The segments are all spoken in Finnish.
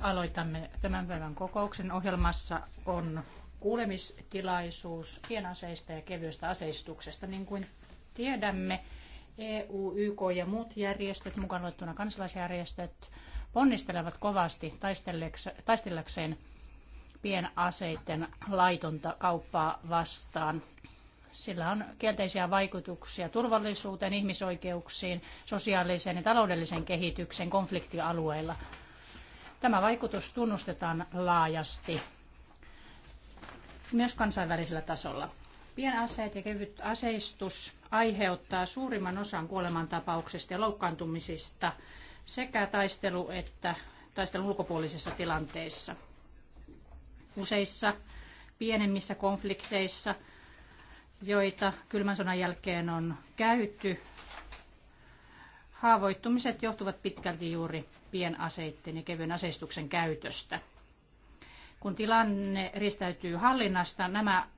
Aloitamme tämän päivän kokouksen. Ohjelmassa on kuulemistilaisuus pienaseista ja kevyestä aseistuksesta. Niin kuin tiedämme, EU, YK ja muut järjestöt, mukaan luettuna kansalaisjärjestöt, ponnistelevat kovasti taistellakseen pienaseiden laitonta kauppaa vastaan – sillä on kielteisiä vaikutuksia turvallisuuteen, ihmisoikeuksiin, sosiaaliseen ja taloudelliseen kehitykseen konfliktialueilla. Tämä vaikutus tunnustetaan laajasti myös kansainvälisellä tasolla. Pienaseet ja kevyt aseistus aiheuttaa suurimman osan kuolemantapauksista ja loukkaantumisista sekä taistelu- että taistelun ulkopuolisissa tilanteissa. Useissa pienemmissä konflikteissa – joita kylmän sodan jälkeen on käyty, haavoittumiset johtuvat pitkälti juuri pienaseitten ja kevyen aseistuksen käytöstä. Kun tilanne ristäytyy hallinnasta, nämä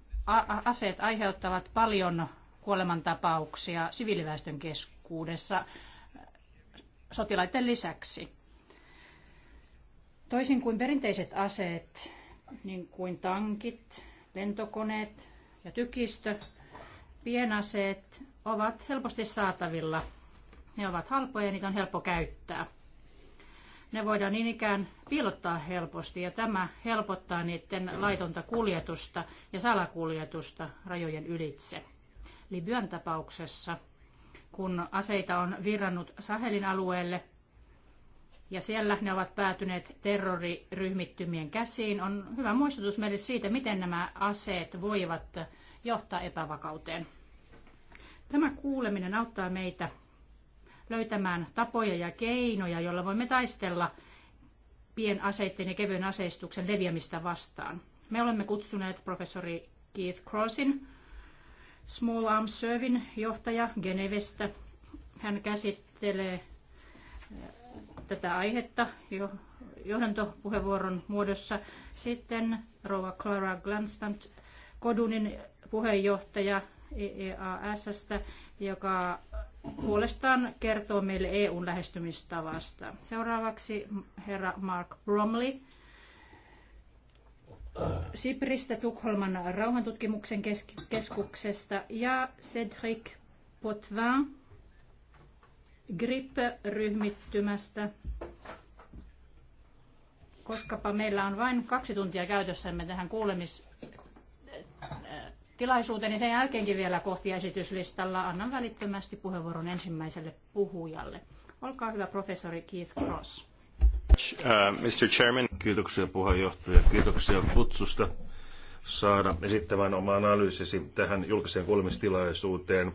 aseet aiheuttavat paljon kuolemantapauksia siviiliväestön keskuudessa sotilaiden lisäksi. Toisin kuin perinteiset aseet, niin kuin tankit, lentokoneet, ja tykistö. Pienaseet ovat helposti saatavilla. Ne ovat halpoja ja niitä on helppo käyttää. Ne voidaan niin ikään piilottaa helposti ja tämä helpottaa niiden laitonta kuljetusta ja salakuljetusta rajojen ylitse. Libyan tapauksessa, kun aseita on virrannut Sahelin alueelle – ja siellä ne ovat päätyneet terroriryhmittymien käsiin, on hyvä muistutus meille siitä, miten nämä aseet voivat johtaa epävakauteen. Tämä kuuleminen auttaa meitä löytämään tapoja ja keinoja, joilla voimme taistella pienaseiden ja kevyen aseistuksen leviämistä vastaan. Me olemme kutsuneet professori Keith Crossin, Small Arms Servin johtaja Genevestä. Hän käsittelee tätä aihetta jo johdantopuheenvuoron muodossa. Sitten rouva Clara Glanstant, Kodunin puheenjohtaja EEASstä, joka puolestaan kertoo meille EUn lähestymistavasta. Seuraavaksi herra Mark Bromley, Sipristä, Tukholman rauhantutkimuksen keskuksesta ja Cedric Potvin GRIP-ryhmittymästä. Koskapa meillä on vain kaksi tuntia käytössämme tähän kuulemistilaisuuteen, niin sen jälkeenkin vielä kohti esityslistalla annan välittömästi puheenvuoron ensimmäiselle puhujalle. Olkaa hyvä, professori Keith Cross. Uh, Mr. Chairman. Kiitoksia puheenjohtaja. Kiitoksia kutsusta saada esittämään oma analyysisi tähän julkiseen kuulemistilaisuuteen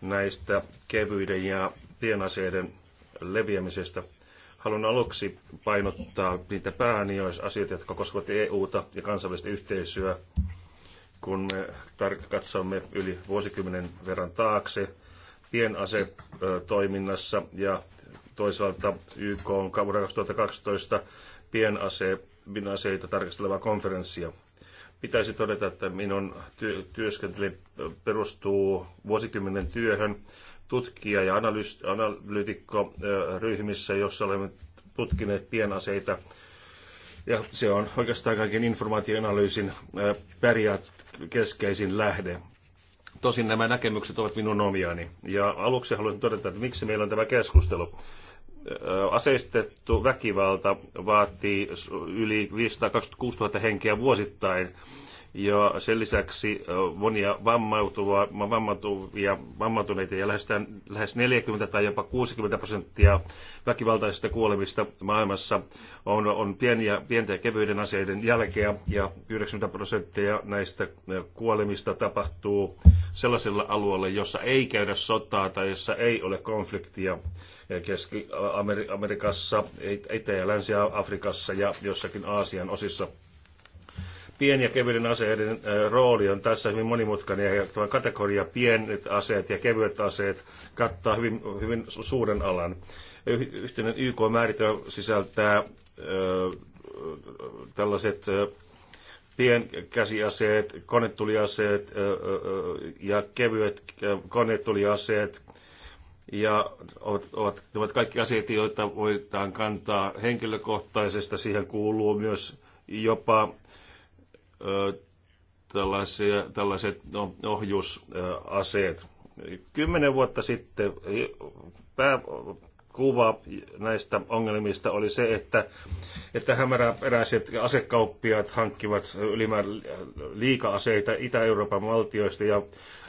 näistä kevyiden ja tienaseiden leviämisestä. Haluan aluksi painottaa niitä päänioisasioita, jotka koskevat EUta ja kansainvälistä yhteisöä, kun me katsomme yli vuosikymmenen verran taakse pienasetoiminnassa ja toisaalta YK on vuonna 2012 pienase, pienaseita tarkastelevaa konferenssia. Pitäisi todeta, että minun ty- työskentely perustuu vuosikymmenen työhön tutkija ja analyytikko ryhmissä, jossa olemme tutkineet pienaseita. Ja se on oikeastaan kaiken informaatioanalyysin periaat keskeisin lähde. Tosin nämä näkemykset ovat minun omiani. Ja aluksi haluaisin todeta, että miksi meillä on tämä keskustelu. Aseistettu väkivalta vaatii yli 526 000 henkeä vuosittain ja sen lisäksi monia vammautuvia, vammautuneita ja lähes, 40 tai jopa 60 prosenttia väkivaltaisista kuolemista maailmassa on, on pieniä, pientä ja kevyiden aseiden jälkeä ja 90 prosenttia näistä kuolemista tapahtuu sellaisilla alueilla, jossa ei käydä sotaa tai jossa ei ole konfliktia. Keski-Amerikassa, Itä- ja Länsi-Afrikassa ja jossakin Aasian osissa Pien- ja kevyiden aseiden äh, rooli on tässä hyvin monimutkainen ja tuo kategoria pienet aseet ja kevyet aseet kattaa hyvin, hyvin suuren alan. Yhteinen YK-määritelmä sisältää äh, tällaiset äh, pienkäsiaseet, konetuliaseet ja kevyet konetuliaseet. Ja ovat, ovat, ovat kaikki aseet, joita voidaan kantaa henkilökohtaisesta. Siihen kuuluu myös jopa tällaisia, tällaiset no, ohjusaseet. Kymmenen vuotta sitten pääkuva näistä ongelmista oli se, että, että hämäräperäiset asekauppiaat hankkivat ylimäärä liika-aseita Itä-Euroopan valtioista ja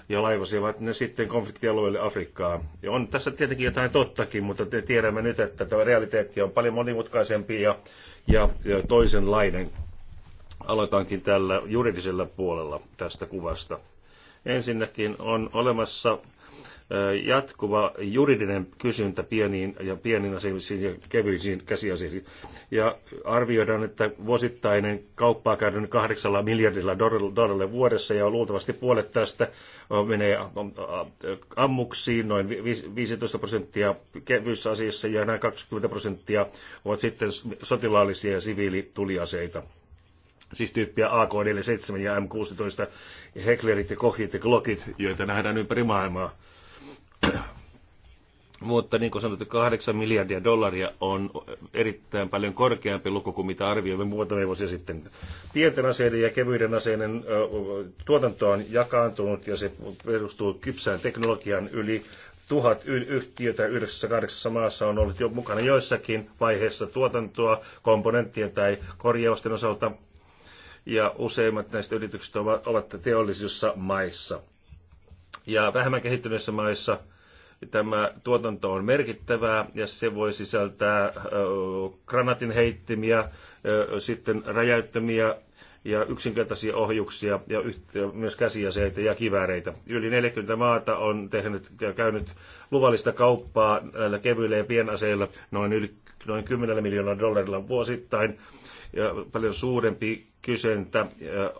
ja laivasivat ne sitten konfliktialueelle Afrikkaan. Ja on tässä tietenkin jotain tottakin, mutta te tiedämme nyt, että tämä realiteetti on paljon monimutkaisempi ja, ja, ja toisenlainen aloitankin tällä juridisella puolella tästä kuvasta. Ensinnäkin on olemassa jatkuva juridinen kysyntä pieniin ja pieniin asioihin ja kevyisiin käsiasioihin. Ja arvioidaan, että vuosittainen kauppaa käydään kahdeksalla miljardilla dollarilla vuodessa ja luultavasti puolet tästä menee ammuksiin, noin 15 prosenttia kevyissä asiassa ja noin 20 prosenttia ovat sitten sotilaallisia ja siviilituliaseita siis tyyppiä AK-47 ja M16, ja Heklerit ja Kohit ja Glockit, joita nähdään ympäri maailmaa. Mutta niin kuin sanottu, 8 miljardia dollaria on erittäin paljon korkeampi luku kuin mitä arvioimme muutamia vuosia sitten. Pienten aseiden ja kevyiden aseiden tuotanto on jakaantunut ja se perustuu kypsään teknologian yli. Tuhat yhtiötä kahdeksassa maassa on ollut jo mukana joissakin vaiheessa tuotantoa komponenttien tai korjausten osalta ja useimmat näistä yrityksistä ovat teollisissa maissa. Ja vähemmän kehittyneissä maissa tämä tuotanto on merkittävää ja se voi sisältää granatin heittimiä, sitten räjäyttämiä ja yksinkertaisia ohjuksia ja, myös käsiaseita ja kivääreitä. Yli 40 maata on tehnyt ja käynyt luvallista kauppaa näillä kevyillä ja pienaseilla noin, yli, noin 10 miljoonaa dollarilla vuosittain ja paljon suurempi kysyntä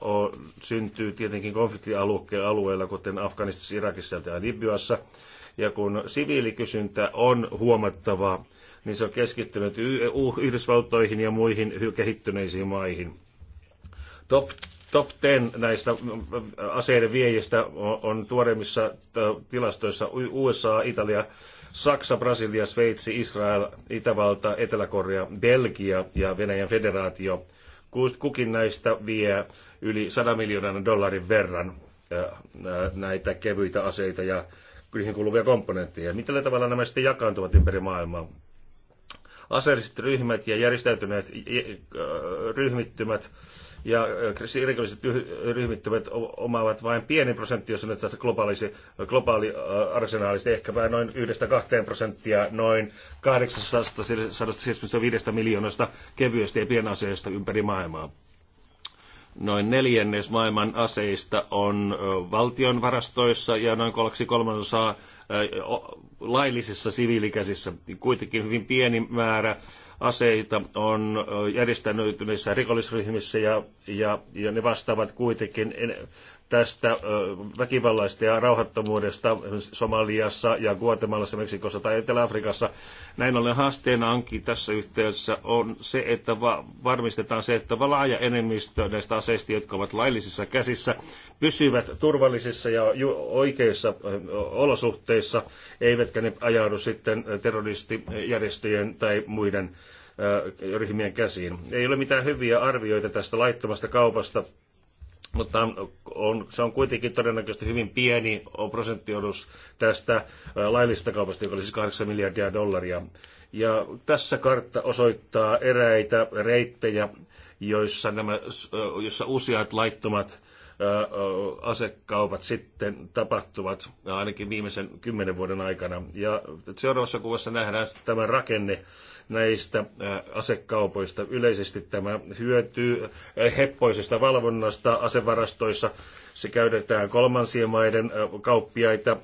on, syntyy tietenkin konfliktialueilla, kuten Afganistassa, Irakissa ja Libyassa. Ja kun siviilikysyntä on huomattavaa, niin se on keskittynyt Yhdysvaltoihin ja muihin kehittyneisiin maihin. Top top 10 näistä mm, mm, aseiden viejistä on tuoreimmissa tilastoissa USA, Italia, Saksa, Brasilia, Sveitsi, Israel, Itävalta, Etelä-Korea, Belgia ja Venäjän federaatio. Kukin näistä vie yli 100 miljoonan dollarin verran näitä kevyitä aseita ja niihin kuuluvia komponentteja. Millä tavalla nämä sitten jakaantuvat ympäri maailmaa? Aseelliset ryhmät ja järjestäytyneet ryhmittymät ja rikolliset ryhmittymät omaavat vain pienen prosentti, jos on tästä globaalisi, globaali arsenaalista, ehkä vain noin 1-2 prosenttia noin 875 miljoonasta kevyesti ja pienaseista ympäri maailmaa. Noin neljännes maailman aseista on valtion varastoissa ja noin kolmaksi kolmasosaa laillisissa siviilikäsissä. Kuitenkin hyvin pieni määrä aseita on järjestäytyneissä rikollisryhmissä ja, ja, ja ne vastaavat kuitenkin tästä väkivallaista ja rauhattomuudesta Somaliassa ja Guatemalassa, Meksikossa tai Etelä-Afrikassa. Näin ollen haasteena onkin tässä yhteydessä on se, että varmistetaan se, että laaja enemmistö näistä aseista, jotka ovat laillisissa käsissä, pysyvät turvallisissa ja oikeissa olosuhteissa, eivätkä ne ajaudu sitten terroristijärjestöjen tai muiden ryhmien käsiin. Ei ole mitään hyviä arvioita tästä laittomasta kaupasta, mutta on, on, se on kuitenkin todennäköisesti hyvin pieni prosenttiodus tästä laillista kaupasta, joka oli siis 8 miljardia dollaria. Ja tässä kartta osoittaa eräitä reittejä, joissa, nämä, joissa useat laittomat asekaupat sitten tapahtuvat ainakin viimeisen kymmenen vuoden aikana. Ja seuraavassa kuvassa nähdään tämä rakenne näistä asekaupoista. Yleisesti tämä hyötyy heppoisesta valvonnasta asevarastoissa. Se käytetään kolmansien maiden kauppiaita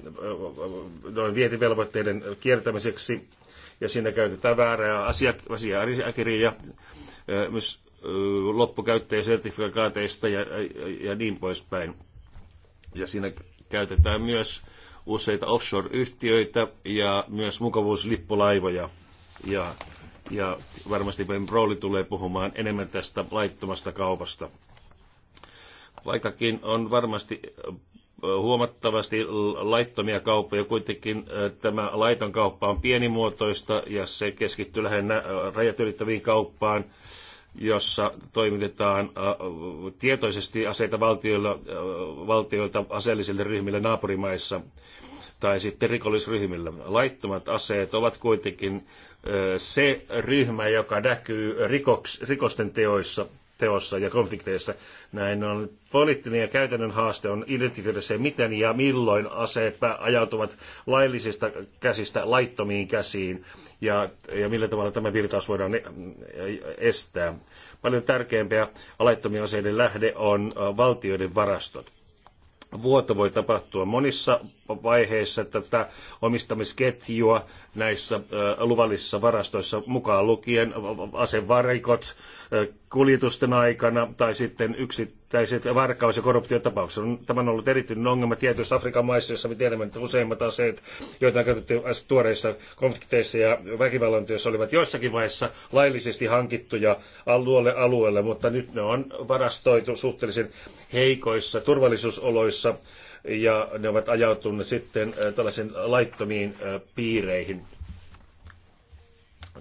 noin vietivelvoitteiden kiertämiseksi ja siinä käytetään väärää asiakirjaa, asia- loppukäyttäjäsertifikaateista ja, ja, ja niin poispäin. Ja siinä käytetään myös useita offshore-yhtiöitä ja myös mukavuuslippulaivoja. Ja, ja varmasti Ben Broly tulee puhumaan enemmän tästä laittomasta kaupasta. Vaikkakin on varmasti huomattavasti laittomia kauppoja. Kuitenkin tämä laiton kauppa on pienimuotoista ja se keskittyy lähinnä rajat ylittäviin kauppaan jossa toimitetaan äh, tietoisesti aseita valtioilla, äh, valtioilta aseellisille ryhmille naapurimaissa tai sitten rikollisryhmillä. Laittomat aseet ovat kuitenkin äh, se ryhmä, joka näkyy rikosten teoissa – teossa ja konflikteissa. Näin on. Poliittinen ja käytännön haaste on identifioida se, miten ja milloin aseet ajautuvat laillisista käsistä laittomiin käsiin ja, ja millä tavalla tämä virtaus voidaan e- estää. Paljon tärkeämpiä laittomien aseiden lähde on valtioiden varastot vuoto voi tapahtua monissa vaiheissa tätä omistamisketjua näissä luvallisissa varastoissa mukaan lukien asevarikot, kuljetusten aikana tai sitten yksittäiset varkaus- ja korruptiotapaukset. Tämä on ollut erityinen ongelma tietyissä Afrikan maissa, joissa me tiedämme, että useimmat aseet, joita on käytetty tuoreissa konflikteissa ja väkivallantyössä, olivat joissakin maissa laillisesti hankittuja alueelle alueelle, mutta nyt ne on varastoitu suhteellisen heikoissa turvallisuusoloissa ja ne ovat ajautuneet sitten tällaisiin laittomiin piireihin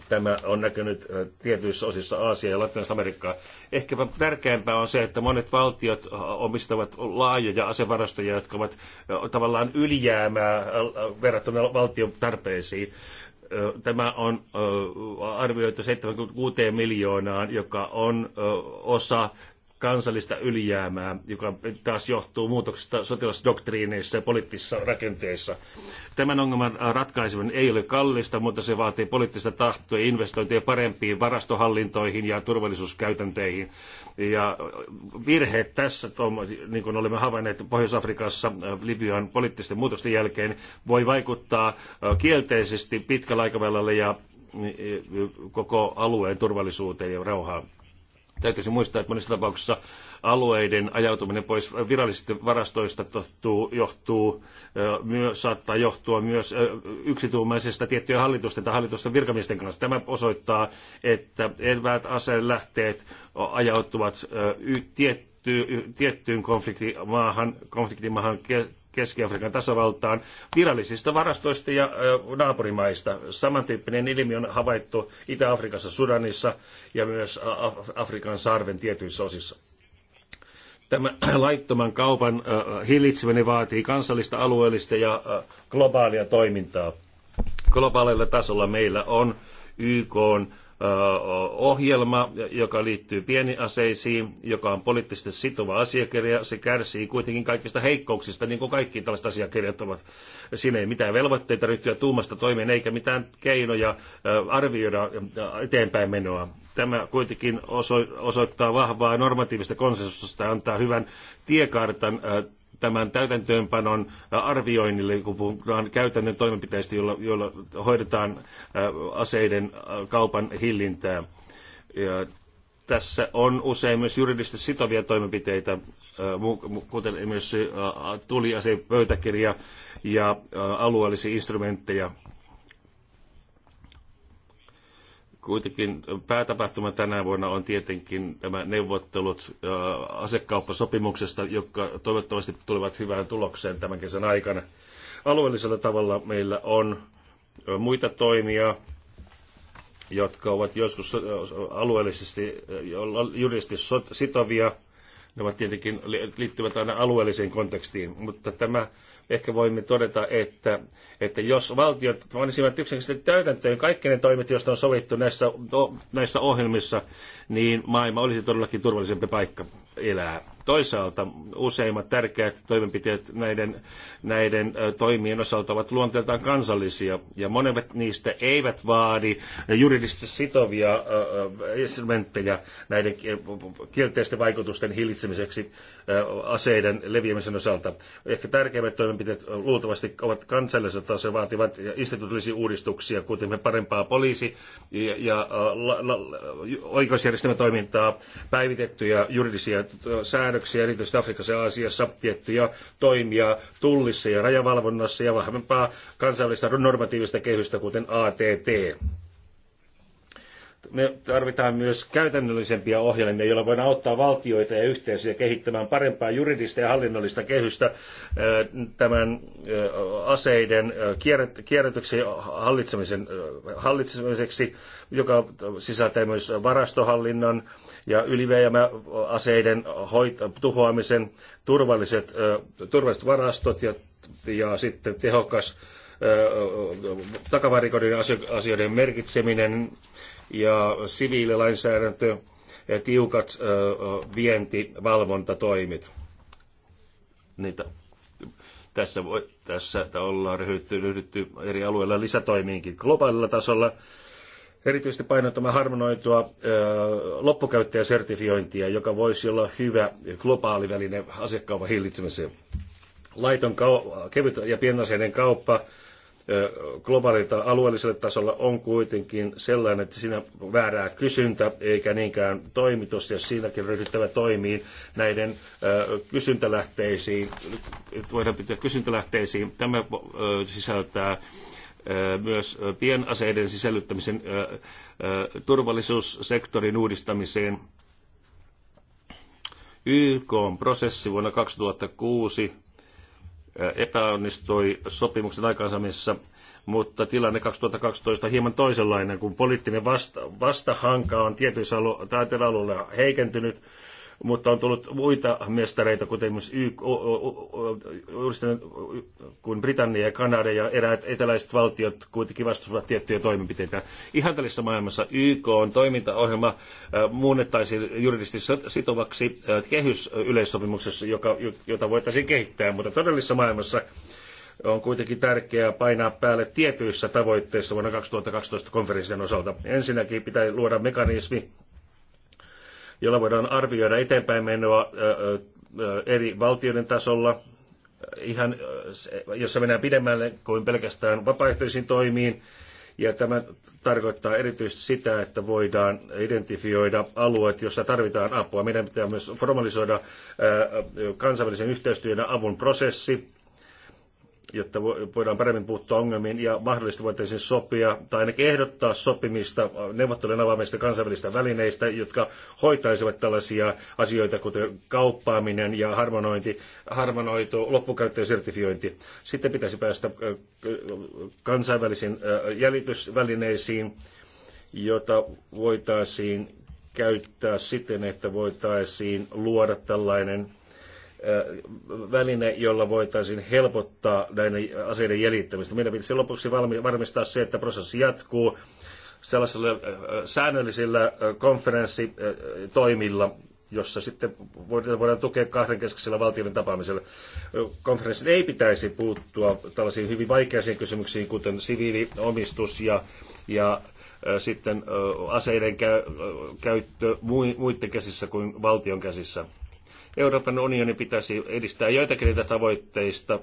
Tämä on näkynyt tietyissä osissa Aasiaa ja Latinalaista Amerikkaa. Ehkä tärkeämpää on se, että monet valtiot omistavat laajoja asevarastoja, jotka ovat tavallaan ylijäämää verrattuna valtion tarpeisiin tämä on arvioitu 76 miljoonaan, joka on osa kansallista ylijäämää, joka taas johtuu muutoksista sotilasdoktriineissa ja poliittisissa rakenteissa. Tämän ongelman ratkaiseminen ei ole kallista, mutta se vaatii poliittista tahtoa ja investointeja parempiin varastohallintoihin ja turvallisuuskäytänteihin. Ja virheet tässä, niin kuin olemme havainneet Pohjois-Afrikassa äh, Libyan poliittisten muutosten jälkeen, voi vaikuttaa äh, kielteisesti pitkällä aikavälillä ja äh, koko alueen turvallisuuteen ja rauhaan. Täytyisi muistaa, että monissa tapauksissa alueiden ajautuminen pois virallisista varastoista tohtuu, johtuu, myös, saattaa johtua myös yksituumaisesta tiettyjen hallitusten tai hallitusten virkamiesten kanssa. Tämä osoittaa, että eväät aseen lähteet ajautuvat tiettyyn konfliktimaahan, konfliktimaahan Keski-Afrikan tasavaltaan virallisista varastoista ja naapurimaista. Samantyyppinen ilmiö on havaittu Itä-Afrikassa, Sudanissa ja myös Afrikan sarven tietyissä osissa. Tämä laittoman kaupan hillitseminen vaatii kansallista, alueellista ja globaalia toimintaa. Globaalilla tasolla meillä on YK on ohjelma, joka liittyy pieniaseisiin, joka on poliittisesti sitova asiakirja. Se kärsii kuitenkin kaikista heikkouksista, niin kuin kaikki tällaiset asiakirjat ovat. Siinä ei mitään velvoitteita ryhtyä tuumasta toimeen, eikä mitään keinoja arvioida eteenpäin menoa. Tämä kuitenkin osoittaa vahvaa normatiivista konsensusta ja antaa hyvän tiekartan tämän täytäntöönpanon äh, arvioinnille, kun puhutaan käytännön toimenpiteistä, joilla, joilla hoidetaan äh, aseiden äh, kaupan hillintää. Ja tässä on usein myös juridisesti sitovia toimenpiteitä, kuten myös tuliasepöytäkirja ja alueellisia instrumentteja Kuitenkin päätapahtuma tänä vuonna on tietenkin nämä neuvottelut äh, asekauppasopimuksesta, jotka toivottavasti tulevat hyvään tulokseen tämän kesän aikana. Alueellisella tavalla meillä on äh, muita toimia, jotka ovat joskus äh, alueellisesti juridisesti sitovia. Ne ovat tietenkin liittyvät aina alueelliseen kontekstiin, mutta tämä ehkä voimme todeta, että, että jos valtiot panisivat yksinkertaisesti täytäntöön kaikki ne toimet, joista on sovittu näissä, näissä ohjelmissa, niin maailma olisi todellakin turvallisempi paikka elää. Toisaalta useimmat tärkeät toimenpiteet näiden, näiden toimien osalta ovat luonteeltaan kansallisia, ja monet niistä eivät vaadi juridisesti sitovia instrumentteja näiden kielteisten vaikutusten hillitsemiseksi aseiden leviämisen osalta. Ehkä tärkeimmät toimenpiteet luultavasti ovat kansallisella tasolla vaativat instituutillisia uudistuksia, kuten parempaa poliisi- ja, ja la, la, päivitettyjä juridisia säädöksiä, säädöksiä erityisesti Afrikassa ja Aasiassa, tiettyjä toimia tullissa ja rajavalvonnassa ja vahvempaa kansainvälistä normatiivista kehystä, kuten ATT me tarvitaan myös käytännöllisempiä ohjelmia, joilla voidaan auttaa valtioita ja yhteisöjä kehittämään parempaa juridista ja hallinnollista kehystä tämän aseiden kierrätyksen hallitsemisen, hallitsemiseksi, joka sisältää myös varastohallinnan ja yliveijämäaseiden hoit- tuhoamisen, turvalliset, turvalliset varastot ja, ja sitten tehokas takavarikoiden asioiden merkitseminen, ja siviililainsäädäntö ja tiukat vientivalvontatoimit. Niitä. Tässä, voi, tässä ollaan ryhdytty, ryhdytty eri alueilla lisätoimiinkin globaalilla tasolla. Erityisesti painottamaan harmonoitua ö, loppukäyttäjäsertifiointia, joka voisi olla hyvä globaali väline asiakkaupan hillitsemiseen laiton kau- kevyt ja pienaseiden kauppa globaalilla alueellisella tasolla on kuitenkin sellainen, että siinä väärää kysyntä eikä niinkään toimitus, ja siinäkin ryhdyttävä toimiin näiden kysyntälähteisiin, voidaan pitää kysyntälähteisiin. Tämä sisältää myös pienaseiden sisällyttämisen turvallisuussektorin uudistamiseen. YK on prosessi vuonna 2006 epäonnistui sopimuksen aikaansaamisessa, mutta tilanne 2012 on hieman toisenlainen, kun poliittinen vasta, vastahanka on tietyissä alo- alueilla heikentynyt mutta on tullut muita mestareita, kuten esimerkiksi YK, kuin Britannia ja Kanada ja eräät eteläiset valtiot kuitenkin vastustavat tiettyjä toimenpiteitä. Ihan tällaisessa maailmassa YK on toimintaohjelma äh, muunnettaisiin juridisesti sitovaksi äh, kehysyleissopimuksessa, joka, jota voitaisiin kehittää, mutta todellisessa maailmassa on kuitenkin tärkeää painaa päälle tietyissä tavoitteissa vuonna 2012 konferenssien osalta. Ensinnäkin pitää luoda mekanismi, jolla voidaan arvioida eteenpäin menoa eri valtioiden tasolla, ihan, jossa mennään pidemmälle kuin pelkästään vapaaehtoisiin toimiin. Ja tämä tarkoittaa erityisesti sitä, että voidaan identifioida alueet, joissa tarvitaan apua. Meidän pitää myös formalisoida kansainvälisen yhteistyön ja avun prosessi jotta voidaan paremmin puuttua ongelmiin ja mahdollisesti voitaisiin sopia tai ainakin ehdottaa sopimista neuvottelujen avaamista kansainvälistä välineistä, jotka hoitaisivat tällaisia asioita, kuten kauppaaminen ja harmonointi, harmonoitu loppukäyttäjäsertifiointi. Sitten pitäisi päästä kansainvälisiin jäljitysvälineisiin, jota voitaisiin käyttää siten, että voitaisiin luoda tällainen väline, jolla voitaisiin helpottaa näiden aseiden jäljittämistä. Meidän pitäisi lopuksi varmistaa se, että prosessi jatkuu sellaisilla säännöllisillä konferenssitoimilla, jossa sitten voidaan tukea kahdenkeskisellä valtioiden tapaamisella. Konferenssin ei pitäisi puuttua tällaisiin hyvin vaikeisiin kysymyksiin, kuten siviiliomistus ja, ja sitten aseiden käyttö muiden käsissä kuin valtion käsissä. Euroopan unioni pitäisi edistää joitakin niitä tavoitteista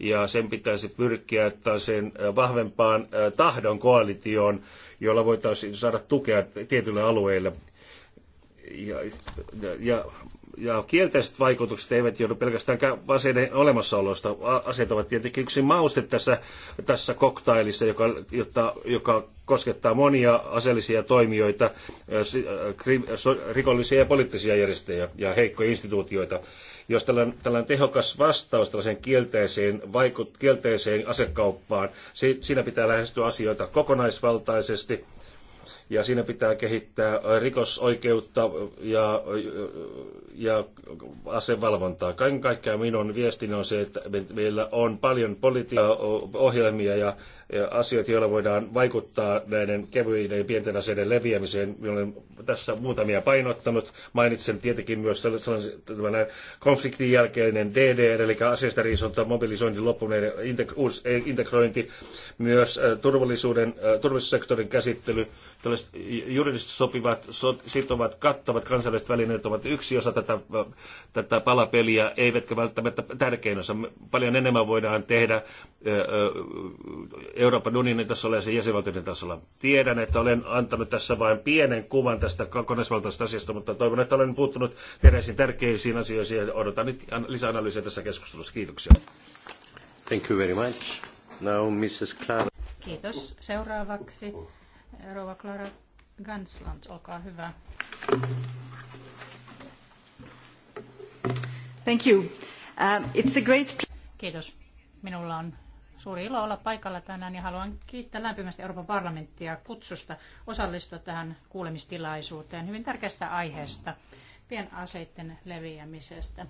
ja sen pitäisi pyrkiä sen vahvempaan tahdon koalitioon, jolla voitaisiin saada tukea tietylle alueelle. Ja, ja, ja ja kielteiset vaikutukset eivät joudu pelkästään aseiden olemassaolosta. Aseet ovat tietenkin yksi mauste tässä, tässä koktailissa, joka, jota, joka koskettaa monia aseellisia toimijoita, rikollisia ja poliittisia järjestöjä ja heikkoja instituutioita. Jos tällainen, tällainen tehokas vastaus tällaiseen kielteiseen, vaikut, kielteiseen asekauppaan, siinä pitää lähestyä asioita kokonaisvaltaisesti – ja siinä pitää kehittää rikosoikeutta ja, ja asevalvontaa. Kaiken kaikkiaan minun viestini on se, että meillä on paljon politi- ohjelmia ja, ja asioita, joilla voidaan vaikuttaa näiden kevyiden ja pienten aseiden leviämiseen. Minä olen tässä muutamia painottanut. Mainitsen tietenkin myös sellaisen konfliktin jälkeinen DDR, eli aseista riisonta mobilisointi, loppuneiden integrointi, myös äh, turvallisuuden, äh, turvallisuussektorin käsittely, Tällaiset juridisesti sopivat, sitovat, kattavat kansainväliset välineet ovat yksi osa tätä, tätä palapeliä, eivätkä välttämättä tärkein osa. Paljon enemmän voidaan tehdä Euroopan unionin tasolla ja sen jäsenvaltioiden tasolla. Tiedän, että olen antanut tässä vain pienen kuvan tästä kokonaisvaltaisesta asiasta, mutta toivon, että olen puuttunut eräisiin tärkeisiin asioihin ja odotan nyt lisäanalyysiä tässä keskustelussa. Kiitoksia. Thank you very much. Now Mrs. Clark. Kiitos. Seuraavaksi Rova Clara Gansland, olkaa hyvä. Thank you. Uh, it's a great... Kiitos. Minulla on suuri ilo olla paikalla tänään ja haluan kiittää lämpimästi Euroopan parlamenttia kutsusta osallistua tähän kuulemistilaisuuteen hyvin tärkeästä aiheesta, pienaseiden leviämisestä.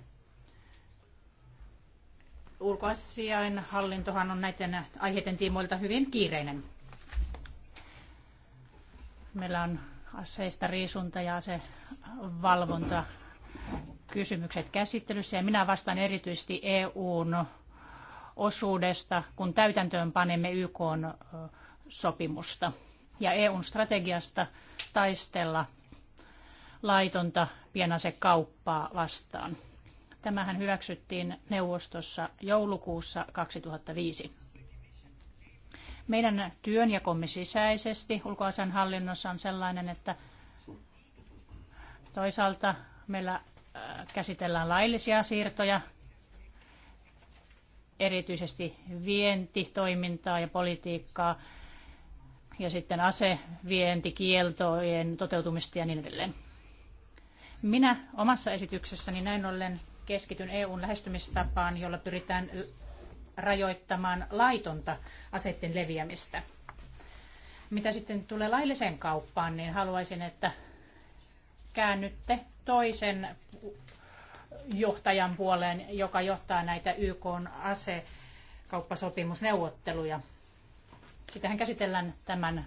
Ulkoasiain hallintohan on näiden aiheiden tiimoilta hyvin kiireinen Meillä on aseista riisunta ja asevalvonta kysymykset käsittelyssä ja minä vastaan erityisesti EUn osuudesta, kun täytäntöön panemme YK sopimusta ja EUn strategiasta taistella laitonta pienasekauppaa vastaan. Tämähän hyväksyttiin neuvostossa joulukuussa 2005. Meidän työnjakomme sisäisesti ulkoasian hallinnossa on sellainen, että toisaalta meillä äh, käsitellään laillisia siirtoja, erityisesti vientitoimintaa ja politiikkaa, ja sitten asevientikieltojen toteutumista ja niin edelleen. Minä omassa esityksessäni näin ollen keskityn EUn lähestymistapaan, jolla pyritään rajoittamaan laitonta aseiden leviämistä. Mitä sitten tulee lailliseen kauppaan, niin haluaisin, että käännytte toisen johtajan puoleen, joka johtaa näitä YK asekauppasopimusneuvotteluja. Sitähän käsitellään tämän äh,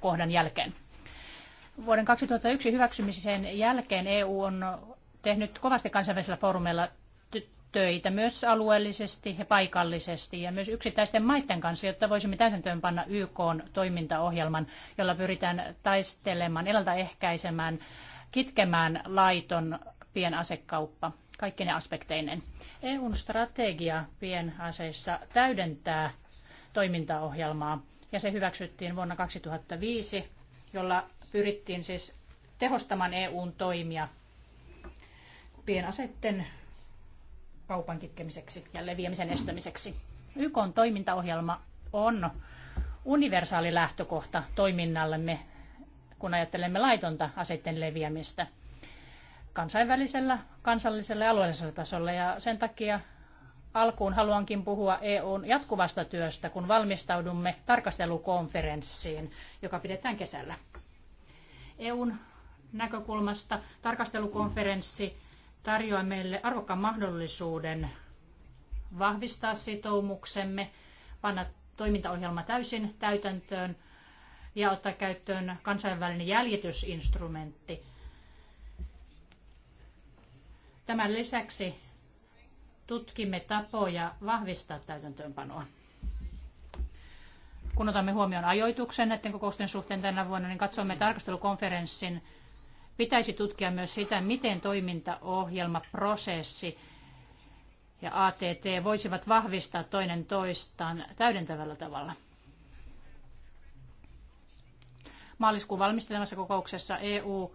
kohdan jälkeen. Vuoden 2001 hyväksymisen jälkeen EU on tehnyt kovasti kansainvälisillä foorumeilla töitä myös alueellisesti ja paikallisesti ja myös yksittäisten maiden kanssa, jotta voisimme täytäntöönpanna YK toimintaohjelman, jolla pyritään taistelemaan, ennaltaehkäisemään, kitkemään laiton pienasekauppa ne aspekteineen. EUn strategia pienaseissa täydentää toimintaohjelmaa ja se hyväksyttiin vuonna 2005, jolla pyrittiin siis tehostamaan EUn toimia pienaseiden kaupan kitkemiseksi ja leviämisen estämiseksi. YK on toimintaohjelma on universaali lähtökohta toiminnallemme, kun ajattelemme laitonta aseiden leviämistä kansainvälisellä, kansallisella ja alueellisella tasolla. Ja sen takia alkuun haluankin puhua EUn jatkuvasta työstä, kun valmistaudumme tarkastelukonferenssiin, joka pidetään kesällä. EUn näkökulmasta tarkastelukonferenssi tarjoaa meille arvokkaan mahdollisuuden vahvistaa sitoumuksemme, panna toimintaohjelma täysin täytäntöön ja ottaa käyttöön kansainvälinen jäljitysinstrumentti. Tämän lisäksi tutkimme tapoja vahvistaa täytäntöönpanoa. Kun otamme huomioon ajoituksen näiden kokousten suhteen tänä vuonna, niin katsomme tarkastelukonferenssin Pitäisi tutkia myös sitä, miten toimintaohjelma-prosessi ja ATT voisivat vahvistaa toinen toistaan täydentävällä tavalla. Maaliskuun valmistelemassa kokouksessa EU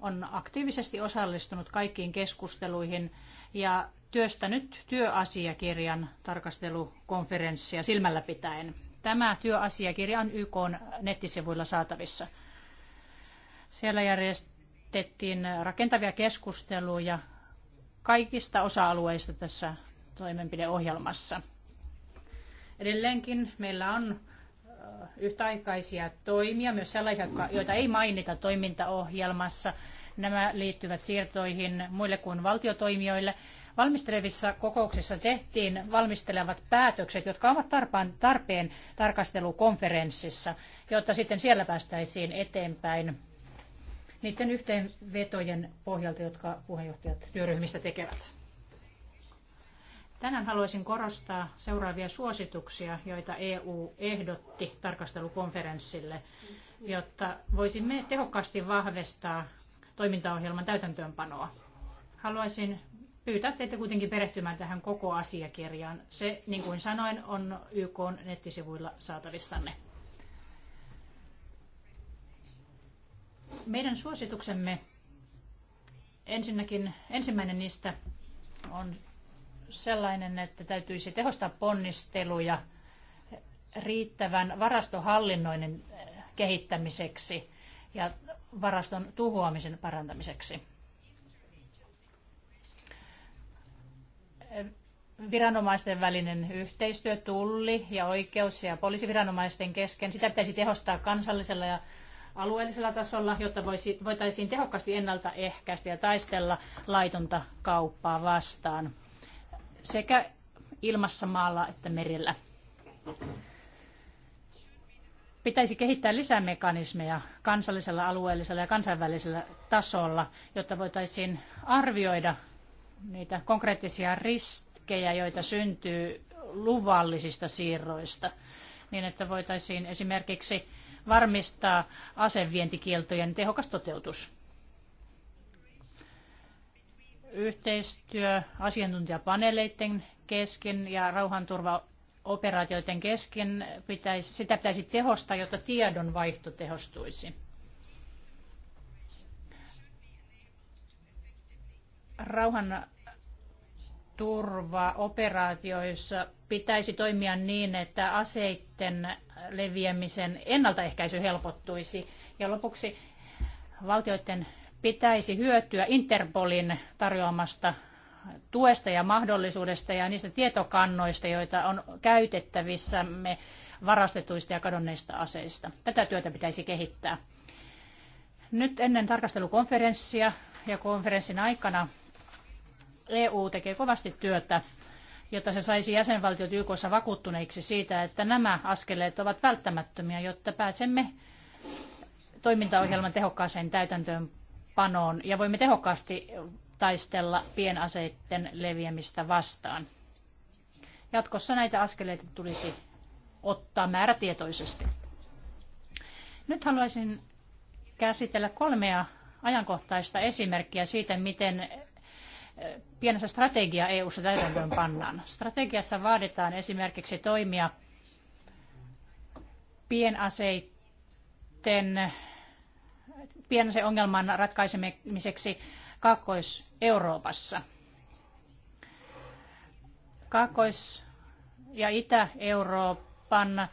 on aktiivisesti osallistunut kaikkiin keskusteluihin ja työstänyt työasiakirjan tarkastelukonferenssia silmällä pitäen. Tämä työasiakirja on YK nettisivuilla saatavissa. Siellä järjest- käytettiin rakentavia keskusteluja kaikista osa-alueista tässä toimenpideohjelmassa. Edelleenkin meillä on yhtäaikaisia toimia, myös sellaisia, joita ei mainita toimintaohjelmassa. Nämä liittyvät siirtoihin muille kuin valtiotoimijoille. Valmistelevissa kokouksissa tehtiin valmistelevat päätökset, jotka ovat tarpeen, tarpeen tarkastelukonferenssissa, jotta sitten siellä päästäisiin eteenpäin niiden yhteenvetojen pohjalta, jotka puheenjohtajat työryhmistä tekevät. Tänään haluaisin korostaa seuraavia suosituksia, joita EU ehdotti tarkastelukonferenssille, jotta voisimme tehokkaasti vahvistaa toimintaohjelman täytäntöönpanoa. Haluaisin pyytää teitä kuitenkin perehtymään tähän koko asiakirjaan. Se, niin kuin sanoin, on YK nettisivuilla saatavissanne. Meidän suosituksemme ensinnäkin, ensimmäinen niistä on sellainen, että täytyisi tehostaa ponnisteluja riittävän varastohallinnoinnin eh, kehittämiseksi ja varaston tuhoamisen parantamiseksi. Eh, viranomaisten välinen yhteistyö, tulli ja oikeus ja poliisiviranomaisten kesken, sitä pitäisi tehostaa kansallisella ja alueellisella tasolla, jotta voisi voitaisiin tehokkaasti ennaltaehkäistä ja taistella laitonta kauppaa vastaan sekä ilmassa, maalla että merellä. Pitäisi kehittää lisämekanismeja kansallisella, alueellisella ja kansainvälisellä tasolla, jotta voitaisiin arvioida niitä konkreettisia riskejä, joita syntyy luvallisista siirroista, niin että voitaisiin esimerkiksi varmistaa asevientikieltojen tehokas toteutus. Yhteistyö asiantuntijapaneeleiden kesken ja rauhanturvaoperaatioiden kesken pitäisi, sitä pitäisi tehostaa, jotta tiedonvaihto tehostuisi. Rauhan turvaoperaatioissa pitäisi toimia niin, että aseiden leviämisen ennaltaehkäisy helpottuisi. Ja lopuksi valtioiden pitäisi hyötyä Interpolin tarjoamasta tuesta ja mahdollisuudesta ja niistä tietokannoista, joita on käytettävissämme varastetuista ja kadonneista aseista. Tätä työtä pitäisi kehittää. Nyt ennen tarkastelukonferenssia ja konferenssin aikana EU tekee kovasti työtä jotta se saisi jäsenvaltiot YKssa vakuuttuneiksi siitä, että nämä askeleet ovat välttämättömiä, jotta pääsemme toimintaohjelman tehokkaaseen täytäntöönpanoon ja voimme tehokkaasti taistella pienaseiden leviämistä vastaan. Jatkossa näitä askeleita tulisi ottaa määrätietoisesti. Nyt haluaisin käsitellä kolmea ajankohtaista esimerkkiä siitä, miten pienessä strategia EU-ssa täytäntöönpannaan. Strategiassa vaaditaan esimerkiksi toimia pienaseiden, pienaseongelman ratkaisemiseksi Kaakkois-Euroopassa. Kaakkois- ja Itä-Euroopan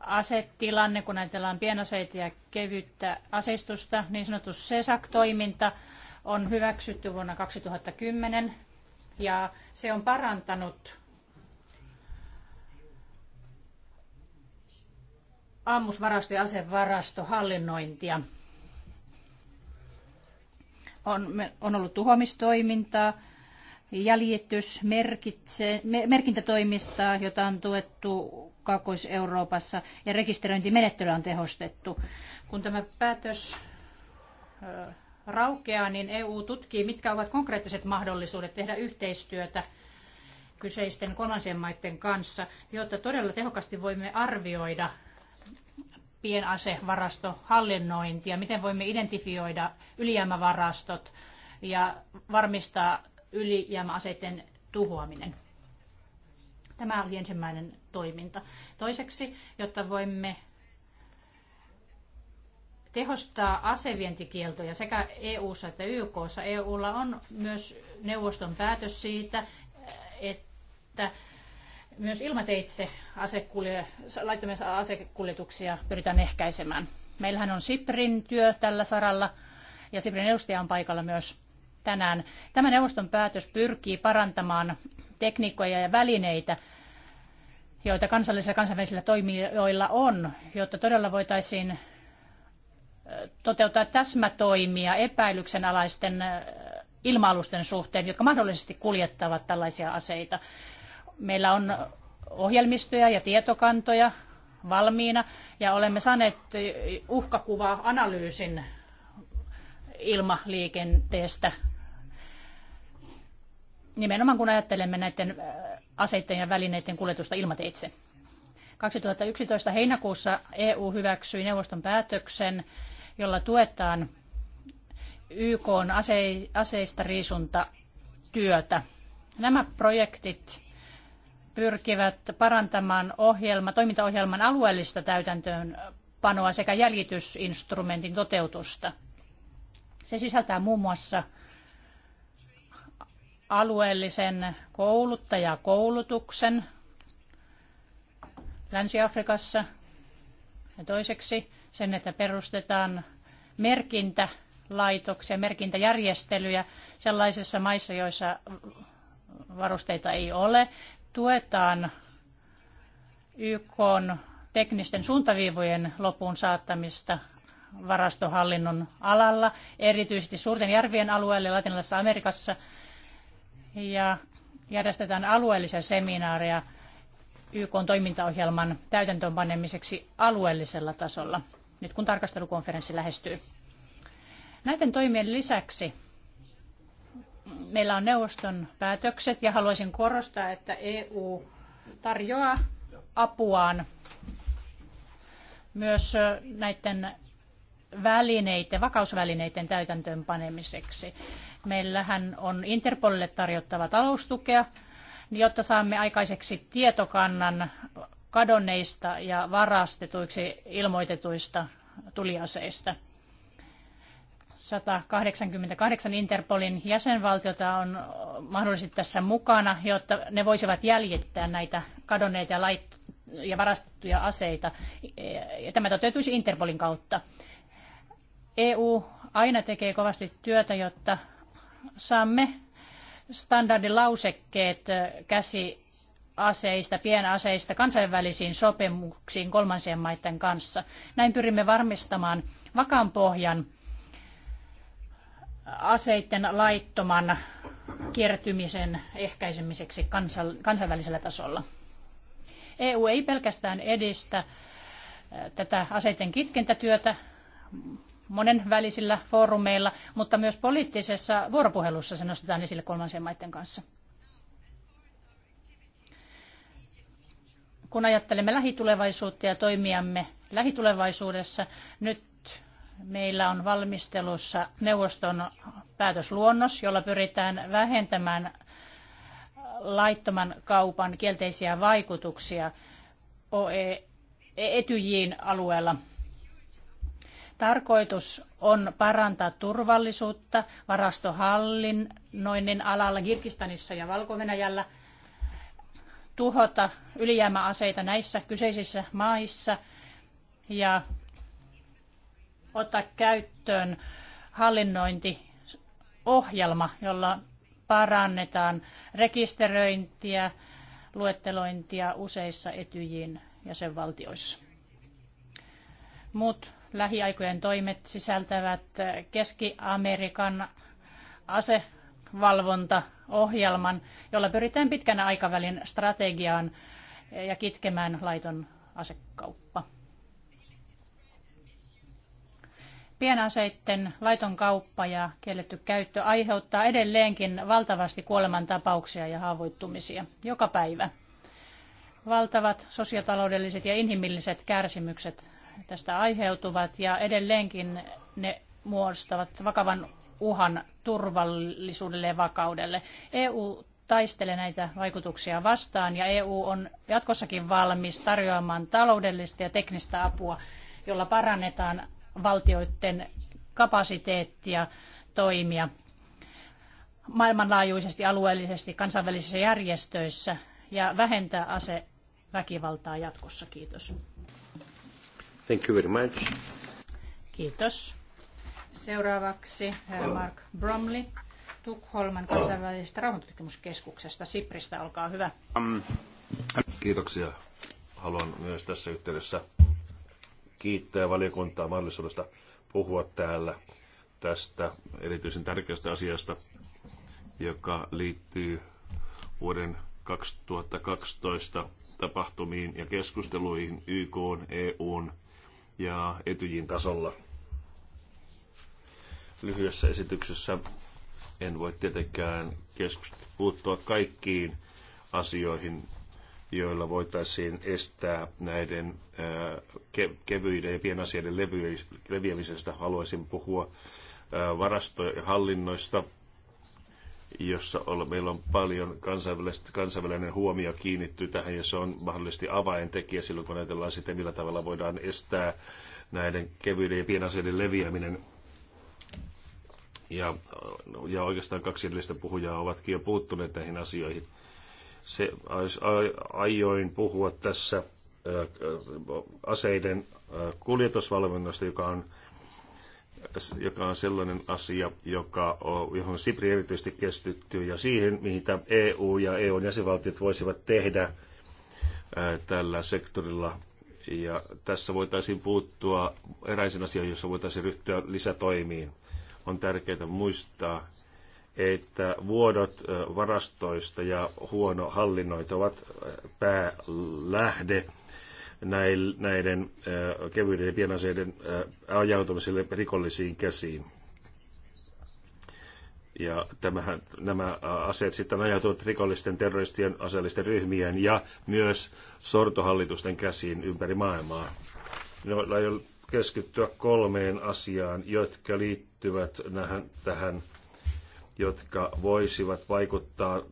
asetilanne, kun ajatellaan pienaseita ja kevyttä aseistusta, niin sanottu SESAK-toiminta – on hyväksytty vuonna 2010 ja se on parantanut ammusvarasto- ja asevarastohallinnointia. On, on ollut tuhoamistoimintaa, jäljitys, merkitse, merkintätoimista, jota on tuettu Kaakkois-Euroopassa, ja rekisteröintimenettelyä on tehostettu. Kun tämä päätös raukeaa, niin EU tutkii, mitkä ovat konkreettiset mahdollisuudet tehdä yhteistyötä kyseisten kolmansien maiden kanssa, jotta todella tehokkaasti voimme arvioida pienasevarastohallinnointia, miten voimme identifioida ylijäämävarastot ja varmistaa ylijäämäaseiden tuhoaminen. Tämä oli ensimmäinen toiminta. Toiseksi, jotta voimme tehostaa asevientikieltoja sekä EU:ssa että YK:ssa. EUlla on myös neuvoston päätös siitä, että myös ilmateitse laittomia asekuljetuksia pyritään ehkäisemään. Meillähän on SIPRin työ tällä saralla ja SIPRin edustaja on paikalla myös tänään. Tämä neuvoston päätös pyrkii parantamaan tekniikkoja ja välineitä, joita kansallisilla ja kansainvälisillä toimijoilla on, jotta todella voitaisiin toteuttaa täsmätoimia epäilyksenalaisten ilma-alusten suhteen, jotka mahdollisesti kuljettavat tällaisia aseita. Meillä on ohjelmistoja ja tietokantoja valmiina ja olemme saaneet uhkakuva-analyysin ilmaliikenteestä nimenomaan kun ajattelemme näiden aseiden ja välineiden kuljetusta ilmateitse. 2011 heinäkuussa EU hyväksyi neuvoston päätöksen jolla tuetaan YK ase- aseista riisunta työtä. Nämä projektit pyrkivät parantamaan ohjelma, toimintaohjelman alueellista täytäntöönpanoa sekä jäljitysinstrumentin toteutusta. Se sisältää muun muassa alueellisen kouluttajakoulutuksen Länsi-Afrikassa ja toiseksi sen, että perustetaan merkintälaitoksia, merkintäjärjestelyjä sellaisissa maissa, joissa varusteita ei ole. Tuetaan YK teknisten suuntaviivojen lopuun saattamista varastohallinnon alalla, erityisesti suurten järvien alueelle Latinalaisessa Amerikassa. Ja järjestetään alueellisia seminaareja YK toimintaohjelman täytäntöönpanemiseksi alueellisella tasolla nyt kun tarkastelukonferenssi lähestyy. Näiden toimien lisäksi meillä on neuvoston päätökset ja haluaisin korostaa, että EU tarjoaa apuaan myös näiden välineiden, vakausvälineiden täytäntöönpanemiseksi. Meillähän on Interpolille tarjottava taloustukea, jotta saamme aikaiseksi tietokannan kadonneista ja varastetuiksi ilmoitetuista tuliaseista. 188 Interpolin jäsenvaltiota on mahdollisesti tässä mukana, jotta ne voisivat jäljittää näitä kadonneita ja, varastettuja aseita. Ja tämä toteutuisi Interpolin kautta. EU aina tekee kovasti työtä, jotta saamme standardilausekkeet käsi aseista, pienaseista kansainvälisiin sopimuksiin kolmansien maiden kanssa. Näin pyrimme varmistamaan vakaan pohjan aseiden laittoman kiertymisen ehkäisemiseksi kansainvälisellä tasolla. EU ei pelkästään edistä tätä aseiden kitkentätyötä monenvälisillä foorumeilla, mutta myös poliittisessa vuoropuhelussa se nostetaan esille kolmansien maiden kanssa. kun ajattelemme lähitulevaisuutta ja toimiamme lähitulevaisuudessa, nyt meillä on valmistelussa neuvoston päätösluonnos, jolla pyritään vähentämään laittoman kaupan kielteisiä vaikutuksia OE Etyjiin alueella. Tarkoitus on parantaa turvallisuutta varastohallinnoinnin alalla Kirgistanissa ja valko -Venäjällä – tuhota ylijäämäaseita näissä kyseisissä maissa ja ottaa käyttöön hallinnointiohjelma, jolla parannetaan rekisteröintiä, luettelointia useissa etyjin jäsenvaltioissa. Muut lähiaikojen toimet sisältävät Keski-Amerikan ase valvontaohjelman, jolla pyritään pitkän aikavälin strategiaan ja kitkemään laiton asekauppa. Pienaseiden laiton kauppa ja kielletty käyttö aiheuttaa edelleenkin valtavasti kuolemantapauksia ja haavoittumisia joka päivä. Valtavat sosiotaloudelliset ja inhimilliset kärsimykset tästä aiheutuvat ja edelleenkin ne muodostavat vakavan uhan turvallisuudelle ja vakaudelle. EU taistelee näitä vaikutuksia vastaan ja EU on jatkossakin valmis tarjoamaan taloudellista ja teknistä apua, jolla parannetaan valtioiden kapasiteettia toimia maailmanlaajuisesti, alueellisesti, kansainvälisissä järjestöissä ja vähentää aseväkivaltaa jatkossa. Kiitos. Thank you very much. Kiitos. Seuraavaksi herra Mark Bromley Tukholman kansainvälisestä rauhantutkimuskeskuksesta Sipristä. Olkaa hyvä. Um, kiitoksia. Haluan myös tässä yhteydessä kiittää valiokuntaa mahdollisuudesta puhua täällä tästä erityisen tärkeästä asiasta, joka liittyy vuoden 2012 tapahtumiin ja keskusteluihin YK, EUn ja Etyjin tasolla – lyhyessä esityksessä. En voi tietenkään puuttua kaikkiin asioihin, joilla voitaisiin estää näiden äh, kevyiden ja pienasioiden leviämisestä. Haluaisin puhua äh, varasto- ja hallinnoista, jossa meillä on paljon kansainvälinen huomio kiinnittyy tähän, ja se on mahdollisesti avaintekijä silloin, kun ajatellaan sitten, millä tavalla voidaan estää näiden kevyiden ja pienasioiden leviäminen ja, ja oikeastaan kaksi edellistä puhujaa ovatkin jo puuttuneet näihin asioihin. Se aioin puhua tässä aseiden kuljetusvalvonnasta, joka on, joka on sellainen asia, joka on, johon Sipri erityisesti keskittyy ja siihen, mitä EU ja EUn jäsenvaltiot voisivat tehdä tällä sektorilla. Ja tässä voitaisiin puuttua eräisiin asioihin, joissa voitaisiin ryhtyä lisätoimiin on tärkeää muistaa, että vuodot varastoista ja huono hallinnoit ovat päälähde näiden kevyiden ja pienaseiden ajautumiselle rikollisiin käsiin. Ja tämähän, nämä aseet sitten ajautuvat rikollisten, terroristien, aseellisten ryhmien ja myös sortohallitusten käsiin ympäri maailmaa. No, keskittyä kolmeen asiaan, jotka liittyvät tähän, jotka voisivat vaikuttaa äh,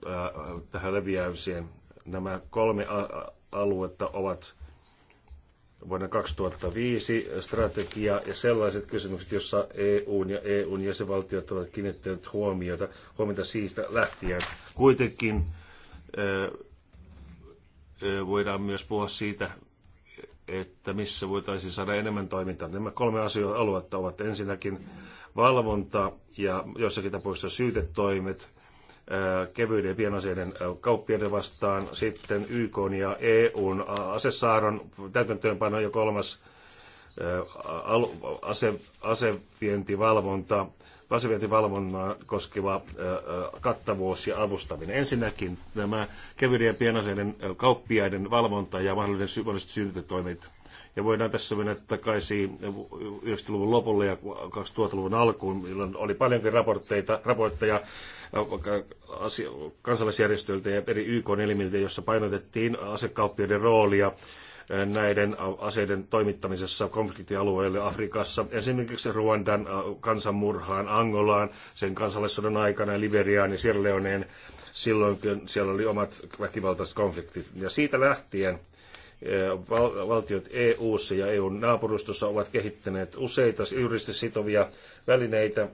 tähän leviämiseen. Nämä kolme aluetta ovat vuonna 2005 strategia ja sellaiset kysymykset, joissa EUn ja EUn jäsenvaltiot ovat kiinnittäneet huomiota, huomiota siitä lähtien. Kuitenkin äh, äh, voidaan myös puhua siitä, että missä voitaisiin saada enemmän toimintaa. Nämä kolme aluetta ovat ensinnäkin valvonta ja jossakin tapauksessa syytetoimet kevyiden ja pienaseiden kauppiaiden vastaan, sitten YK ja EUn asesaaron täytäntöönpano ja kolmas ase, asevientivalvonta lasevientivalvontaa koskeva kattavuus ja avustaminen. Ensinnäkin nämä kevyiden pienaseiden kauppiaiden valvonta ja mahdollinen mahdolliset syntetoimet. Ja voidaan tässä mennä takaisin 90-luvun lopulle ja 2000-luvun alkuun, milloin oli paljonkin raportteita, raportteja kansalaisjärjestöiltä ja eri YK-elimiltä, jossa painotettiin asekauppiaiden roolia näiden aseiden toimittamisessa konfliktialueille Afrikassa, esimerkiksi Ruandan kansanmurhaan, Angolaan, sen kansallissodan aikana, Liberiaan ja Sierra Leoneen, silloin kun siellä oli omat väkivaltaiset konfliktit. Ja siitä lähtien e, valtiot EU:ssa ja EUn naapurustossa ovat kehittäneet useita juristi välineitä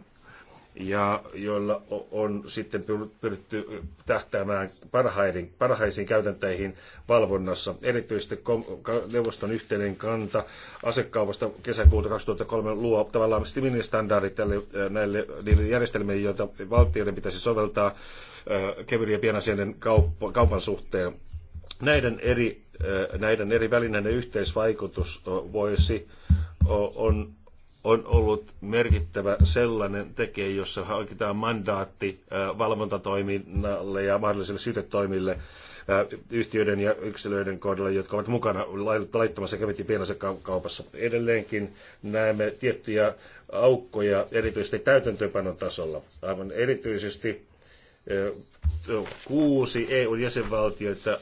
ja joilla on sitten pyritty tähtäämään parhaiden, parhaisiin käytäntöihin valvonnassa. Erityisesti neuvoston yhteinen kanta asekaupasta kesäkuuta 2003 luo tavallaan tälle näille niille järjestelmille, joita valtioiden pitäisi soveltaa kevyen ja pienasioiden kaupan suhteen. Näiden eri, näiden eri välineiden yhteisvaikutus voisi on on ollut merkittävä sellainen tekijä, jossa hankitaan mandaatti äh, valvontatoiminnalle ja mahdollisille sytetoimille äh, yhtiöiden ja yksilöiden kohdalla, jotka ovat mukana laittomassa kävitti pienessä kaupassa. Edelleenkin näemme tiettyjä aukkoja, erityisesti täytäntöpanon tasolla. Aivan erityisesti kuusi EUn jäsenvaltiota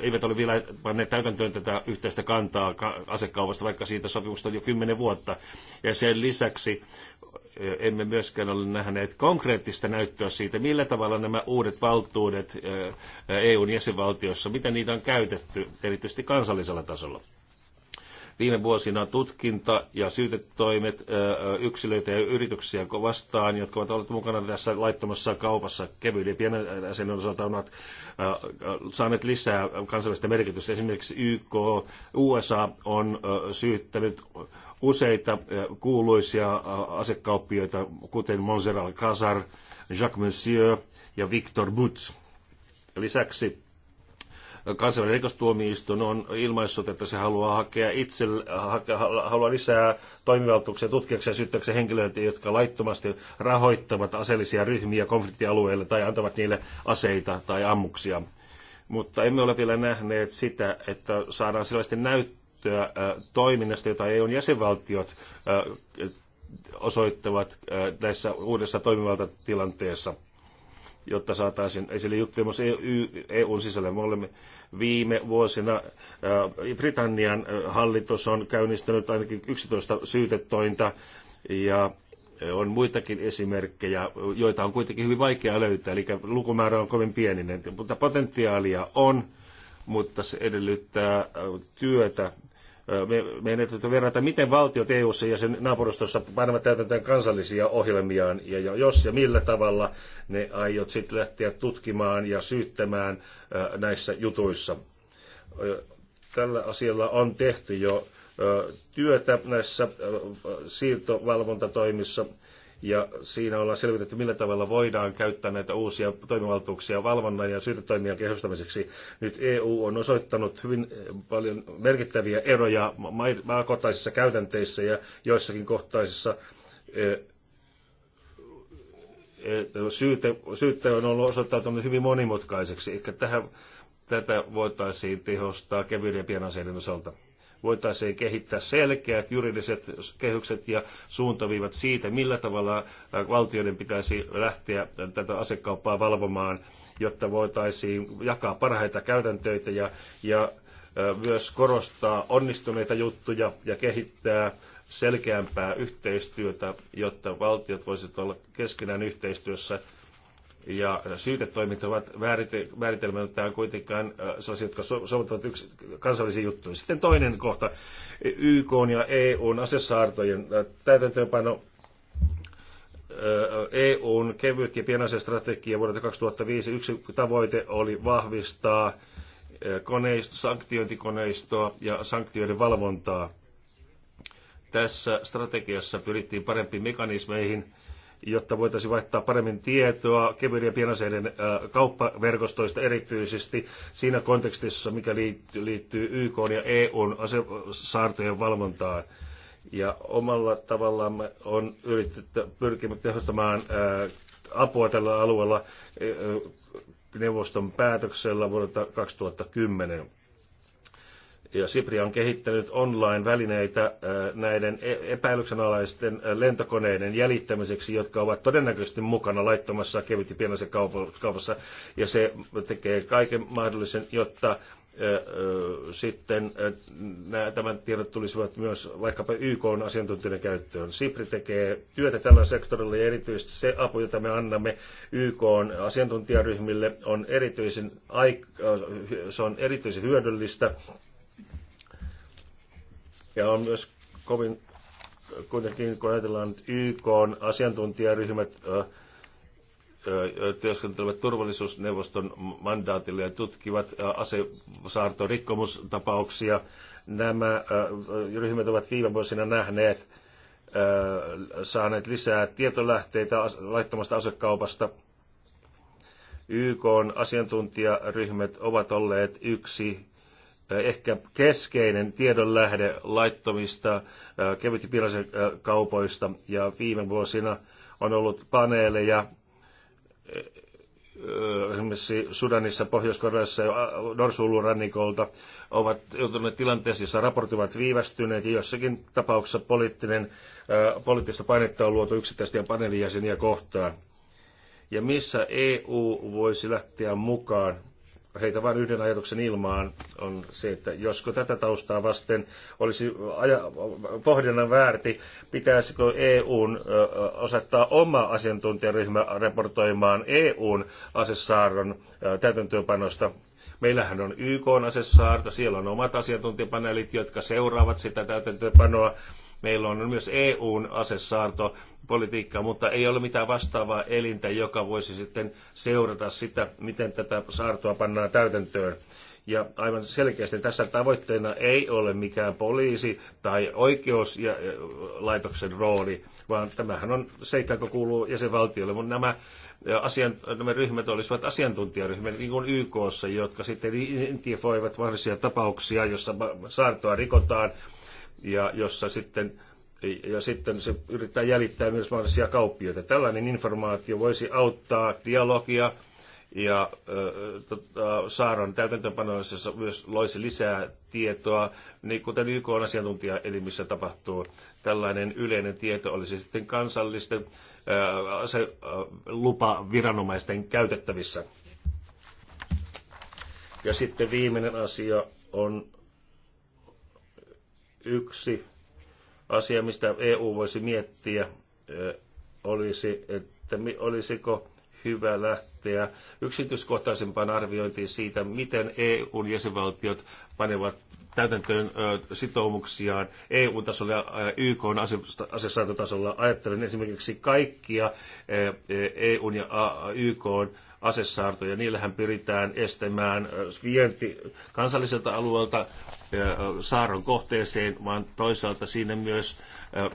eivät ole vielä panneet täytäntöön tätä yhteistä kantaa asekaupasta, vaikka siitä sopimusta on jo kymmenen vuotta. Ja sen lisäksi emme myöskään ole nähneet konkreettista näyttöä siitä, millä tavalla nämä uudet valtuudet EUn jäsenvaltiossa, miten niitä on käytetty, erityisesti kansallisella tasolla. Viime vuosina tutkinta ja syytetoimet yksilöitä ja yrityksiä vastaan, jotka ovat olleet mukana tässä laittomassa kaupassa kevyen ja pienen asennon osalta, ovat saaneet lisää kansainvälistä merkitystä. Esimerkiksi YK, USA on syyttänyt useita kuuluisia asekauppioita, kuten Monserrat Casar, Jacques Monsieur ja Victor Butz. Lisäksi kansainvälinen rikostuomioistuin on ilmaissut, että se haluaa hakea itse, haluaa lisää toimivaltuuksia tutkijaksi ja syyttäjäksi henkilöitä, jotka laittomasti rahoittavat aseellisia ryhmiä konfliktialueille tai antavat niille aseita tai ammuksia. Mutta emme ole vielä nähneet sitä, että saadaan sellaista näyttöä äh, toiminnasta, jota EUn jäsenvaltiot äh, osoittavat äh, näissä uudessa toimivaltatilanteessa jotta saataisiin esille juttuja myös EUn e e sisällä. Me olemme viime vuosina, äh, Britannian äh, hallitus on käynnistänyt ainakin 11 syytetointa ja äh, on muitakin esimerkkejä, joita on kuitenkin hyvin vaikea löytää, eli lukumäärä on kovin pieninen, mutta potentiaalia on, mutta se edellyttää työtä meidän täytyy verrata, miten valtiot eu ja sen naapurustossa panevat täytäntöön kansallisia ohjelmiaan, ja jos ja millä tavalla ne aiot sitten lähteä tutkimaan ja syyttämään näissä jutuissa. Tällä asialla on tehty jo työtä näissä siirtovalvontatoimissa, ja siinä ollaan selvitetty, millä tavalla voidaan käyttää näitä uusia toimivaltuuksia valvonnan ja syytetoimien kehostamiseksi. Nyt EU on osoittanut hyvin eh, paljon merkittäviä eroja maakohtaisissa käytänteissä ja joissakin kohtaisissa eh, eh, syyte, on ollut osoittautunut hyvin monimutkaiseksi. Ehkä tähän, tätä voitaisiin tehostaa kevyiden ja pienaseiden osalta voitaisiin kehittää selkeät juridiset kehykset ja suuntaviivat siitä, millä tavalla valtioiden pitäisi lähteä tätä asekauppaa valvomaan, jotta voitaisiin jakaa parhaita käytäntöitä ja, ja myös korostaa onnistuneita juttuja ja kehittää selkeämpää yhteistyötä, jotta valtiot voisivat olla keskenään yhteistyössä ja äh, syytetoimit ovat määritelmältään kuitenkaan äh, sellaisia, jotka sovittavat yksi kansallisiin juttuihin. Sitten toinen kohta, YK ja EUn asessaartojen äh, täytäntöönpano EUn kevyt- ja pienasestrategia vuodelta 2005 yksi tavoite oli vahvistaa koneisto, sanktiointikoneistoa ja sanktioiden valvontaa. Tässä strategiassa pyrittiin parempiin mekanismeihin jotta voitaisiin vaihtaa paremmin tietoa kevyiden ja pienaseiden kauppaverkostoista erityisesti siinä kontekstissa, mikä liittyy YK ja EUn saartojen valvontaan. Ja omalla tavallaan on yritetty pyrkinyt tehostamaan apua tällä alueella neuvoston päätöksellä vuodelta 2010 ja Sipri on kehittänyt online-välineitä äh, näiden e- epäilyksenalaisten äh, lentokoneiden jäljittämiseksi, jotka ovat todennäköisesti mukana laittomassa kevyt- ja pienessä kaupassa. Ja se tekee kaiken mahdollisen, jotta äh, sitten nämä, tämän tiedot tulisivat myös vaikkapa YK asiantuntijoiden käyttöön. SIPRI tekee työtä tällä sektorilla ja erityisesti se apu, jota me annamme YK asiantuntijaryhmille, on erityisen, se on erityisen hyödyllistä ja on myös kovin, kuitenkin kun ajatellaan, nyt YK on asiantuntijaryhmät työskentelevät turvallisuusneuvoston mandaatilla ja tutkivat asesaartorikkomustapauksia. Nämä ryhmät ovat viime vuosina nähneet, saaneet lisää tietolähteitä laittomasta asekaupasta. YK asiantuntijaryhmät ovat olleet yksi ehkä keskeinen tiedonlähde laittomista kevytipiraisen kaupoista ja viime vuosina on ollut paneeleja esimerkiksi Sudanissa, Pohjois-Koreassa ja rannikolta ovat joutuneet tilanteeseen, jossa raportivat viivästyneet ja jossakin tapauksessa poliittinen, poliittista painetta on luotu yksittäisiä paneelijäseniä kohtaan. Ja missä EU voisi lähteä mukaan heitä vain yhden ajatuksen ilmaan, on se, että josko tätä taustaa vasten olisi aja, pohdinnan väärti, pitäisikö EUn osattaa oma asiantuntijaryhmä raportoimaan EUn asessaaron täytäntöönpanosta Meillähän on YK asessaarto, siellä on omat asiantuntijapaneelit, jotka seuraavat sitä täytäntöönpanoa Meillä on myös EUn asessaarto politiikka, mutta ei ole mitään vastaavaa elintä, joka voisi sitten seurata sitä, miten tätä saartoa pannaan täytäntöön. Ja aivan selkeästi tässä tavoitteena ei ole mikään poliisi tai oikeuslaitoksen rooli, vaan tämähän on seikka, joka kuuluu jäsenvaltiolle. Mutta nämä, asian, nämä ryhmät olisivat asiantuntijaryhmät niin kuin YKssa, jotka sitten identifioivat mahdollisia tapauksia, joissa saartoa rikotaan ja jossa sitten ja sitten se yrittää jäljittää myös mahdollisia kauppioita. Tällainen informaatio voisi auttaa dialogia ja tota, Saaron täytäntöpanoissa myös loisi lisää tietoa, niin kuten YK on asiantuntijaelimissä tapahtuu. Tällainen yleinen tieto olisi sitten kansallisten ää, se, ää, lupaviranomaisten käytettävissä. Ja sitten viimeinen asia on Yksi asia, mistä EU voisi miettiä, olisi, että olisiko hyvä lähteä yksityiskohtaisempaan arviointiin siitä, miten EUn jäsenvaltiot panevat täytäntöön sitoumuksiaan EU-tasolla ja YK-asesaantotasolla. Ajattelen esimerkiksi kaikkia EU- ja YKn asesaartoja. Niillähän pyritään estämään vienti kansalliselta alueelta saaron kohteeseen, vaan toisaalta siinä myös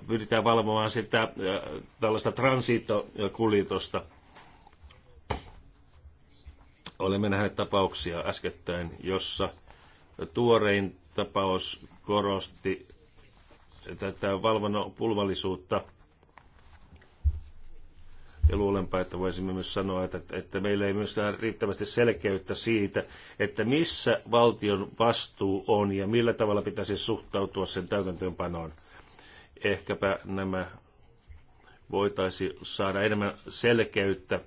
pyritään valvomaan sitä tällaista transiittokuljetusta. Olemme nähneet tapauksia äskettäin, jossa tuorein tapaus korosti tätä valvonnan pulvallisuutta. Ja luulenpa, että voisimme myös sanoa, että, että meillä ei myöskään riittävästi selkeyttä siitä, että missä valtion vastuu on ja millä tavalla pitäisi suhtautua sen täytäntöönpanoon. Ehkäpä nämä voitaisiin saada enemmän selkeyttä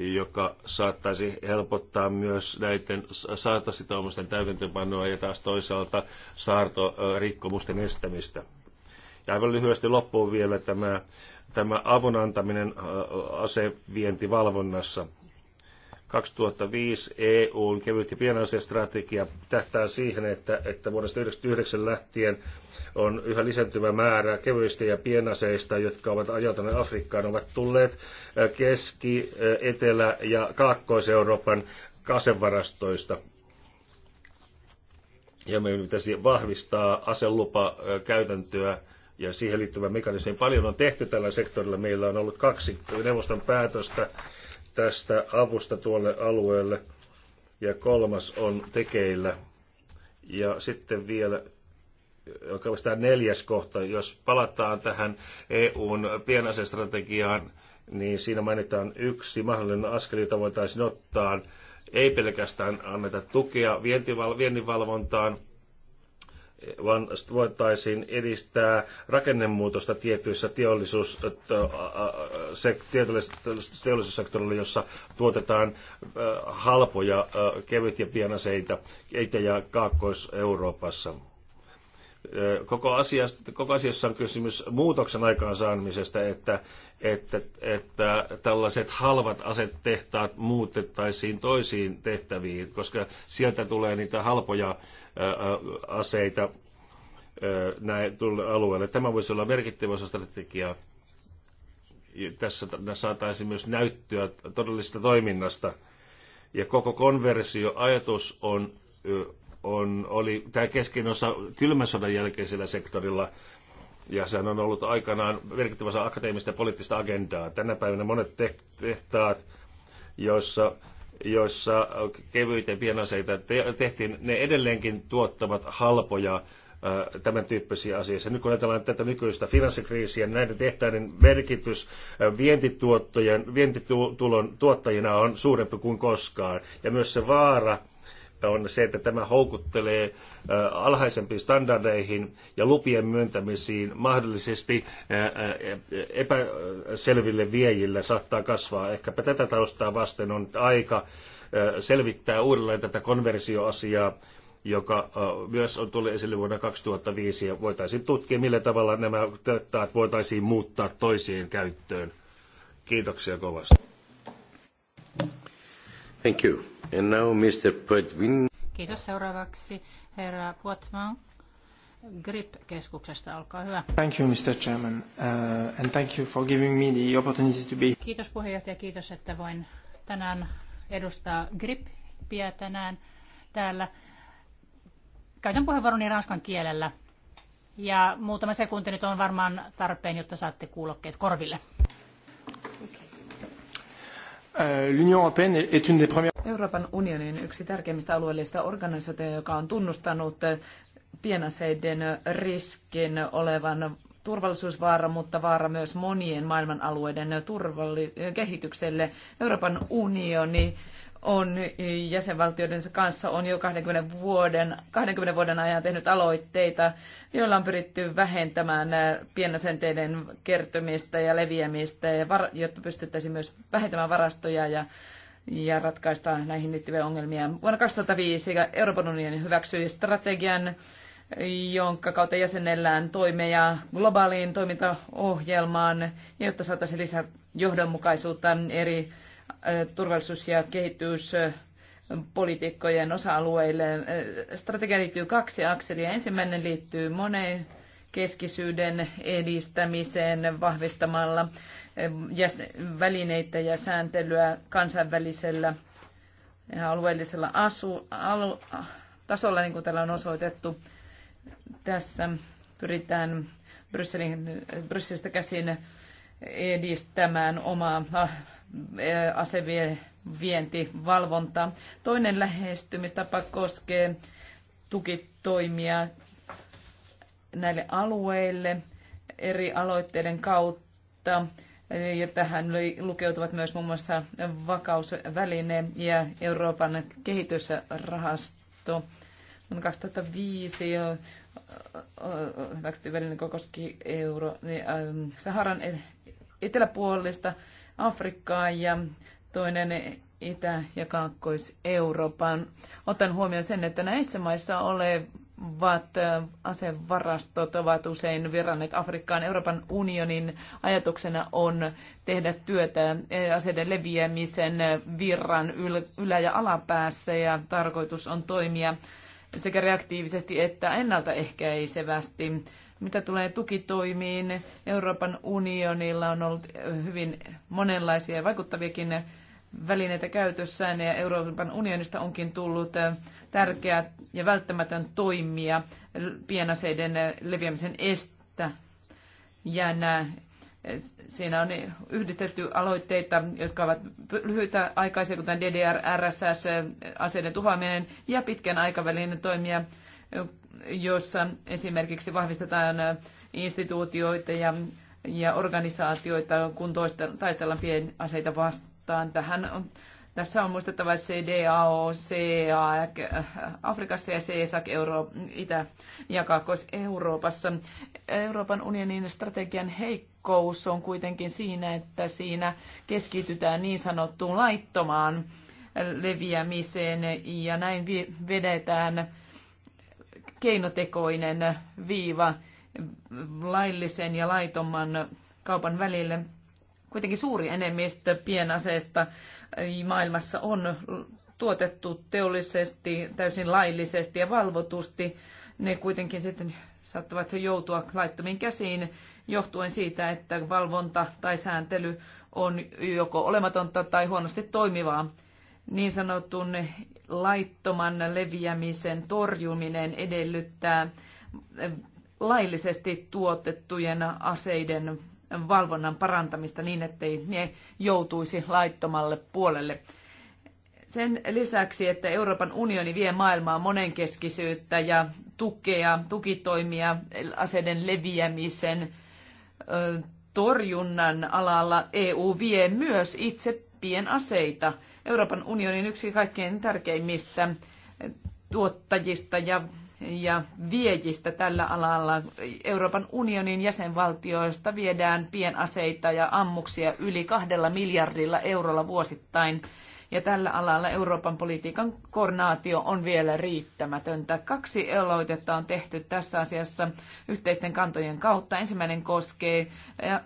joka saattaisi helpottaa myös näiden saartositoumusten täytäntöpanoa ja taas toisaalta saartorikkomusten estämistä. Ja aivan lyhyesti loppuun vielä tämä, tämä avun antaminen asevientivalvonnassa. 2005 EUn kevyt- ja strategia tähtää siihen, että, että vuodesta 1999 lähtien on yhä lisääntyvä määrä kevyistä ja pienaseista, jotka ovat ajautuneet Afrikkaan, ovat tulleet Keski-, Etelä- ja Kaakkois-Euroopan kasevarastoista. Ja meidän pitäisi vahvistaa aselupakäytäntöä ja siihen liittyvä mekanismi. Paljon on tehty tällä sektorilla. Meillä on ollut kaksi neuvoston päätöstä tästä avusta tuolle alueelle ja kolmas on tekeillä. Ja sitten vielä oikeastaan neljäs kohta, jos palataan tähän EUn pienasestrategiaan, niin siinä mainitaan yksi mahdollinen askel, jota voitaisiin ottaa. Ei pelkästään anneta tukea vienninvalvontaan, vaan voitaisiin edistää rakennemuutosta tietyissä teollisuus, jossa tuotetaan halpoja kevyt- ja pienaseita Eitä- ja Kaakkois-Euroopassa. Koko, asiasta, koko asiassa on kysymys muutoksen aikaansaamisesta, että, että, että tällaiset halvat asetehtaat muutettaisiin toisiin tehtäviin, koska sieltä tulee niitä halpoja aseita näin tulle alueelle. Tämä voisi olla merkittävä osa strategiaa. Tässä saataisiin myös näyttöä todellisesta toiminnasta. Ja koko konversioajatus on, on, oli tämä keskeinen osa kylmän sodan jälkeisellä sektorilla, ja sehän on ollut aikanaan merkittävä osa akateemista ja poliittista agendaa. Tänä päivänä monet tehtaat, joissa joissa kevyitä pienaseita tehtiin, ne edelleenkin tuottavat halpoja tämän tyyppisiä asioita. Nyt kun ajatellaan tätä nykyistä finanssikriisiä, näiden tehtaiden merkitys vientituottojen, vientitulon tuottajina on suurempi kuin koskaan. Ja myös se vaara, on se, että tämä houkuttelee alhaisempiin standardeihin ja lupien myöntämisiin mahdollisesti epäselville viejille saattaa kasvaa. Ehkäpä tätä taustaa vasten on aika selvittää uudelleen tätä konversioasiaa joka myös on tullut esille vuonna 2005, ja voitaisiin tutkia, millä tavalla nämä tehtaat voitaisiin muuttaa toiseen käyttöön. Kiitoksia kovasti. Thank you. And now Mr. Pötvin. Kiitos. Seuraavaksi herra Puotman. GRIP-keskuksesta, olkaa hyvä. Thank you, Mr. Chairman, uh, and thank you for giving me the opportunity to be... Kiitos puheenjohtaja, kiitos, että voin tänään edustaa GRIPiä tänään täällä. Käytän puheenvuoroni ranskan kielellä ja muutama sekunti nyt on varmaan tarpeen, jotta saatte kuulokkeet korville. Euh, Euroopan unionin yksi tärkeimmistä alueellista organisaatioista, joka on tunnustanut pienaseiden riskin olevan turvallisuusvaara, mutta vaara myös monien maailman alueiden turvalli- kehitykselle. Euroopan unioni on jäsenvaltioidensa kanssa on jo 20 vuoden, 20 vuoden ajan tehnyt aloitteita, joilla on pyritty vähentämään pienasenteiden kertymistä ja leviämistä, ja jotta pystyttäisiin myös vähentämään varastoja ja ja ratkaista näihin liittyviä ongelmia. Vuonna 2005 Euroopan unioni hyväksyi strategian, jonka kautta jäsenellään toimeja globaaliin toimintaohjelmaan, jotta saataisiin lisää johdonmukaisuutta eri turvallisuus- ja kehityspolitiikkojen osa-alueille. Strategia liittyy kaksi akselia. Ensimmäinen liittyy moneen keskisyyden edistämiseen vahvistamalla välineitä ja sääntelyä kansainvälisellä ja alueellisella asu, alu, tasolla, niin kuin täällä on osoitettu. Tässä pyritään Brysselin, Brysselistä käsin edistämään omaa Eh, asevientivalvonta. Toinen lähestymistapa koskee tukitoimia näille alueille eri aloitteiden kautta. Ja tähän lukeutuvat myös muun mm. muassa vakausväline ja Euroopan kehitysrahasto. Vuonna 2005 jo hyväksyttiin väline, koski euro, Saharan e- eteläpuolista Afrikkaa ja toinen Itä- ja Kaakkois-Euroopan. Otan huomioon sen, että näissä maissa olevat asevarastot ovat usein virranneet Afrikkaan. Euroopan unionin ajatuksena on tehdä työtä aseiden leviämisen virran ylä- ja alapäässä ja tarkoitus on toimia sekä reaktiivisesti että ennaltaehkäisevästi mitä tulee tukitoimiin, Euroopan unionilla on ollut hyvin monenlaisia ja vaikuttaviakin välineitä käytössään ja Euroopan unionista onkin tullut tärkeä ja välttämätön toimija pienaseiden leviämisen estä. Ja nämä Siinä on yhdistetty aloitteita, jotka ovat lyhyitä aikaisia, kuten DDR, RSS, aseiden tuhoaminen ja pitkän aikavälin toimia jossa esimerkiksi vahvistetaan instituutioita ja, ja organisaatioita, kun toista, taistellaan pienaseita vastaan. Tähän on, tässä on muistettava CDAO, CAC Afrikassa ja CSAC Euro, Itä- ja Kaakkois-Euroopassa. Euroopan unionin strategian heikkous on kuitenkin siinä, että siinä keskitytään niin sanottuun laittomaan leviämiseen ja näin vedetään keinotekoinen viiva laillisen ja laitomman kaupan välille. Kuitenkin suuri enemmistö pienaseista maailmassa on tuotettu teollisesti, täysin laillisesti ja valvotusti. Ne kuitenkin sitten saattavat joutua laittomiin käsiin johtuen siitä, että valvonta tai sääntely on joko olematonta tai huonosti toimivaa niin sanotun laittoman leviämisen torjuminen edellyttää laillisesti tuotettujen aseiden valvonnan parantamista niin, ettei ne joutuisi laittomalle puolelle. Sen lisäksi, että Euroopan unioni vie maailmaa monenkeskisyyttä ja tukea, tukitoimia aseiden leviämisen torjunnan alalla, EU vie myös itse pienaseita. Euroopan unionin yksi kaikkein tärkeimmistä tuottajista ja, ja viejistä tällä alalla. Euroopan unionin jäsenvaltioista viedään pienaseita ja ammuksia yli kahdella miljardilla eurolla vuosittain ja tällä alalla Euroopan politiikan koordinaatio on vielä riittämätöntä. Kaksi aloitetta on tehty tässä asiassa yhteisten kantojen kautta. Ensimmäinen koskee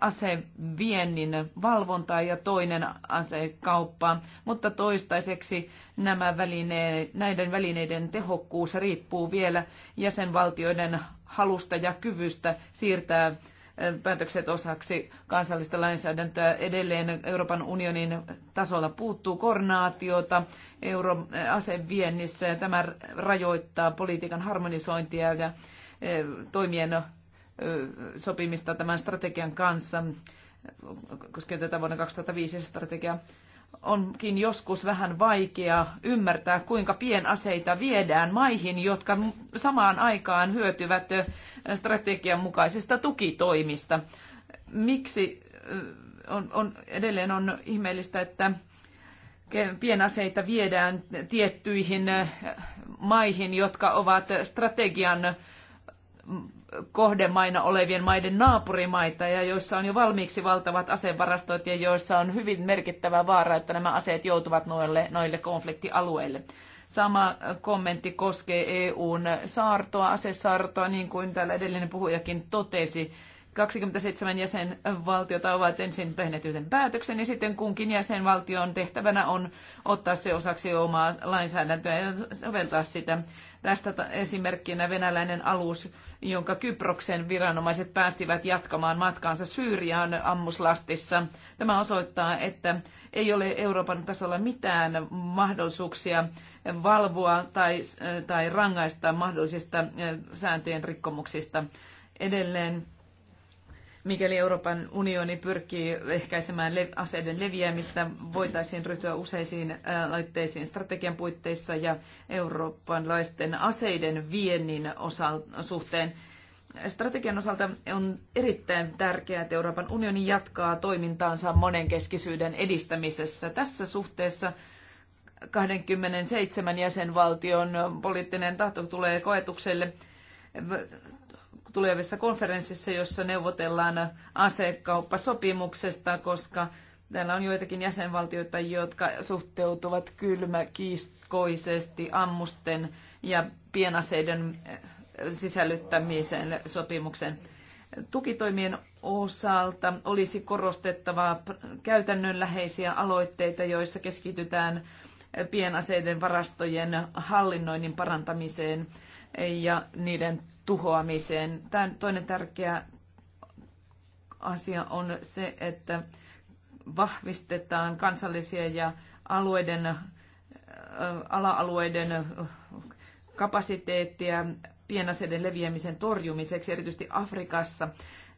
aseviennin valvontaa ja toinen asekauppaa, mutta toistaiseksi nämä välineet, näiden välineiden tehokkuus riippuu vielä jäsenvaltioiden halusta ja kyvystä siirtää päätökset osaksi kansallista lainsäädäntöä. Edelleen Euroopan unionin tasolla puuttuu koordinaatiota euroaseviennissä eh, aseviennissä ja tämä rajoittaa politiikan harmonisointia ja eh, toimien eh, sopimista tämän strategian kanssa koskien tätä vuonna 2005 strategiaa onkin joskus vähän vaikea ymmärtää, kuinka pienaseita viedään maihin, jotka samaan aikaan hyötyvät strategian mukaisista tukitoimista. Miksi on, on, edelleen on ihmeellistä, että pienaseita viedään tiettyihin maihin, jotka ovat strategian kohdemaina olevien maiden naapurimaita ja joissa on jo valmiiksi valtavat asevarastot ja joissa on hyvin merkittävä vaara, että nämä aseet joutuvat noille, noille konfliktialueille. Sama kommentti koskee EUn saartoa, asesaartoa, niin kuin täällä edellinen puhujakin totesi. 27 jäsenvaltiota ovat ensin tehneet yhden päätöksen ja sitten kunkin jäsenvaltion tehtävänä on ottaa se osaksi omaa lainsäädäntöä ja soveltaa sitä. Tästä esimerkkinä venäläinen alus, jonka Kyproksen viranomaiset päästivät jatkamaan matkaansa Syyriaan ammuslastissa. Tämä osoittaa, että ei ole Euroopan tasolla mitään mahdollisuuksia valvoa tai, tai rangaista mahdollisista sääntöjen rikkomuksista. Edelleen mikäli Euroopan unioni pyrkii ehkäisemään aseiden leviämistä, voitaisiin ryhtyä useisiin laitteisiin strategian puitteissa ja eurooppalaisten aseiden viennin osalta, suhteen. Strategian osalta on erittäin tärkeää, että Euroopan unioni jatkaa toimintaansa monenkeskisyyden edistämisessä. Tässä suhteessa 27 jäsenvaltion poliittinen tahto tulee koetukselle tulevissa konferenssissa, jossa neuvotellaan asekauppasopimuksesta, koska täällä on joitakin jäsenvaltioita, jotka suhteutuvat kylmäkiiskoisesti ammusten ja pienaseiden eh, sisällyttämiseen sopimuksen tukitoimien osalta olisi korostettava käytännönläheisiä aloitteita, joissa keskitytään pienaseiden varastojen hallinnoinnin parantamiseen ja niiden tuhoamiseen. Tämän toinen tärkeä asia on se, että vahvistetaan kansallisia ja alueiden, ala-alueiden kapasiteettia pienaseiden leviämisen torjumiseksi, erityisesti Afrikassa.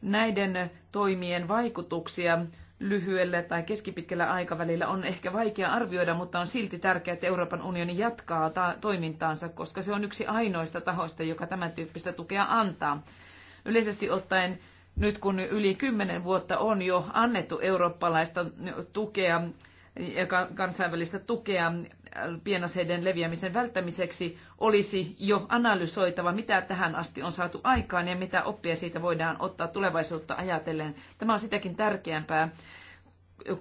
Näiden toimien vaikutuksia lyhyellä tai keskipitkällä aikavälillä on ehkä vaikea arvioida, mutta on silti tärkeää, että Euroopan unioni jatkaa ta- toimintaansa, koska se on yksi ainoista tahoista, joka tämän tyyppistä tukea antaa. Yleisesti ottaen nyt kun yli kymmenen vuotta on jo annettu eurooppalaista tukea ja kansainvälistä tukea pienaseiden leviämisen välttämiseksi olisi jo analysoitava, mitä tähän asti on saatu aikaan ja mitä oppia siitä voidaan ottaa tulevaisuutta ajatellen. Tämä on sitäkin tärkeämpää,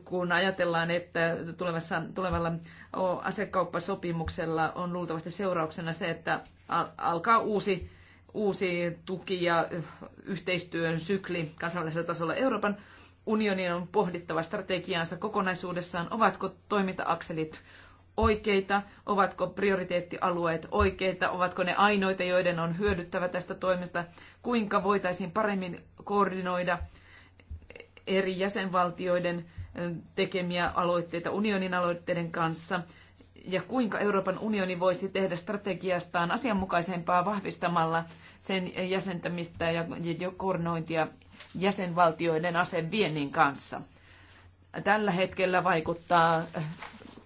kun ajatellaan, että tulevassa, tulevalla asekauppasopimuksella on luultavasti seurauksena se, että alkaa uusi, uusi tuki ja yhteistyön sykli kansainvälisellä tasolla Euroopan unionin on pohdittava strategiaansa kokonaisuudessaan, ovatko toiminta-akselit oikeita, ovatko prioriteettialueet oikeita, ovatko ne ainoita, joiden on hyödyttävä tästä toimesta, kuinka voitaisiin paremmin koordinoida eri jäsenvaltioiden tekemiä aloitteita unionin aloitteiden kanssa ja kuinka Euroopan unioni voisi tehdä strategiastaan asianmukaisempaa vahvistamalla sen jäsentämistä ja koordinointia jäsenvaltioiden aseviennin kanssa. Tällä hetkellä vaikuttaa eh,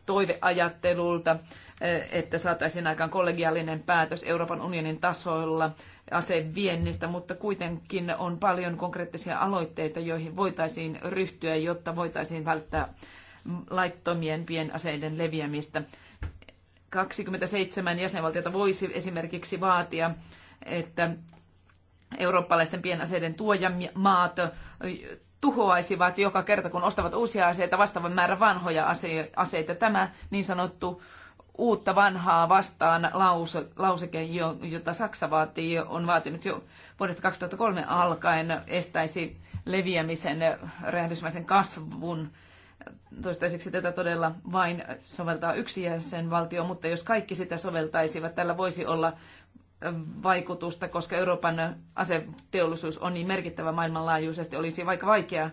toiveajattelulta, eh, että saataisiin aikaan kollegiaalinen päätös Euroopan unionin tasolla aseviennistä, mutta kuitenkin on paljon konkreettisia aloitteita, joihin voitaisiin ryhtyä, jotta voitaisiin välttää laittomien pienaseiden leviämistä. 27 jäsenvaltiota voisi esimerkiksi vaatia että eurooppalaisten pienaseiden tuojamaat tuhoaisivat joka kerta, kun ostavat uusia aseita, vastaavan määrä vanhoja aseita. Tämä niin sanottu uutta vanhaa vastaan lause, lauseke, jota Saksa vaatii, on vaatinut jo vuodesta 2003 alkaen, estäisi leviämisen räjähdysmäisen kasvun. Toistaiseksi tätä todella vain soveltaa yksi jäsenvaltio, mutta jos kaikki sitä soveltaisivat, tällä voisi olla vaikutusta, koska Euroopan aseteollisuus on niin merkittävä maailmanlaajuisesti, olisi vaikka vaikea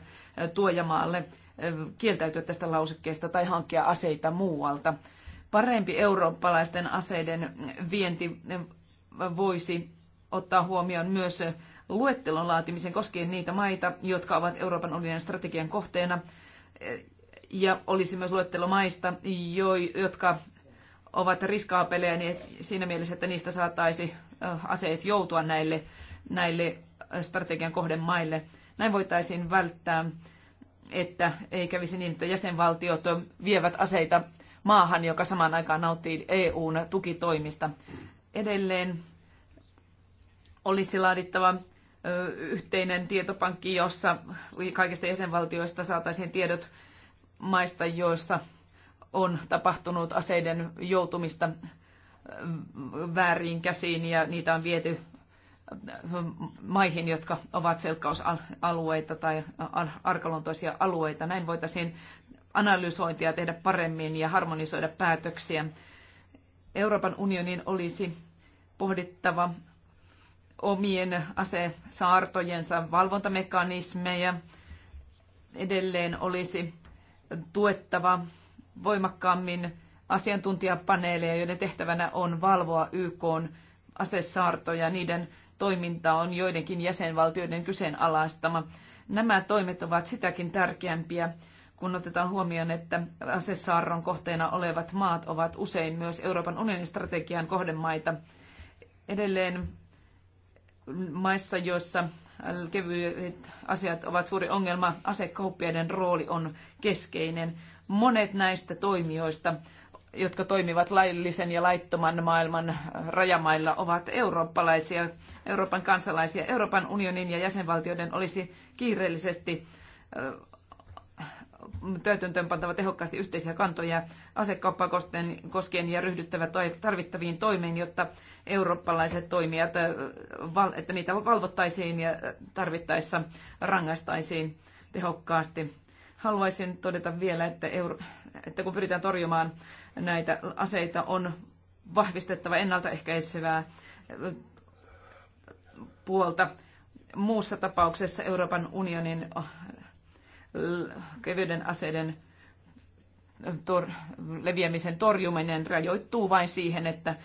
tuojamaalle kieltäytyä tästä lausekkeesta tai hankkia aseita muualta. Parempi eurooppalaisten aseiden vienti voisi ottaa huomioon myös luettelon laatimisen koskien niitä maita, jotka ovat Euroopan unionin strategian kohteena. Ja olisi myös luettelo maista, jotka ovat riskaapelejä niin siinä mielessä, että niistä saataisi aseet joutua näille, näille strategian kohden maille. Näin voitaisiin välttää, että ei kävisi niin, että jäsenvaltiot vievät aseita maahan, joka samaan aikaan nauttii EUn tukitoimista. Edelleen olisi laadittava yhteinen tietopankki, jossa kaikista jäsenvaltioista saataisiin tiedot maista, joissa on tapahtunut aseiden joutumista äh, väärin käsiin ja niitä on viety äh, maihin, jotka ovat selkkausalueita tai arkaluontoisia alueita. Näin voitaisiin analysointia tehdä paremmin ja harmonisoida päätöksiä. Euroopan unionin olisi pohdittava omien asesaartojensa valvontamekanismeja. Edelleen olisi tuettava voimakkaammin asiantuntijapaneeleja, joiden tehtävänä on valvoa YK asesaartoja. Niiden toiminta on joidenkin jäsenvaltioiden kyseenalaistama. Nämä toimet ovat sitäkin tärkeämpiä, kun otetaan huomioon, että asesaarron kohteena olevat maat ovat usein myös Euroopan unionin strategian kohdemaita. Edelleen maissa, joissa kevyet asiat ovat suuri ongelma. Asekauppiaiden rooli on keskeinen. Monet näistä toimijoista, jotka toimivat laillisen ja laittoman maailman rajamailla, ovat eurooppalaisia, Euroopan kansalaisia. Euroopan unionin ja jäsenvaltioiden olisi kiireellisesti täytäntöönpantava tehokkaasti yhteisiä kantoja asekauppaa koskien ja ryhdyttävä tarvittaviin toimiin, jotta eurooppalaiset toimijat, äh, että niitä valvottaisiin ja tarvittaessa rangaistaisiin tehokkaasti. Haluaisin todeta vielä, että, euro, että kun pyritään torjumaan näitä aseita, on vahvistettava ennaltaehkäisevää äh, puolta. Muussa tapauksessa Euroopan unionin kevyiden aseiden tor- leviämisen torjuminen rajoittuu vain siihen, että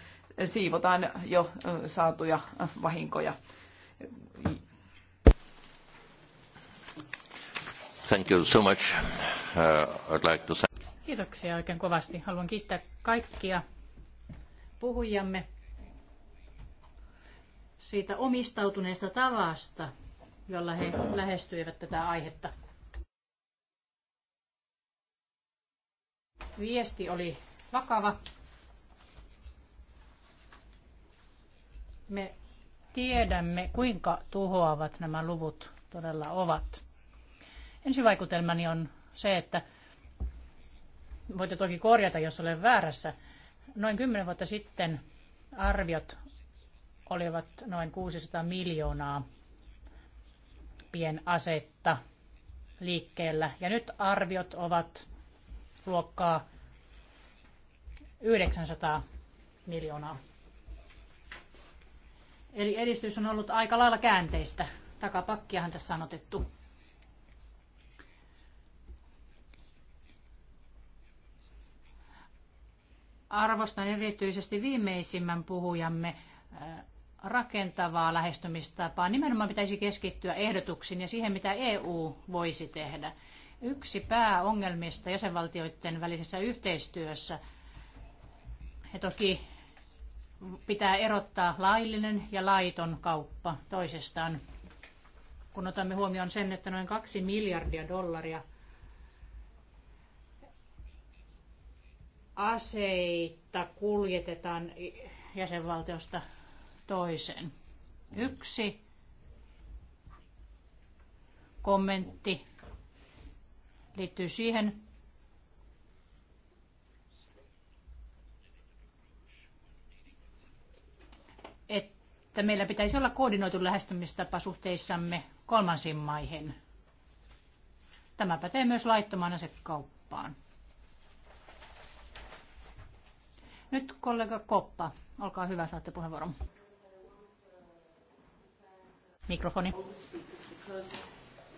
siivotaan jo saatuja vahinkoja. Thank you so much. Uh, I'd like to... Kiitoksia oikein kovasti. Haluan kiittää kaikkia puhujamme siitä omistautuneesta tavasta, jolla he lähestyivät tätä aihetta. Viesti oli vakava. Me tiedämme, kuinka tuhoavat nämä luvut todella ovat. Ensivaikutelmani on se, että voitte toki korjata, jos olen väärässä. Noin kymmenen vuotta sitten arviot olivat noin 600 miljoonaa pienasetta liikkeellä. Ja nyt arviot ovat luokkaa 900 miljoonaa. Eli edistys on ollut aika lailla käänteistä. Takapakkiahan tässä on otettu. Arvostan erityisesti viimeisimmän puhujamme äh, rakentavaa lähestymistapaa. Nimenomaan pitäisi keskittyä ehdotuksiin ja siihen, mitä EU voisi tehdä yksi pääongelmista jäsenvaltioiden välisessä yhteistyössä. He toki pitää erottaa laillinen ja laiton kauppa toisestaan. Kun otamme huomioon sen, että noin kaksi miljardia dollaria aseita kuljetetaan jäsenvaltiosta toiseen. Yksi kommentti liittyy siihen, että meillä pitäisi olla koordinoitu lähestymistapa suhteissamme kolmansiin maihin. Tämä pätee myös laittomaan asekauppaan. Nyt kollega Koppa, olkaa hyvä, saatte puheenvuoron. Mikrofoni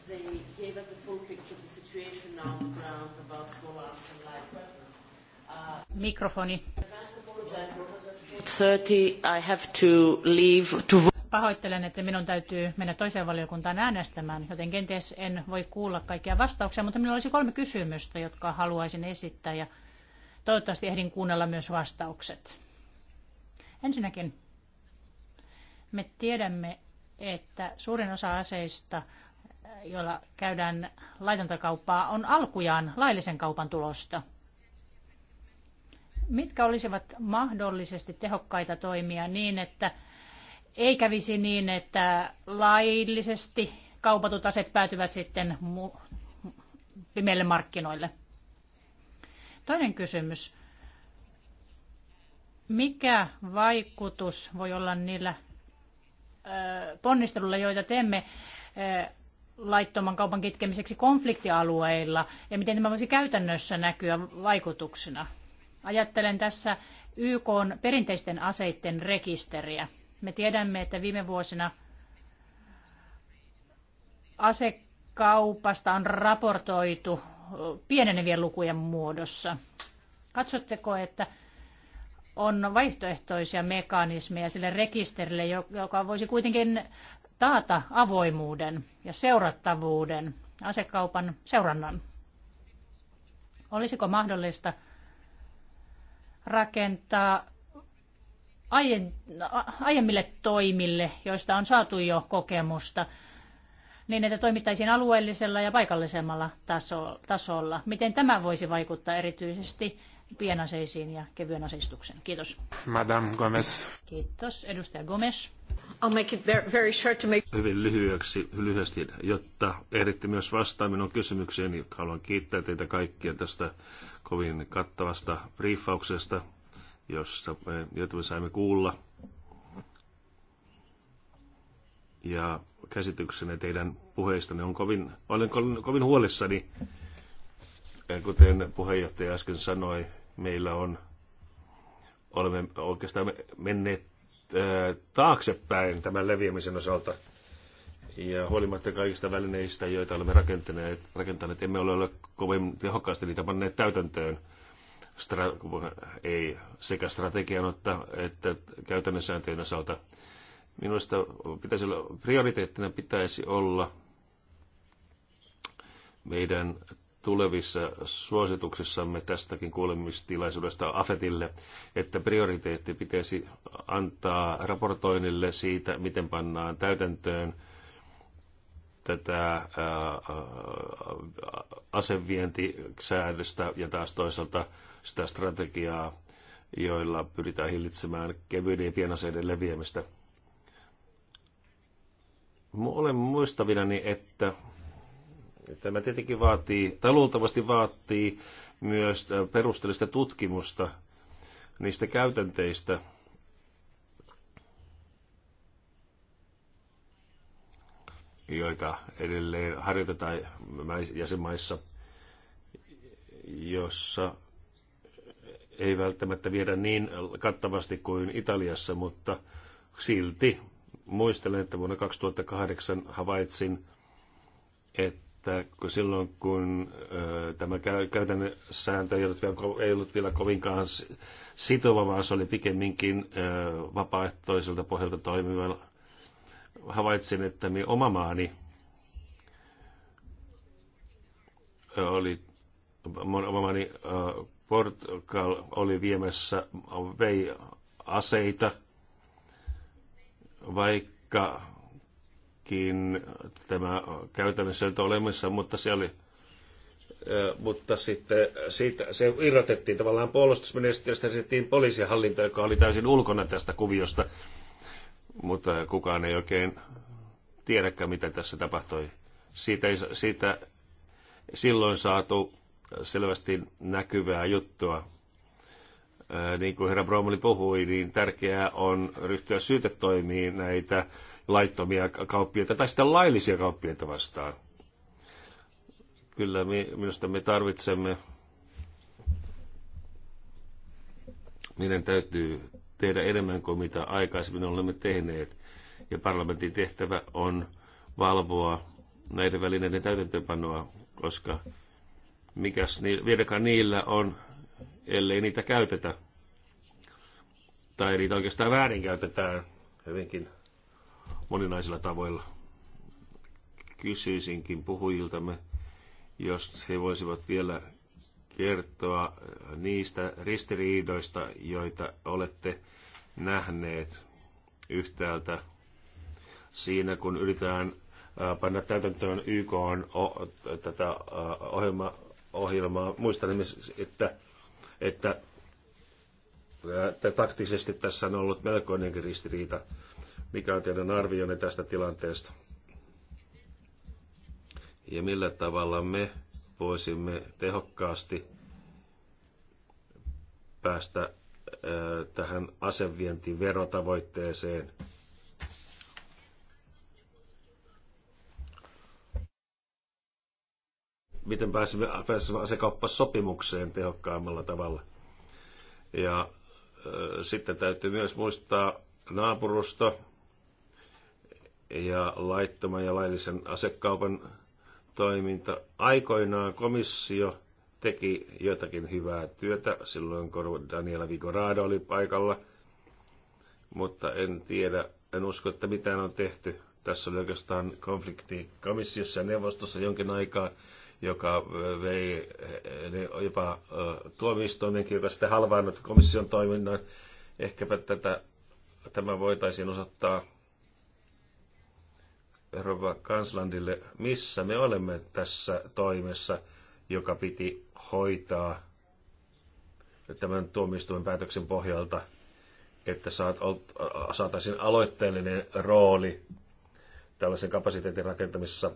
they gave us the full picture of the situation on the ground about small and light weapons. Uh, Mikrofoni. I have to leave to... Pahoittelen, että minun täytyy mennä toiseen valiokuntaan äänestämään, joten kenties en voi kuulla kaikkia vastauksia, mutta minulla olisi kolme kysymystä, jotka haluaisin esittää ja toivottavasti ehdin kuunnella myös vastaukset. Ensinnäkin, me tiedämme, että suurin osa aseista joilla käydään laitonta kauppaa, on alkujaan laillisen kaupan tulosta. Mitkä olisivat mahdollisesti tehokkaita toimia niin, että ei kävisi niin, että laillisesti kaupatut aset päätyvät sitten pimeille markkinoille? Toinen kysymys. Mikä vaikutus voi olla niillä ponnistelulla, joita teemme laittoman kaupan kitkemiseksi konfliktialueilla ja miten tämä voisi käytännössä näkyä vaikutuksena? Ajattelen tässä YK on perinteisten aseiden rekisteriä. Me tiedämme, että viime vuosina asekaupasta on raportoitu pienenevien lukujen muodossa. Katsotteko, että on vaihtoehtoisia mekanismeja sille rekisterille, joka voisi kuitenkin taata avoimuuden ja seurattavuuden, asekaupan seurannan? Olisiko mahdollista rakentaa aiemmille toimille, joista on saatu jo kokemusta, niin että toimittaisiin alueellisella ja paikallisemmalla tasolla. Miten tämä voisi vaikuttaa erityisesti pienaseisiin ja kevyen aseistuksen? Kiitos. Madame Gomez. Kiitos. Edustaja Gomes. I'll make it very short to make... Hyvin lyhyeksi, lyhyesti, jotta ehditte myös vastaa minun kysymykseen, niin haluan kiittää teitä kaikkia tästä kovin kattavasta briefauksesta, jossa me, jota me saimme kuulla. Ja käsityksenne teidän puheistanne on kovin, olen kovin, kovin huolissani. Kuten puheenjohtaja äsken sanoi, meillä on, olemme oikeastaan menneet Äh, taaksepäin tämän leviämisen osalta. Ja huolimatta kaikista välineistä, joita olemme rakentaneet, rakentaneet emme ole kovin tehokkaasti niitä panneet täytäntöön. Stra- ei sekä strategian että, että käytännön sääntöjen osalta. Minusta pitäisi olla, prioriteettina pitäisi olla meidän tulevissa suosituksissamme tästäkin kuulemistilaisuudesta AFETille, että prioriteetti pitäisi antaa raportoinnille siitä, miten pannaan täytäntöön tätä ää, asevientisäädöstä ja taas toisaalta sitä strategiaa, joilla pyritään hillitsemään kevyiden ja pienaseiden leviämistä. Olen muistavina, että Tämä tietenkin vaatii, tai luultavasti vaatii myös perusteellista tutkimusta niistä käytänteistä, joita edelleen harjoitetaan jäsenmaissa, jossa ei välttämättä viedä niin kattavasti kuin Italiassa, mutta silti muistelen, että vuonna 2008 havaitsin, että että kun silloin kun tämä käytännön sääntö ei ollut, vielä, ei ollut vielä kovinkaan sitova, vaan se oli pikemminkin vapaaehtoiselta pohjalta toimiva, havaitsin, että minä oma maani oli, oma maani Portugal oli viemässä, vei aseita, vaikka kuitenkin tämä käytännössä nyt olemassa, mutta se oli mutta sitten siitä, se irrotettiin tavallaan puolustusministeriöstä ja sitten poliisihallinto, joka oli täysin ulkona tästä kuviosta. Mutta kukaan ei oikein tiedäkään, mitä tässä tapahtui. Siitä, ei, siitä silloin saatu selvästi näkyvää juttua. Niin kuin herra Bromley puhui, niin tärkeää on ryhtyä syytetoimiin näitä laittomia kauppiaita tai sitten laillisia kauppiaita vastaan. Kyllä me, minusta me tarvitsemme, meidän täytyy tehdä enemmän kuin mitä aikaisemmin olemme tehneet. Ja parlamentin tehtävä on valvoa näiden välineiden täytäntöönpanoa, koska mikäs vieläkään niillä on, ellei niitä käytetä. Tai niitä oikeastaan väärinkäytetään hyvinkin moninaisilla tavoilla. Kysyisinkin puhujiltamme, jos he voisivat vielä kertoa niistä ristiriidoista, joita olette nähneet yhtäältä siinä, kun yritetään panna täytäntöön YK on tätä ohjelma, ohjelmaa. Muistan myös, että, että, että taktisesti tässä on ollut melkoinenkin ristiriita. Mikä on teidän arvionne tästä tilanteesta? Ja millä tavalla me voisimme tehokkaasti päästä tähän asevientiverotavoitteeseen? Miten pääsemme, pääsemme asekauppasopimukseen tehokkaammalla tavalla? Ja sitten täytyy myös muistaa naapurusto, ja laittoman ja laillisen asekaupan toiminta. Aikoinaan komissio teki jotakin hyvää työtä silloin, kun Daniela Vigorado oli paikalla, mutta en tiedä, en usko, että mitään on tehty. Tässä oli oikeastaan konflikti komissiossa ja neuvostossa jonkin aikaa, joka vei jopa tuomistoimenkin, joka sitten halvaannut komission toiminnan. Ehkäpä tätä, tämä voitaisiin osoittaa Rova Kanslandille, missä me olemme tässä toimessa, joka piti hoitaa tämän tuomioistuimen päätöksen pohjalta, että saataisiin aloitteellinen rooli tällaisen kapasiteetin rakentamisessa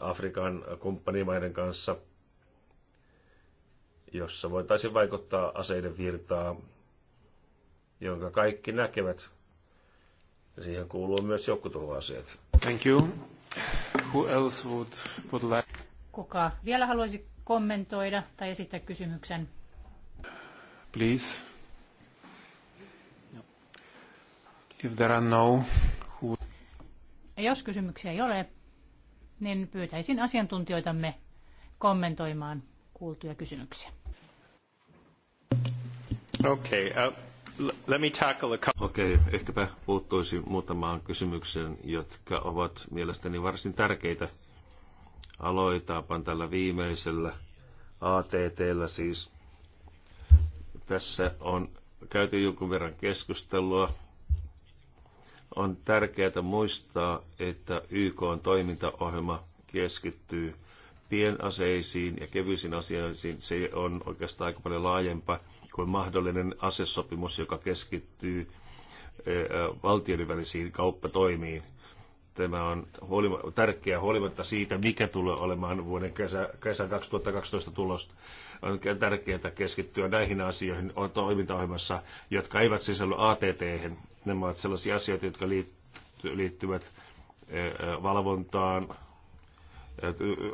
Afrikan kumppanimaiden kanssa, jossa voitaisiin vaikuttaa aseiden virtaa, jonka kaikki näkevät Siihen kuuluu myös joukkotuhoasiat. Thank you. Who else would, would like... Kuka vielä haluaisi kommentoida tai esittää kysymyksen? Please. If there are no, who... Jos kysymyksiä ei ole, niin pyytäisin asiantuntijoitamme kommentoimaan kuultuja kysymyksiä. Okay, uh... Let me tackle a couple. Okei, okay, ehkäpä puuttuisin muutamaan kysymykseen, jotka ovat mielestäni varsin tärkeitä. Aloitaapan tällä viimeisellä ATTllä siis. Tässä on käyty jonkun verran keskustelua. On tärkeää muistaa, että YK on toimintaohjelma keskittyy pienaseisiin ja kevyisiin asioihin. Se on oikeastaan aika paljon laajempaa kuin mahdollinen asesopimus, joka keskittyy eh, valtioiden välisiin kauppatoimiin. Tämä on huolima, tärkeää huolimatta siitä, mikä tulee olemaan vuoden kesä, kesän 2012 tulosta. On tärkeää keskittyä näihin asioihin on toimintaohjelmassa, jotka eivät sisälly att -hän. Nämä ovat sellaisia asioita, jotka liittyvät eh, eh, valvontaan,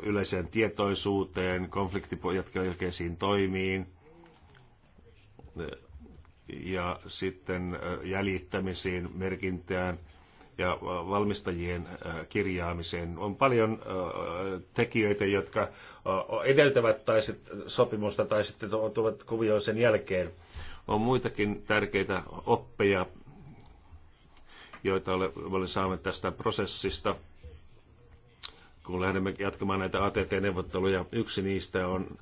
yleiseen tietoisuuteen, konfliktin jatkeisiin toimiin – ja sitten jäljittämisiin, merkintään ja valmistajien kirjaamiseen. On paljon tekijöitä, jotka edeltävät tai sopimusta tai sitten tuovat kuvioon sen jälkeen. On muitakin tärkeitä oppeja, joita olemme saaneet tästä prosessista kun lähdemme jatkamaan näitä ATT-neuvotteluja. Yksi niistä on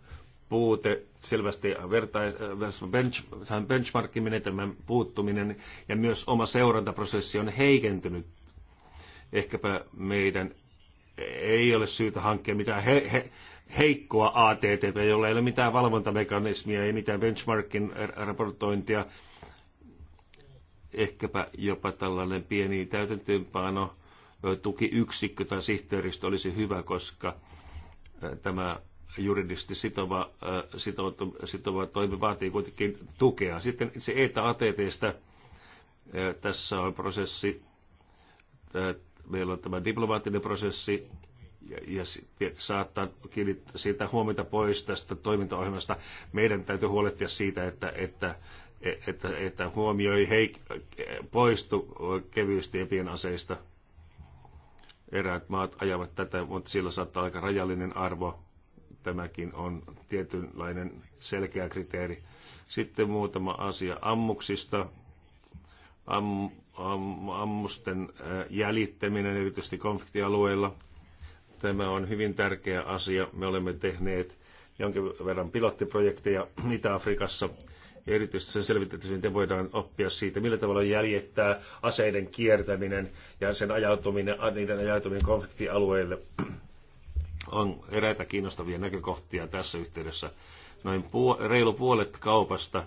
puute, selvästi vertais, äh, bench, benchmarkkimenetelmän puuttuminen ja myös oma seurantaprosessi on heikentynyt. Ehkäpä meidän ei ole syytä hankkia mitään he, he, heikkoa ATT, jolla ei ole mitään valvontamekanismia, ei mitään benchmarkin raportointia. Ehkäpä jopa tällainen pieni täytäntöönpano tukiyksikkö tai sihteeristö olisi hyvä, koska tämä juridisesti sitova, äh, sitova, sitova toimi vaatii kuitenkin tukea. Sitten itse ETA-ATTstä äh, tässä on prosessi, äh, meillä on tämä diplomaattinen prosessi, ja, ja saattaa kiinnittää siitä huomiota pois tästä toimintaohjelmasta. Meidän täytyy huolehtia siitä, että, että, että, että huomio ei heik, poistu kevyesti epien aseista. Eräät maat ajavat tätä, mutta sillä saattaa aika rajallinen arvo. Tämäkin on tietynlainen selkeä kriteeri. Sitten muutama asia ammuksista. Am, am, ammusten äh, jäljittäminen erityisesti konfliktialueilla. Tämä on hyvin tärkeä asia. Me olemme tehneet jonkin verran pilottiprojekteja Itä-Afrikassa. Erityisesti sen selvitettiin, miten voidaan oppia siitä, millä tavalla jäljittää aseiden kiertäminen ja sen ajautuminen, niiden ajautuminen konfliktialueille. On eräitä kiinnostavia näkökohtia tässä yhteydessä. Noin puol- reilu puolet kaupasta,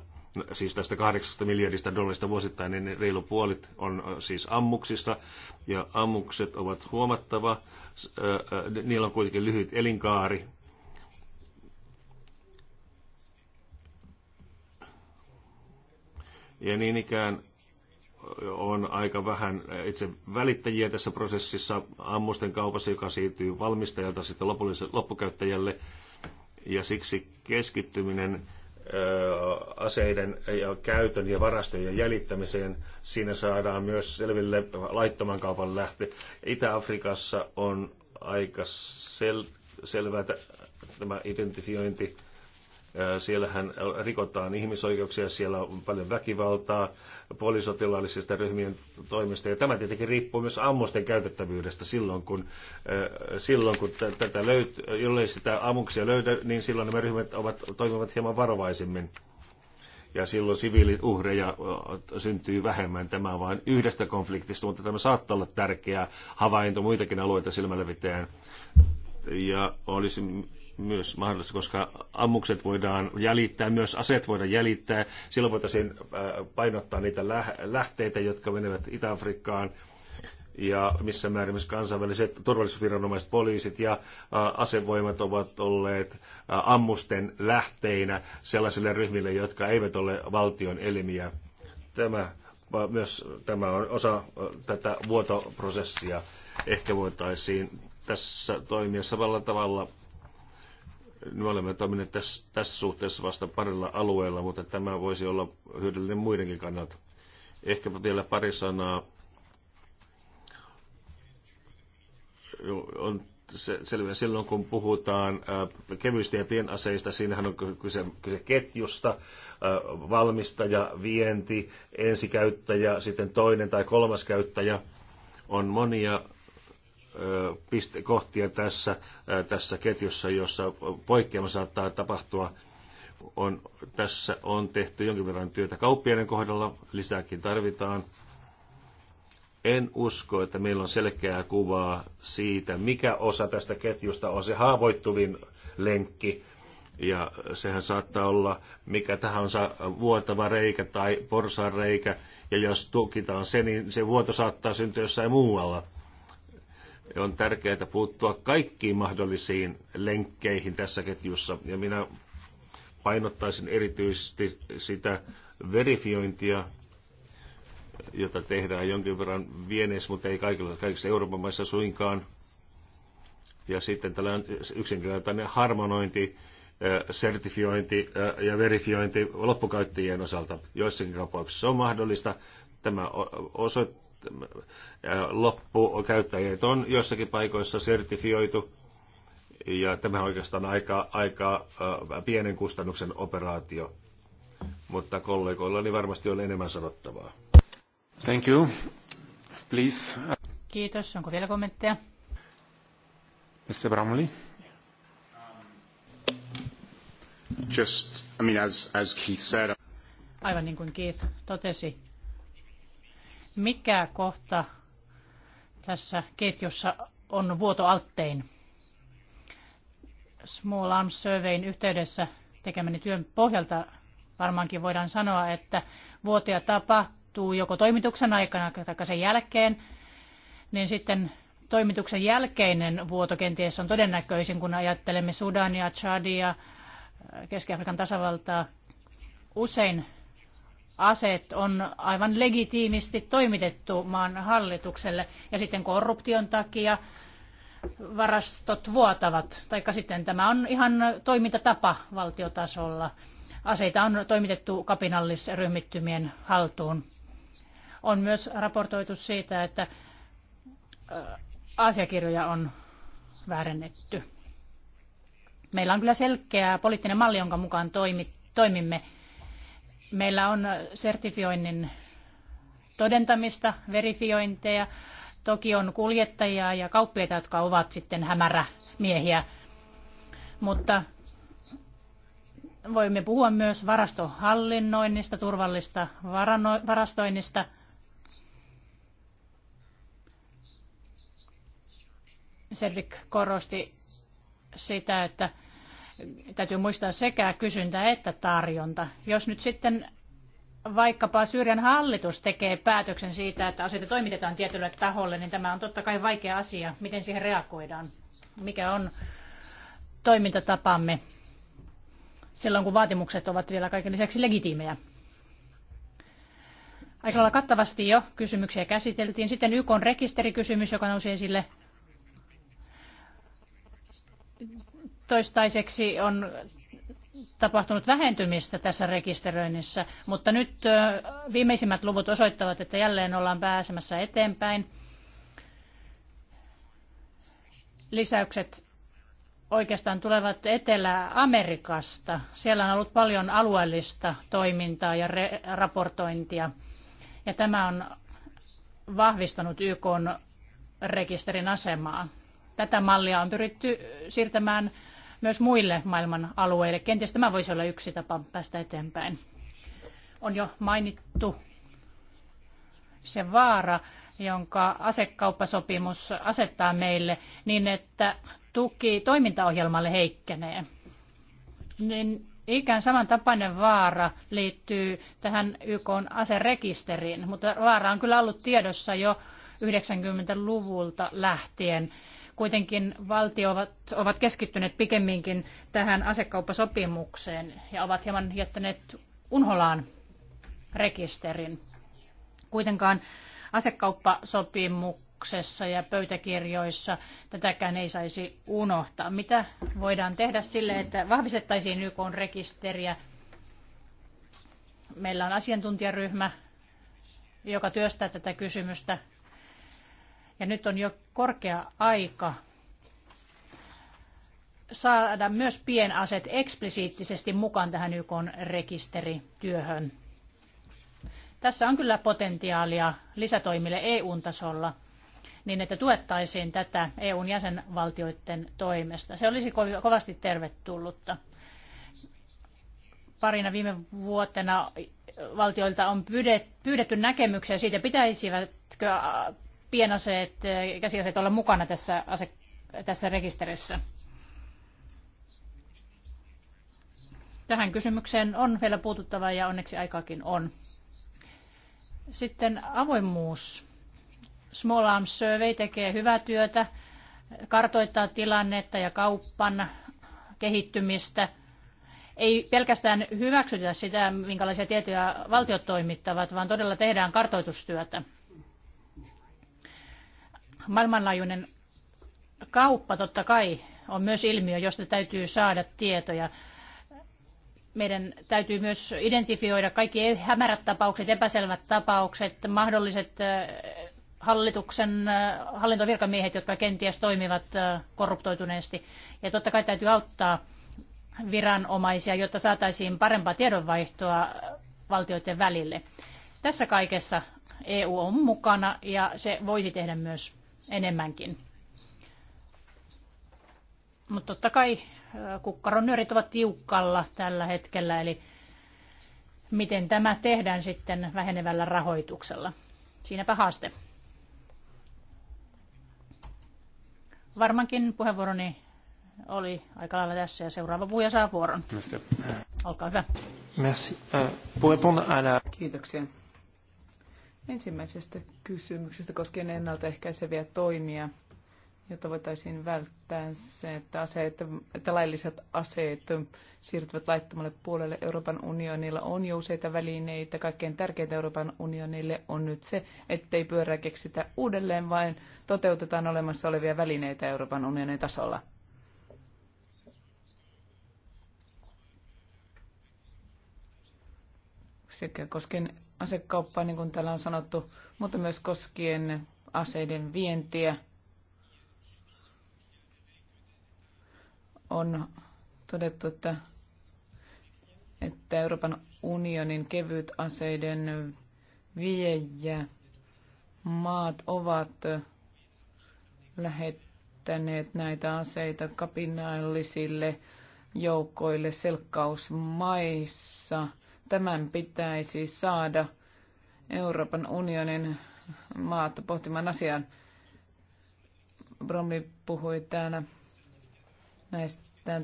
siis tästä kahdeksasta miljardista dollarista vuosittain, niin reilu puolet on siis ammuksista. Ja ammukset ovat huomattava. Niillä on kuitenkin lyhyt elinkaari, Ja niin ikään on aika vähän itse välittäjiä tässä prosessissa ammusten kaupassa, joka siirtyy valmistajalta sitten lopulliselle loppukäyttäjälle. Ja siksi keskittyminen aseiden ja käytön ja varastojen jäljittämiseen. Siinä saadaan myös selville laittoman kaupan lähte. Itä-Afrikassa on aika sel- selvää tämä identifiointi Siellähän rikotaan ihmisoikeuksia, siellä on paljon väkivaltaa poliisotilaallisista ryhmien toimesta. Ja tämä tietenkin riippuu myös ammusten käytettävyydestä silloin, kun, silloin, kun tätä löyt, jollei sitä ammuksia löydy, niin silloin nämä ryhmät ovat, toimivat hieman varovaisemmin. Ja silloin siviiliuhreja syntyy vähemmän. Tämä on vain yhdestä konfliktista, mutta tämä saattaa olla tärkeä havainto muitakin alueita silmällä pitäen ja olisi myös mahdollista, koska ammukset voidaan jäljittää, myös aseet voidaan jäljittää. Silloin voitaisiin äh, painottaa niitä lähteitä, jotka menevät Itä-Afrikkaan ja missä määrin myös kansainväliset turvallisuusviranomaiset, poliisit ja äh, asevoimat ovat olleet äh, ammusten lähteinä sellaisille ryhmille, jotka eivät ole valtion elimiä. Tämä, myös, tämä on osa tätä vuotoprosessia. Ehkä voitaisiin tässä toimia samalla tavalla. Me olemme toimineet tässä, tässä suhteessa vasta parilla alueella, mutta tämä voisi olla hyödyllinen muidenkin kannalta. Ehkäpä vielä pari sanaa. On selvä silloin, kun puhutaan äh, kevyistä ja pienaseista, siinähän on kyse, kyse ketjusta, äh, valmistaja, vienti, ensikäyttäjä, sitten toinen tai kolmas käyttäjä. On monia piste, kohtia tässä, tässä ketjussa, jossa poikkeama saattaa tapahtua. On, tässä on tehty jonkin verran työtä kauppiaiden kohdalla, lisääkin tarvitaan. En usko, että meillä on selkeää kuvaa siitä, mikä osa tästä ketjusta on se haavoittuvin lenkki. Ja sehän saattaa olla mikä tahansa vuotava reikä tai porsan reikä. Ja jos tukitaan se, niin se vuoto saattaa syntyä jossain muualla on tärkeää puuttua kaikkiin mahdollisiin lenkkeihin tässä ketjussa. Ja minä painottaisin erityisesti sitä verifiointia, jota tehdään jonkin verran vieneissä, mutta ei kaikilla, kaikissa Euroopan maissa suinkaan. Ja sitten tällainen yksinkertainen harmonointi, sertifiointi ja verifiointi loppukäyttäjien osalta joissakin tapauksissa on mahdollista, tämä loppu loppukäyttäjät on jossakin paikoissa sertifioitu, ja tämä on oikeastaan aika, aika pienen kustannuksen operaatio, mutta kollegoillani varmasti on enemmän sanottavaa. Thank you. Please. Uh, Kiitos. Onko vielä kommentteja? Mr. Bramley. Just, I mean, as, as Keith said. Aivan niin kuin Keith totesi, mikä kohta tässä ketjussa on vuotoalttein. Small Arms Surveyn yhteydessä tekemäni työn pohjalta varmaankin voidaan sanoa, että vuotia tapahtuu joko toimituksen aikana tai sen jälkeen, niin sitten toimituksen jälkeinen vuoto kenties on todennäköisin, kun ajattelemme Sudania, Chadia, Keski-Afrikan tasavaltaa. Usein Aseet on aivan legitiimisti toimitettu maan hallitukselle ja sitten korruption takia varastot vuotavat, tai sitten tämä on ihan toimintatapa valtiotasolla. Aseita on toimitettu kapinallisryhmittymien haltuun. On myös raportoitu siitä, että äh, asiakirjoja on väärennetty. Meillä on kyllä selkeä poliittinen malli, jonka mukaan toimimme Meillä on sertifioinnin todentamista, verifiointeja. Toki on kuljettajia ja kauppiaita, jotka ovat sitten hämärämiehiä. Mutta voimme puhua myös varastohallinnoinnista, turvallista varastoinnista. Cedric korosti sitä, että täytyy muistaa sekä kysyntä että tarjonta. Jos nyt sitten vaikkapa Syyrian hallitus tekee päätöksen siitä, että aseita toimitetaan tietylle taholle, niin tämä on totta kai vaikea asia. Miten siihen reagoidaan? Mikä on toimintatapamme silloin, kun vaatimukset ovat vielä kaiken lisäksi legitiimejä? Aika lailla kattavasti jo kysymyksiä käsiteltiin. Sitten YK on rekisterikysymys, joka nousi esille toistaiseksi on tapahtunut vähentymistä tässä rekisteröinnissä, mutta nyt viimeisimmät luvut osoittavat, että jälleen ollaan pääsemässä eteenpäin. Lisäykset oikeastaan tulevat Etelä-Amerikasta. Siellä on ollut paljon alueellista toimintaa ja raportointia. Ja tämä on vahvistanut YK rekisterin asemaa. Tätä mallia on pyritty siirtämään myös muille maailman alueille. Kenties tämä voisi olla yksi tapa päästä eteenpäin. On jo mainittu se vaara, jonka asekauppasopimus asettaa meille niin, että tuki toimintaohjelmalle heikkenee. Niin ikään samantapainen vaara liittyy tähän YK aserekisteriin, mutta vaara on kyllä ollut tiedossa jo 90-luvulta lähtien. Kuitenkin valtio ovat, ovat keskittyneet pikemminkin tähän asekauppasopimukseen ja ovat hieman jättäneet unholaan rekisterin. Kuitenkaan asekauppasopimuksessa ja pöytäkirjoissa tätäkään ei saisi unohtaa. Mitä voidaan tehdä sille, että vahvistettaisiin YK-rekisteriä? Meillä on asiantuntijaryhmä, joka työstää tätä kysymystä ja nyt on jo korkea aika saada myös pienaset eksplisiittisesti mukaan tähän YK rekisterityöhön. Tässä on kyllä potentiaalia lisätoimille EU-tasolla niin, että tuettaisiin tätä EUn jäsenvaltioiden toimesta. Se olisi kovasti tervetullutta. Parina viime vuotena valtioilta on pyydetty näkemyksiä siitä, pitäisivätkö pienaseet, käsiaseet olla mukana tässä, ase, tässä rekisterissä? Tähän kysymykseen on vielä puututtava ja onneksi aikaakin on. Sitten avoimuus. Small Arms Survey tekee hyvää työtä, kartoittaa tilannetta ja kauppan kehittymistä. Ei pelkästään hyväksytä sitä, minkälaisia tietoja valtiot toimittavat, vaan todella tehdään kartoitustyötä. Maailmanlaajuinen kauppa totta kai on myös ilmiö, josta täytyy saada tietoja. Meidän täytyy myös identifioida kaikki hämärät tapaukset, epäselvät tapaukset, mahdolliset hallituksen hallintovirkamiehet, jotka kenties toimivat korruptoituneesti. Ja totta kai täytyy auttaa viranomaisia, jotta saataisiin parempaa tiedonvaihtoa valtioiden välille. Tässä kaikessa EU on mukana ja se voisi tehdä myös enemmänkin. Mutta totta kai kukkaronyörit ovat tiukalla tällä hetkellä, eli miten tämä tehdään sitten vähenevällä rahoituksella. Siinäpä haaste. Varmankin puheenvuoroni oli aika lailla tässä ja seuraava puhuja saa vuoron. Olkaa hyvä. Merci. Euh, Kiitoksia ensimmäisestä kysymyksestä koskien ennaltaehkäiseviä toimia, jotta voitaisiin välttää se, että, aseet, että lailliset aseet siirtyvät laittomalle puolelle. Euroopan unionilla on jo useita välineitä. Kaikkein tärkeintä Euroopan unionille on nyt se, ettei pyörää keksitä uudelleen, vaan toteutetaan olemassa olevia välineitä Euroopan unionin tasolla. sekä koskien asekauppaa, niin kuin täällä on sanottu, mutta myös koskien aseiden vientiä. On todettu, että, että Euroopan unionin kevyt aseiden viejä maat ovat lähettäneet näitä aseita kapinallisille joukoille selkkausmaissa – Tämän pitäisi saada Euroopan unionin maat pohtimaan asian. Bromley puhui täällä näistä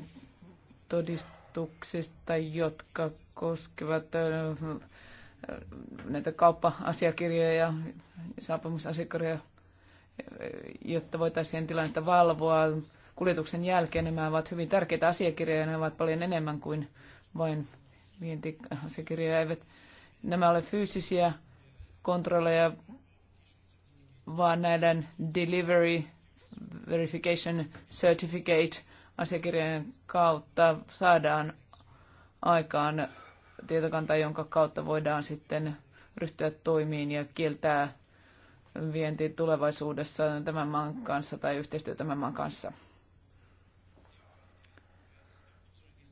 todistuksista, jotka koskevat näitä kauppa-asiakirjoja ja saapumisasiakirjoja, jotta voitaisiin tilannetta valvoa. Kuljetuksen jälkeen nämä ovat hyvin tärkeitä asiakirjoja, ne ovat paljon enemmän kuin vain vientiasiakirjoja eivät nämä ole fyysisiä kontrolleja, vaan näiden delivery verification certificate asiakirjojen kautta saadaan aikaan tietokanta, jonka kautta voidaan sitten ryhtyä toimiin ja kieltää vienti tulevaisuudessa tämän maan kanssa tai yhteistyö tämän maan kanssa.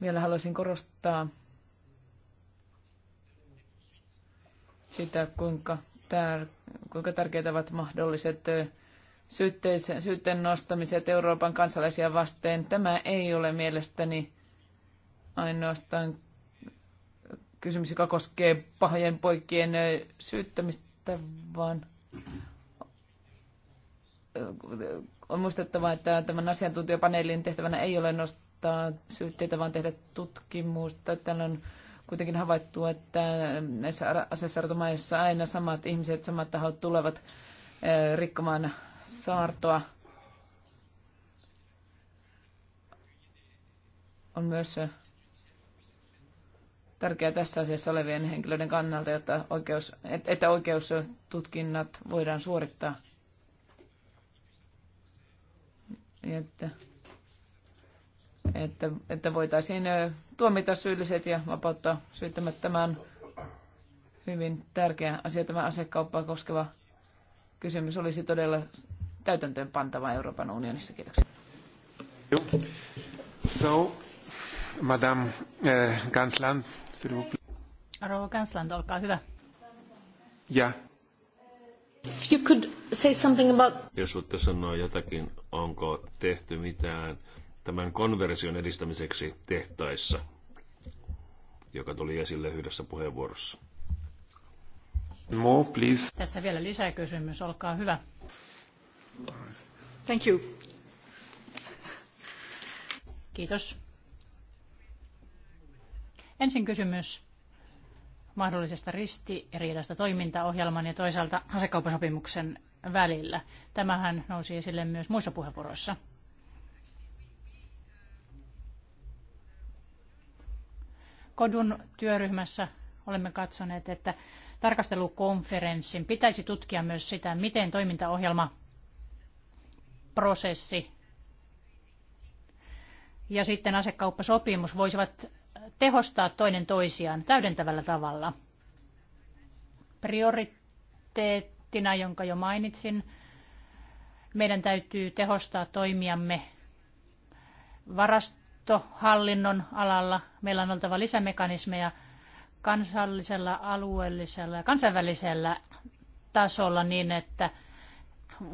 Vielä haluaisin korostaa sitä, kuinka, tär, kuinka tärkeitä ovat mahdolliset syytteen nostamiset Euroopan kansalaisia vasteen. Tämä ei ole mielestäni ainoastaan kysymys, joka koskee pahojen poikien syyttämistä, vaan on muistettava, että tämän asiantuntijapaneelin tehtävänä ei ole nostaa syytteitä, vaan tehdä tutkimusta. Tällä on kuitenkin havaittu, että näissä asessortumaissa aina samat ihmiset, samat tahot tulevat rikkomaan saartoa. On myös tärkeää tässä asiassa olevien henkilöiden kannalta, jotta oikeus, että oikeustutkinnat voidaan suorittaa. Ja että että, että voitaisiin tuomita syylliset ja vapauttaa syyttämättä. hyvin tärkeä asia. Tämä asekauppaa koskeva kysymys olisi todella täytäntöön pantava Euroopan unionissa. Kiitoksia. So, Madame eh, Gansland, Rouva Gansland, olkaa hyvä. Yeah. If you could say something about... Jos voitte sanoa jotakin, onko tehty mitään tämän konversion edistämiseksi tehtaissa, joka tuli esille yhdessä puheenvuorossa. More, please. Tässä vielä lisäkysymys, olkaa hyvä. Thank you. Kiitos. Ensin kysymys mahdollisesta risti-eridasta riidasta toimintaohjelman ja toisaalta asekaupasopimuksen välillä. Tämähän nousi esille myös muissa puheenvuoroissa. Kodun työryhmässä olemme katsoneet, että tarkastelukonferenssin pitäisi tutkia myös sitä, miten toimintaohjelma prosessi ja sitten asekauppasopimus voisivat tehostaa toinen toisiaan täydentävällä tavalla. Prioriteettina, jonka jo mainitsin, meidän täytyy tehostaa toimiamme varast- kattohallinnon alalla. Meillä on oltava lisämekanismeja kansallisella, alueellisella ja kansainvälisellä tasolla niin, että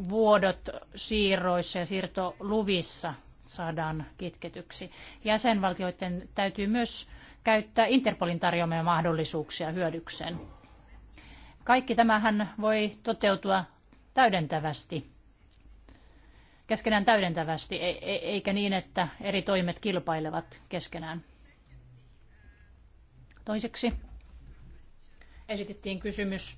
vuodot siirroissa ja siirtoluvissa saadaan kitketyksi. Jäsenvaltioiden täytyy myös käyttää Interpolin tarjoamia mahdollisuuksia hyödykseen. Kaikki tämähän voi toteutua täydentävästi keskenään täydentävästi, e- e- eikä niin, että eri toimet kilpailevat keskenään. Toiseksi esitettiin kysymys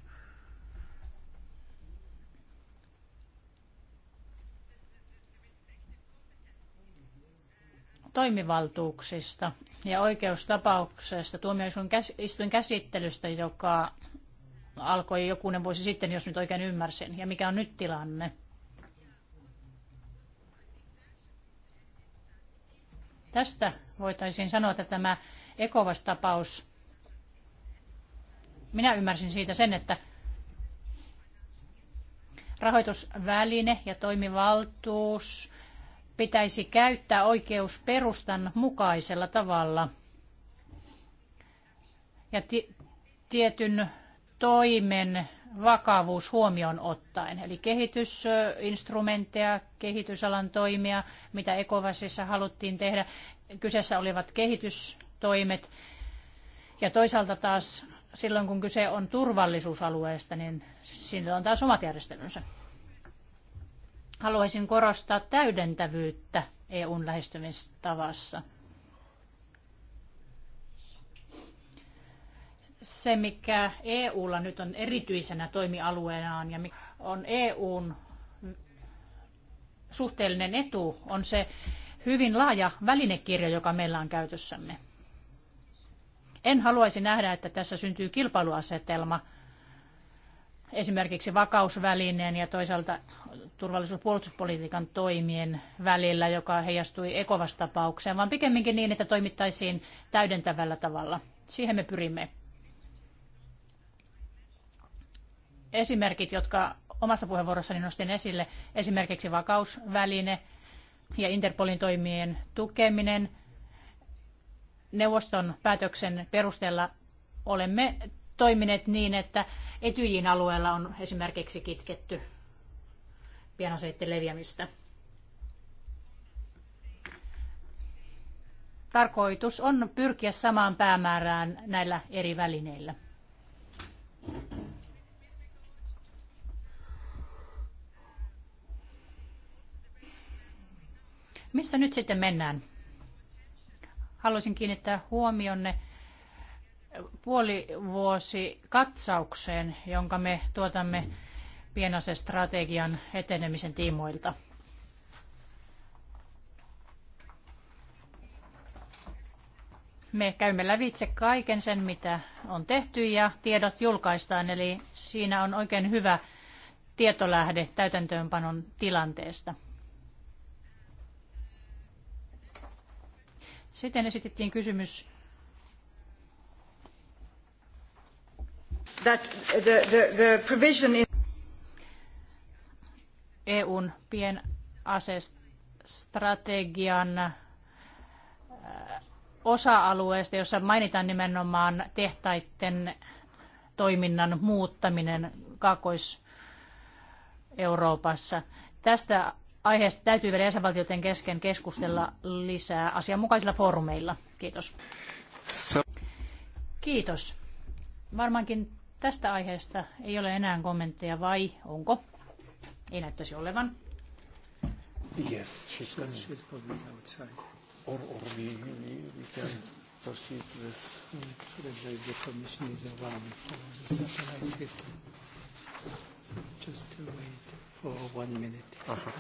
toimivaltuuksista ja oikeustapauksesta, tuomioistuin käsittelystä, joka alkoi jokunen vuosi sitten, jos nyt oikein ymmärsin, ja mikä on nyt tilanne. Tästä voitaisiin sanoa, että tämä ekovastapaus. tapaus minä ymmärsin siitä sen, että rahoitusväline ja toimivaltuus pitäisi käyttää oikeusperustan mukaisella tavalla ja tietyn toimen vakavuus huomioon ottaen. Eli kehitysinstrumentteja, kehitysalan toimia, mitä Ekovasissa haluttiin tehdä. Kyseessä olivat kehitystoimet. Ja toisaalta taas silloin, kun kyse on turvallisuusalueesta, niin siinä on taas omat järjestelynsä. Haluaisin korostaa täydentävyyttä EUn lähestymistavassa. se, mikä EUlla nyt on erityisenä toimialueenaan ja mikä on EUn suhteellinen etu, on se hyvin laaja välinekirja, joka meillä on käytössämme. En haluaisi nähdä, että tässä syntyy kilpailuasetelma esimerkiksi vakausvälineen ja toisaalta turvallisuuspuolustuspolitiikan toimien välillä, joka heijastui ekovastapaukseen, vaan pikemminkin niin, että toimittaisiin täydentävällä tavalla. Siihen me pyrimme. esimerkit, jotka omassa puheenvuorossani nostin esille, esimerkiksi vakausväline ja Interpolin toimien tukeminen. Neuvoston päätöksen perusteella olemme toimineet niin, että Etyjin alueella on esimerkiksi kitketty pienaseiden leviämistä. Tarkoitus on pyrkiä samaan päämäärään näillä eri välineillä. Missä nyt sitten mennään? Haluaisin kiinnittää huomionne puolivuosi katsaukseen, jonka me tuotamme pienasen strategian etenemisen tiimoilta. Me käymme lävitse kaiken sen, mitä on tehty ja tiedot julkaistaan, eli siinä on oikein hyvä tietolähde täytäntöönpanon tilanteesta. Sitten esitettiin kysymys that the, the, the provision in... EUn pienasestrategian äh, osa-alueesta, jossa mainitaan nimenomaan tehtaiden toiminnan muuttaminen Kaakkois-Euroopassa. Tästä aiheesta täytyy vielä jäsenvaltioiden kesken keskustella lisää asianmukaisilla foorumeilla. Kiitos. Kiitos. Varmaankin tästä aiheesta ei ole enää kommentteja, vai onko? Ei näyttäisi olevan. Yes, she's She's probably outside. Or, or we, we, we can proceed with the commission is around for the satellite system. Just to wait for one minute. Uh-huh.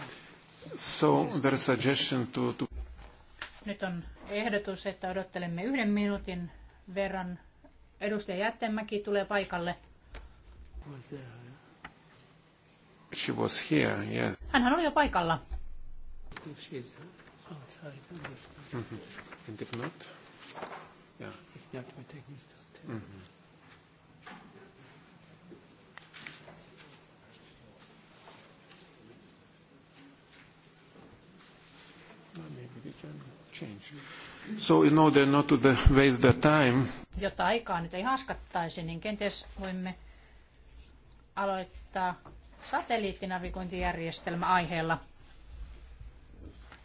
So there is suggestion to, to... Nyt on ehdotus, että odottelemme yhden minuutin verran. Edustaja Jättemäki tulee paikalle. She was here, yes. Hänhän oli jo paikalla. Mm-hmm. And if not, yeah. If not, we take this mm-hmm. So in order not to the waste the time. Jotta aikaa nyt ei haskattaisi, niin kenties voimme aloittaa satelliittinavigointijärjestelmä aiheella.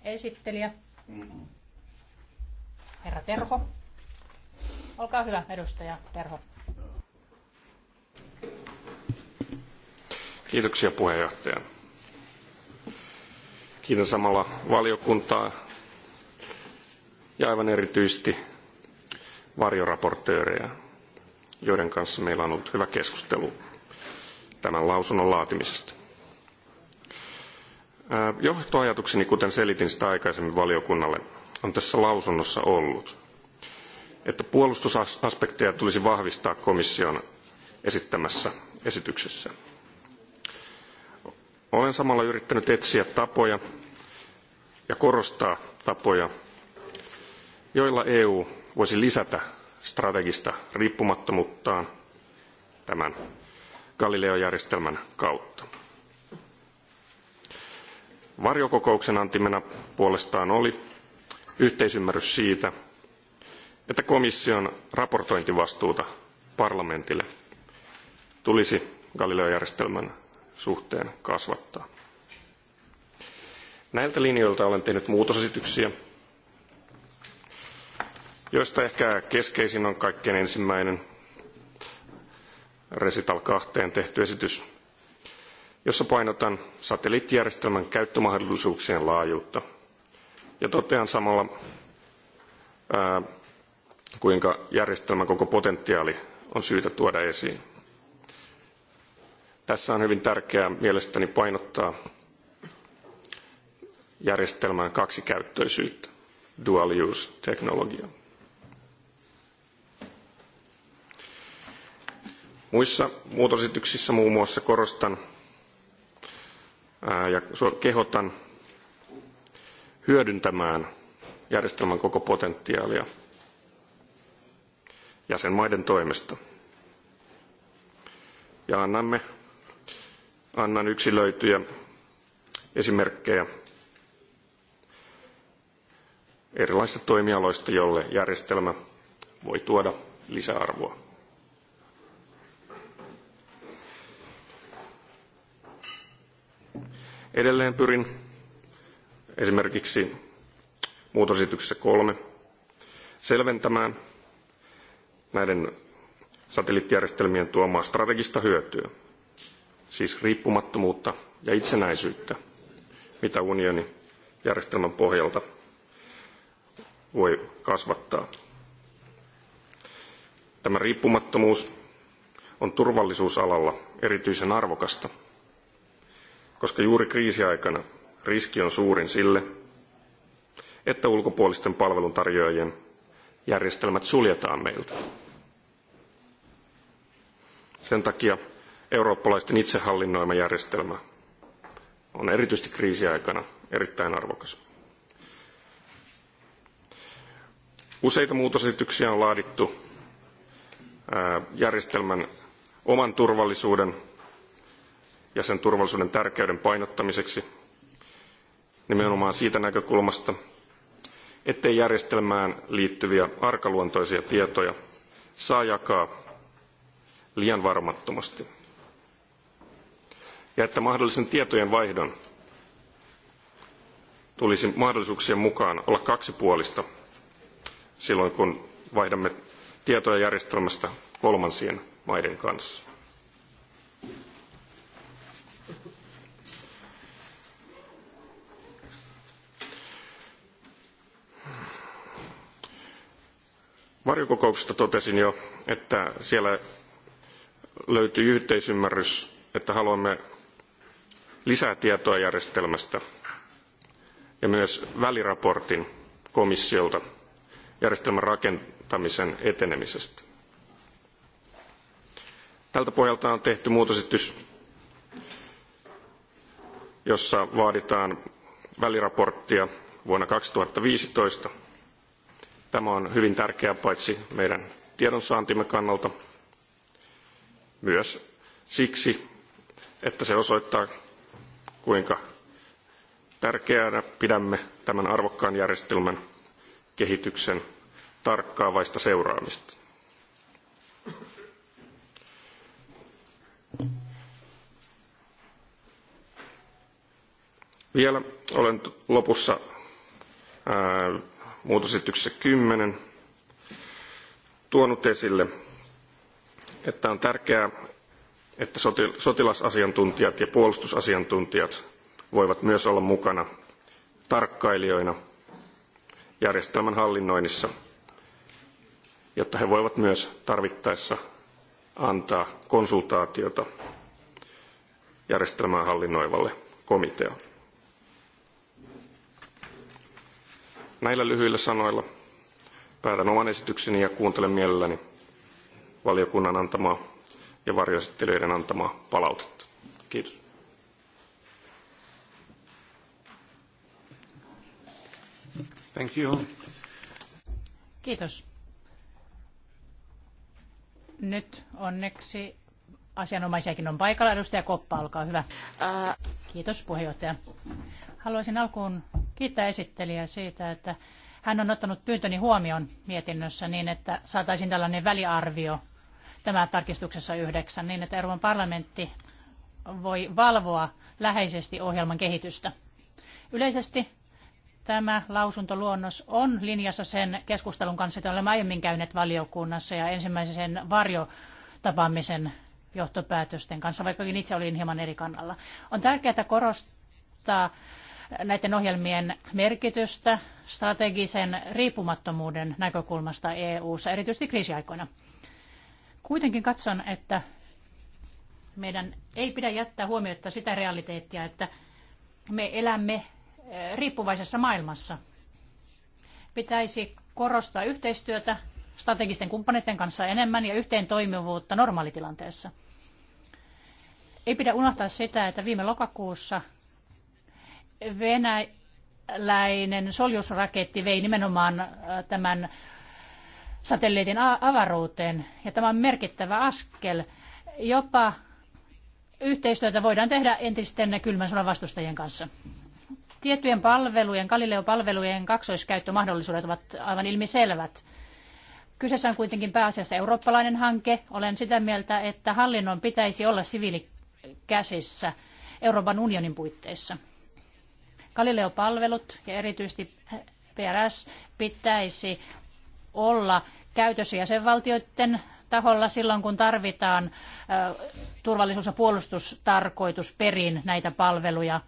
Esittelijä. Herra Terho. Olkaa hyvä, edustaja Terho. Kiitoksia puheenjohtaja. Kiitän samalla valiokuntaa ja aivan erityisesti varjoraportööreja, joiden kanssa meillä on ollut hyvä keskustelu tämän lausunnon laatimisesta. Johtoajatukseni, kuten selitin sitä aikaisemmin valiokunnalle, on tässä lausunnossa ollut, että puolustusaspekteja tulisi vahvistaa komission esittämässä esityksessä. Olen samalla yrittänyt etsiä tapoja ja korostaa tapoja, joilla EU voisi lisätä strategista riippumattomuuttaan tämän Galileo-järjestelmän kautta. Varjokokouksen antimena puolestaan oli yhteisymmärrys siitä, että komission raportointivastuuta parlamentille tulisi Galileo-järjestelmän suhteen kasvattaa. Näiltä linjoilta olen tehnyt muutosesityksiä joista ehkä keskeisin on kaikkein ensimmäinen Resital 2 tehty esitys, jossa painotan satelliittijärjestelmän käyttömahdollisuuksien laajuutta. Ja totean samalla, ää, kuinka järjestelmän koko potentiaali on syytä tuoda esiin. Tässä on hyvin tärkeää mielestäni painottaa järjestelmään kaksikäyttöisyyttä, dual use teknologiaa. Muissa muutosesityksissä muun muassa korostan ja kehotan hyödyntämään järjestelmän koko potentiaalia jäsenmaiden toimesta. Ja annamme, annan yksilöityjä esimerkkejä erilaisista toimialoista, jolle järjestelmä voi tuoda lisäarvoa. Edelleen pyrin esimerkiksi muutosesityksessä kolme selventämään näiden satelliittijärjestelmien tuomaa strategista hyötyä, siis riippumattomuutta ja itsenäisyyttä, mitä unioni järjestelmän pohjalta voi kasvattaa. Tämä riippumattomuus on turvallisuusalalla erityisen arvokasta – koska juuri kriisiaikana riski on suurin sille, että ulkopuolisten palveluntarjoajien järjestelmät suljetaan meiltä. Sen takia eurooppalaisten itsehallinnoima järjestelmä on erityisesti kriisiaikana erittäin arvokas. Useita muutosesityksiä on laadittu järjestelmän oman turvallisuuden ja sen turvallisuuden tärkeyden painottamiseksi nimenomaan siitä näkökulmasta, ettei järjestelmään liittyviä arkaluontoisia tietoja saa jakaa liian varmattomasti. Ja että mahdollisen tietojen vaihdon tulisi mahdollisuuksien mukaan olla kaksipuolista silloin, kun vaihdamme tietoja järjestelmästä kolmansien maiden kanssa. varjokokouksesta totesin jo, että siellä löytyy yhteisymmärrys, että haluamme lisää tietoa järjestelmästä ja myös väliraportin komissiolta järjestelmän rakentamisen etenemisestä. Tältä pohjalta on tehty muutosesitys, jossa vaaditaan väliraporttia vuonna 2015 Tämä on hyvin tärkeää paitsi meidän tiedonsaantimme kannalta, myös siksi, että se osoittaa, kuinka tärkeänä pidämme tämän arvokkaan järjestelmän kehityksen tarkkaavaista seuraamista. Vielä olen lopussa muutosesityksessä 10 tuonut esille, että on tärkeää, että sotilasasiantuntijat ja puolustusasiantuntijat voivat myös olla mukana tarkkailijoina järjestelmän hallinnoinnissa, jotta he voivat myös tarvittaessa antaa konsultaatiota järjestelmää hallinnoivalle komitealle. Näillä lyhyillä sanoilla päätän oman esitykseni ja kuuntelen mielelläni valiokunnan antamaa ja varjoesittelijöiden antamaa palautetta. Kiitos. Thank you. Kiitos. Nyt onneksi asianomaisiakin on paikalla. Edustaja Koppa, olkaa hyvä. Kiitos puheenjohtaja. Haluaisin alkuun kiittää esittelijää siitä, että hän on ottanut pyyntöni huomioon mietinnössä niin, että saataisiin tällainen väliarvio tämä tarkistuksessa yhdeksän, niin että Euroopan parlamentti voi valvoa läheisesti ohjelman kehitystä. Yleisesti tämä lausuntoluonnos on linjassa sen keskustelun kanssa, jota olemme aiemmin käyneet valiokunnassa ja ensimmäisen varjotapaamisen johtopäätösten kanssa, vaikkakin itse olin hieman eri kannalla. On tärkeää korostaa näiden ohjelmien merkitystä strategisen riippumattomuuden näkökulmasta EU-ssa, erityisesti kriisiaikoina. Kuitenkin katson, että meidän ei pidä jättää huomiota sitä realiteettia, että me elämme eh, riippuvaisessa maailmassa. Pitäisi korostaa yhteistyötä strategisten kumppaneiden kanssa enemmän ja yhteen toimivuutta normaalitilanteessa. Ei pidä unohtaa sitä, että viime lokakuussa – venäläinen soljusraketti vei nimenomaan äh, tämän satelliitin avaruuteen. Ja tämä on merkittävä askel. Jopa yhteistyötä voidaan tehdä entisten kylmän sodan vastustajien kanssa. Tiettyjen palvelujen, Galileo-palvelujen kaksoiskäyttömahdollisuudet ovat aivan ilmiselvät. Kyseessä on kuitenkin pääasiassa eurooppalainen hanke. Olen sitä mieltä, että hallinnon pitäisi olla siviilikäsissä Euroopan unionin puitteissa. Galileo-palvelut ja erityisesti PRS pitäisi olla käytössä jäsenvaltioiden taholla silloin, kun tarvitaan turvallisuus- ja puolustustarkoitusperin näitä palveluja.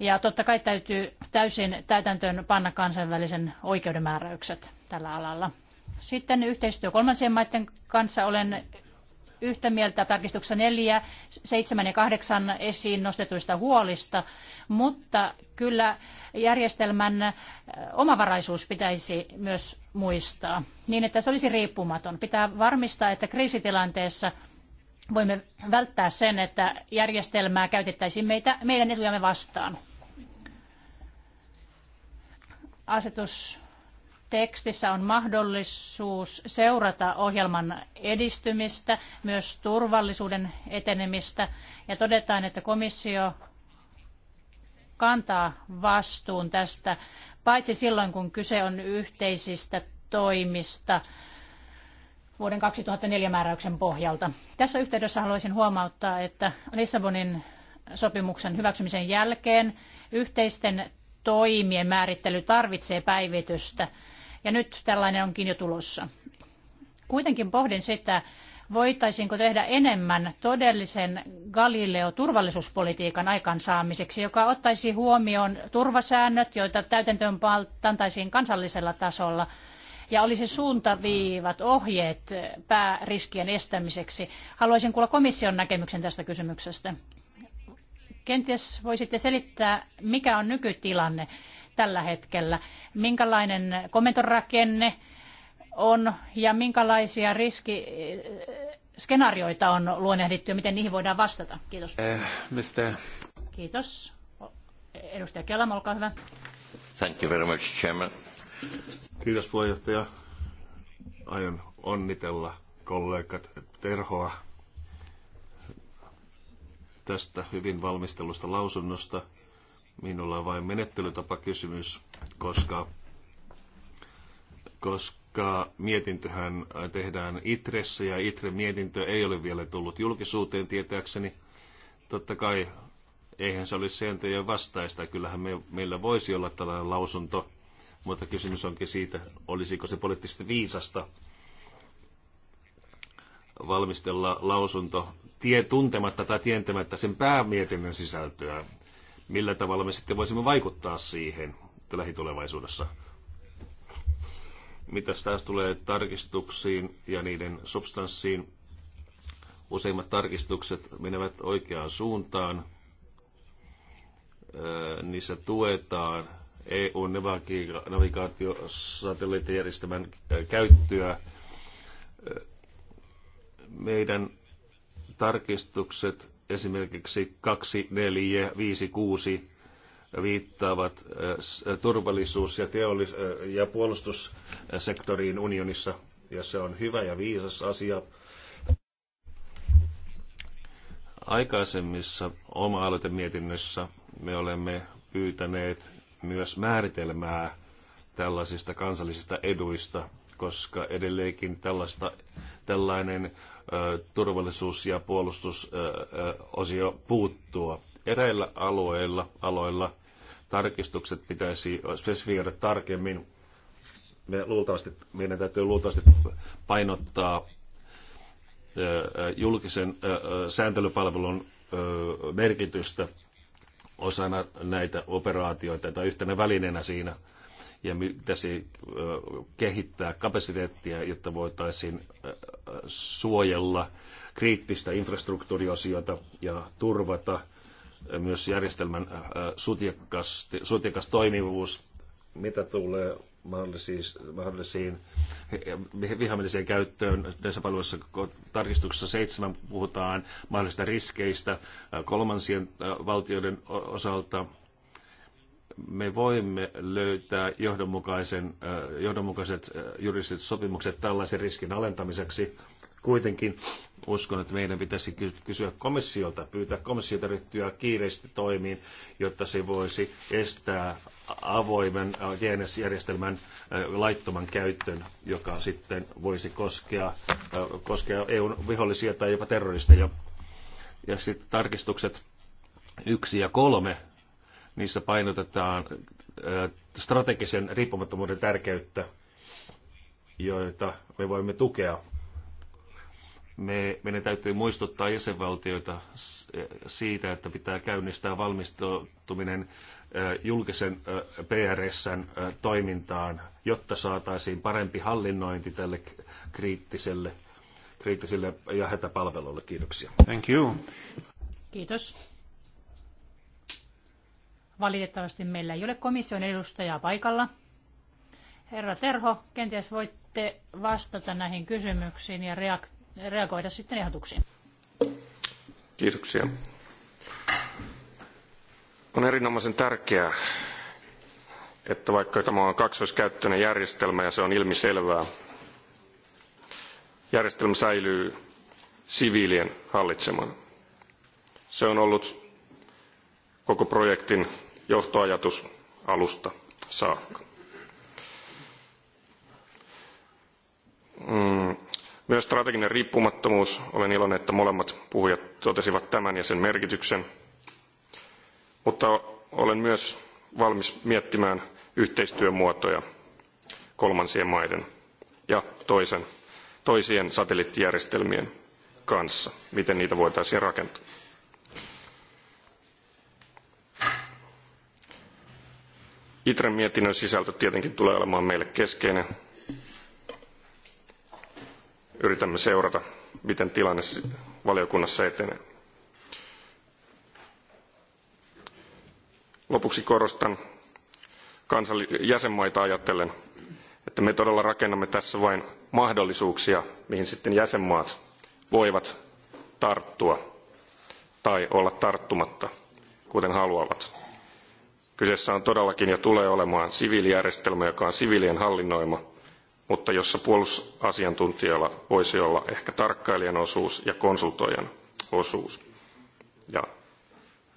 Ja totta kai täytyy täysin täytäntöön panna kansainvälisen oikeuden määräykset tällä alalla. Sitten yhteistyö kolmansien maiden kanssa. Olen yhtä mieltä tarkistuksessa 4, 7 ja 8 esiin nostetuista huolista, mutta kyllä järjestelmän omavaraisuus pitäisi myös muistaa niin, että se olisi riippumaton. Pitää varmistaa, että kriisitilanteessa voimme välttää sen, että järjestelmää käytettäisiin meitä, meidän etujamme vastaan. Asetus tekstissä on mahdollisuus seurata ohjelman edistymistä, myös turvallisuuden etenemistä ja todetaan, että komissio kantaa vastuun tästä, paitsi silloin kun kyse on yhteisistä toimista vuoden 2004 määräyksen pohjalta. Tässä yhteydessä haluaisin huomauttaa, että Lissabonin sopimuksen hyväksymisen jälkeen yhteisten toimien määrittely tarvitsee päivitystä. Ja nyt tällainen onkin jo tulossa. Kuitenkin pohdin sitä, voitaisiinko tehdä enemmän todellisen Galileo-turvallisuuspolitiikan aikaansaamiseksi, joka ottaisi huomioon turvasäännöt, joita täytäntöön pantaisiin kansallisella tasolla, ja olisi suuntaviivat, ohjeet pääriskien estämiseksi. Haluaisin kuulla komission näkemyksen tästä kysymyksestä. Kenties voisitte selittää, mikä on nykytilanne tällä hetkellä? Minkälainen komentorakenne on ja minkälaisia riski eh, skenaarioita on luonnehdittu ja miten niihin voidaan vastata? Kiitos. Eh, mistä? Kiitos. Edustaja Kelam, olkaa hyvä. Thank you very much, Chairman. Kiitos puheenjohtaja. Aion onnitella kollegat Terhoa tästä hyvin valmistelusta lausunnosta – Minulla on vain menettelytapakysymys, koska, koska mietintöhän tehdään ITRessä ja ITRE-mietintö ei ole vielä tullut julkisuuteen tietääkseni. Totta kai eihän se olisi sääntöjen vastaista. Kyllähän me, meillä voisi olla tällainen lausunto, mutta kysymys onkin siitä, olisiko se poliittisesti viisasta valmistella lausunto tie, tuntematta tai tientämättä sen päämietinnön sisältöä millä tavalla me sitten voisimme vaikuttaa siihen lähitulevaisuudessa. Mitä taas tulee tarkistuksiin ja niiden substanssiin, useimmat tarkistukset menevät oikeaan suuntaan. Niissä tuetaan EU-navigaatiosatelliittijärjestelmän käyttöä. Meidän tarkistukset esimerkiksi 2, 4, 5, 6 viittaavat äh, äh, turvallisuus- ja, teollis- äh, ja puolustussektoriin unionissa, ja se on hyvä ja viisas asia. Aikaisemmissa oma-aloitemietinnössä me olemme pyytäneet myös määritelmää tällaisista kansallisista eduista, koska edelleenkin tällaista, tällainen turvallisuus- ja puolustusosio puuttua. Eräillä alueilla, aloilla tarkistukset pitäisi spesifioida tarkemmin. Me luultavasti, meidän täytyy luultavasti painottaa julkisen sääntelypalvelun merkitystä osana näitä operaatioita tai yhtenä välineenä siinä – ja pitäisi kehittää kapasiteettia, jotta voitaisiin suojella kriittistä infrastruktuuriosioita ja turvata myös järjestelmän sutiakas toimivuus, mitä tulee mahdollisiin, mahdollisiin vihamieliseen käyttöön. Näissä palveluissa tarkistuksessa seitsemän puhutaan mahdollisista riskeistä kolmansien valtioiden osalta, me voimme löytää johdonmukaisen, johdonmukaiset juridiset sopimukset tällaisen riskin alentamiseksi. Kuitenkin uskon, että meidän pitäisi kysyä komissiolta, pyytää komissiota ryhtyä kiireesti toimiin, jotta se voisi estää avoimen DNS-järjestelmän laittoman käytön, joka sitten voisi koskea, koskea EUn vihollisia tai jopa terroristeja. Ja sitten tarkistukset yksi ja kolme Niissä painotetaan strategisen riippumattomuuden tärkeyttä, joita me voimme tukea. Me, meidän täytyy muistuttaa jäsenvaltioita siitä, että pitää käynnistää valmistautuminen julkisen PRSn toimintaan, jotta saataisiin parempi hallinnointi tälle kriittiselle, kriittiselle ja hätäpalvelulle. Kiitoksia. Thank you. Kiitos. Valitettavasti meillä ei ole komission edustajaa paikalla. Herra Terho, kenties voitte vastata näihin kysymyksiin ja reagoida sitten ehdotuksiin. Kiitoksia. On erinomaisen tärkeää, että vaikka tämä on kaksoiskäyttöinen järjestelmä ja se on ilmiselvää, järjestelmä säilyy siviilien hallitsemana. Se on ollut koko projektin johtoajatus alusta saakka. Mm, myös strateginen riippumattomuus. Olen iloinen, että molemmat puhujat totesivat tämän ja sen merkityksen. Mutta olen myös valmis miettimään yhteistyömuotoja kolmansien maiden ja toisen, toisien satelliittijärjestelmien kanssa, miten niitä voitaisiin rakentaa. Itren mietinnön sisältö tietenkin tulee olemaan meille keskeinen. Yritämme seurata, miten tilanne valiokunnassa etenee. Lopuksi korostan jäsenmaita ajatellen, että me todella rakennamme tässä vain mahdollisuuksia, mihin sitten jäsenmaat voivat tarttua tai olla tarttumatta, kuten haluavat Kyseessä on todellakin ja tulee olemaan siviilijärjestelmä, joka on siviilien hallinnoima, mutta jossa puolustusasiantuntijalla voisi olla ehkä tarkkailijan osuus ja konsultoijan osuus. Ja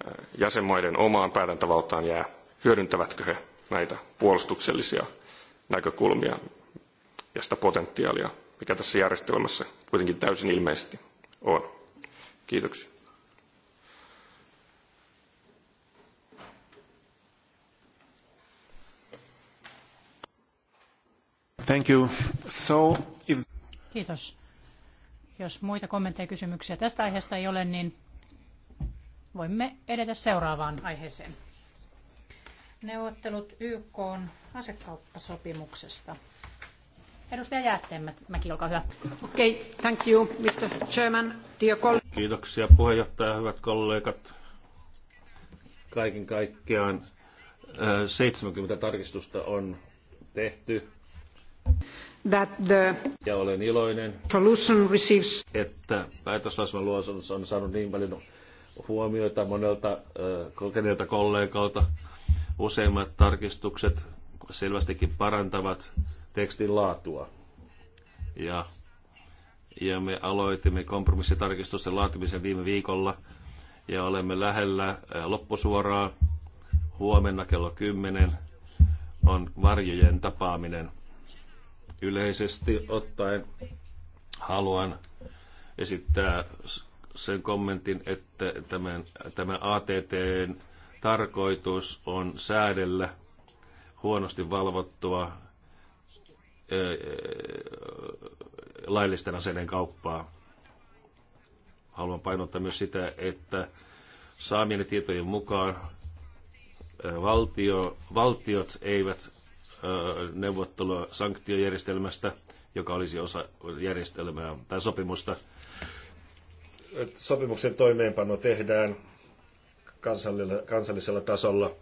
äh, jäsenmaiden omaan päätäntävaltaan jää, hyödyntävätkö he näitä puolustuksellisia näkökulmia ja sitä potentiaalia, mikä tässä järjestelmässä kuitenkin täysin ilmeisesti on. Kiitoksia. Kiitos. Jos muita kommentteja ja kysymyksiä tästä aiheesta ei ole, niin voimme edetä seuraavaan aiheeseen. Neuvottelut YK asekauppasopimuksesta. Edustaja Jäätteenmäki, olkaa hyvä. Okei, okay, thank you, Mr. Chairman, Kiitoksia puheenjohtaja, hyvät kollegat. Kaiken kaikkiaan 70 äh, tarkistusta on tehty That the ja olen iloinen, receives... että päätöslauselman luonnos on saanut niin paljon huomioita monelta kokeneelta kollegalta. Useimmat tarkistukset selvästikin parantavat tekstin laatua. Ja, ja me aloitimme kompromissitarkistusten laatimisen viime viikolla ja olemme lähellä loppusuoraa. Huomenna kello 10 on varjojen tapaaminen. Yleisesti ottaen haluan esittää sen kommentin, että tämän, tämä ATTn tarkoitus on säädellä huonosti valvottua laillisten aseiden kauppaa. Haluan painottaa myös sitä, että saamieni tietojen mukaan valtio, valtiot eivät neuvottelua sanktiojärjestelmästä, joka olisi osa järjestelmää tai sopimusta. Sopimuksen toimeenpano tehdään kansallisella, kansallisella tasolla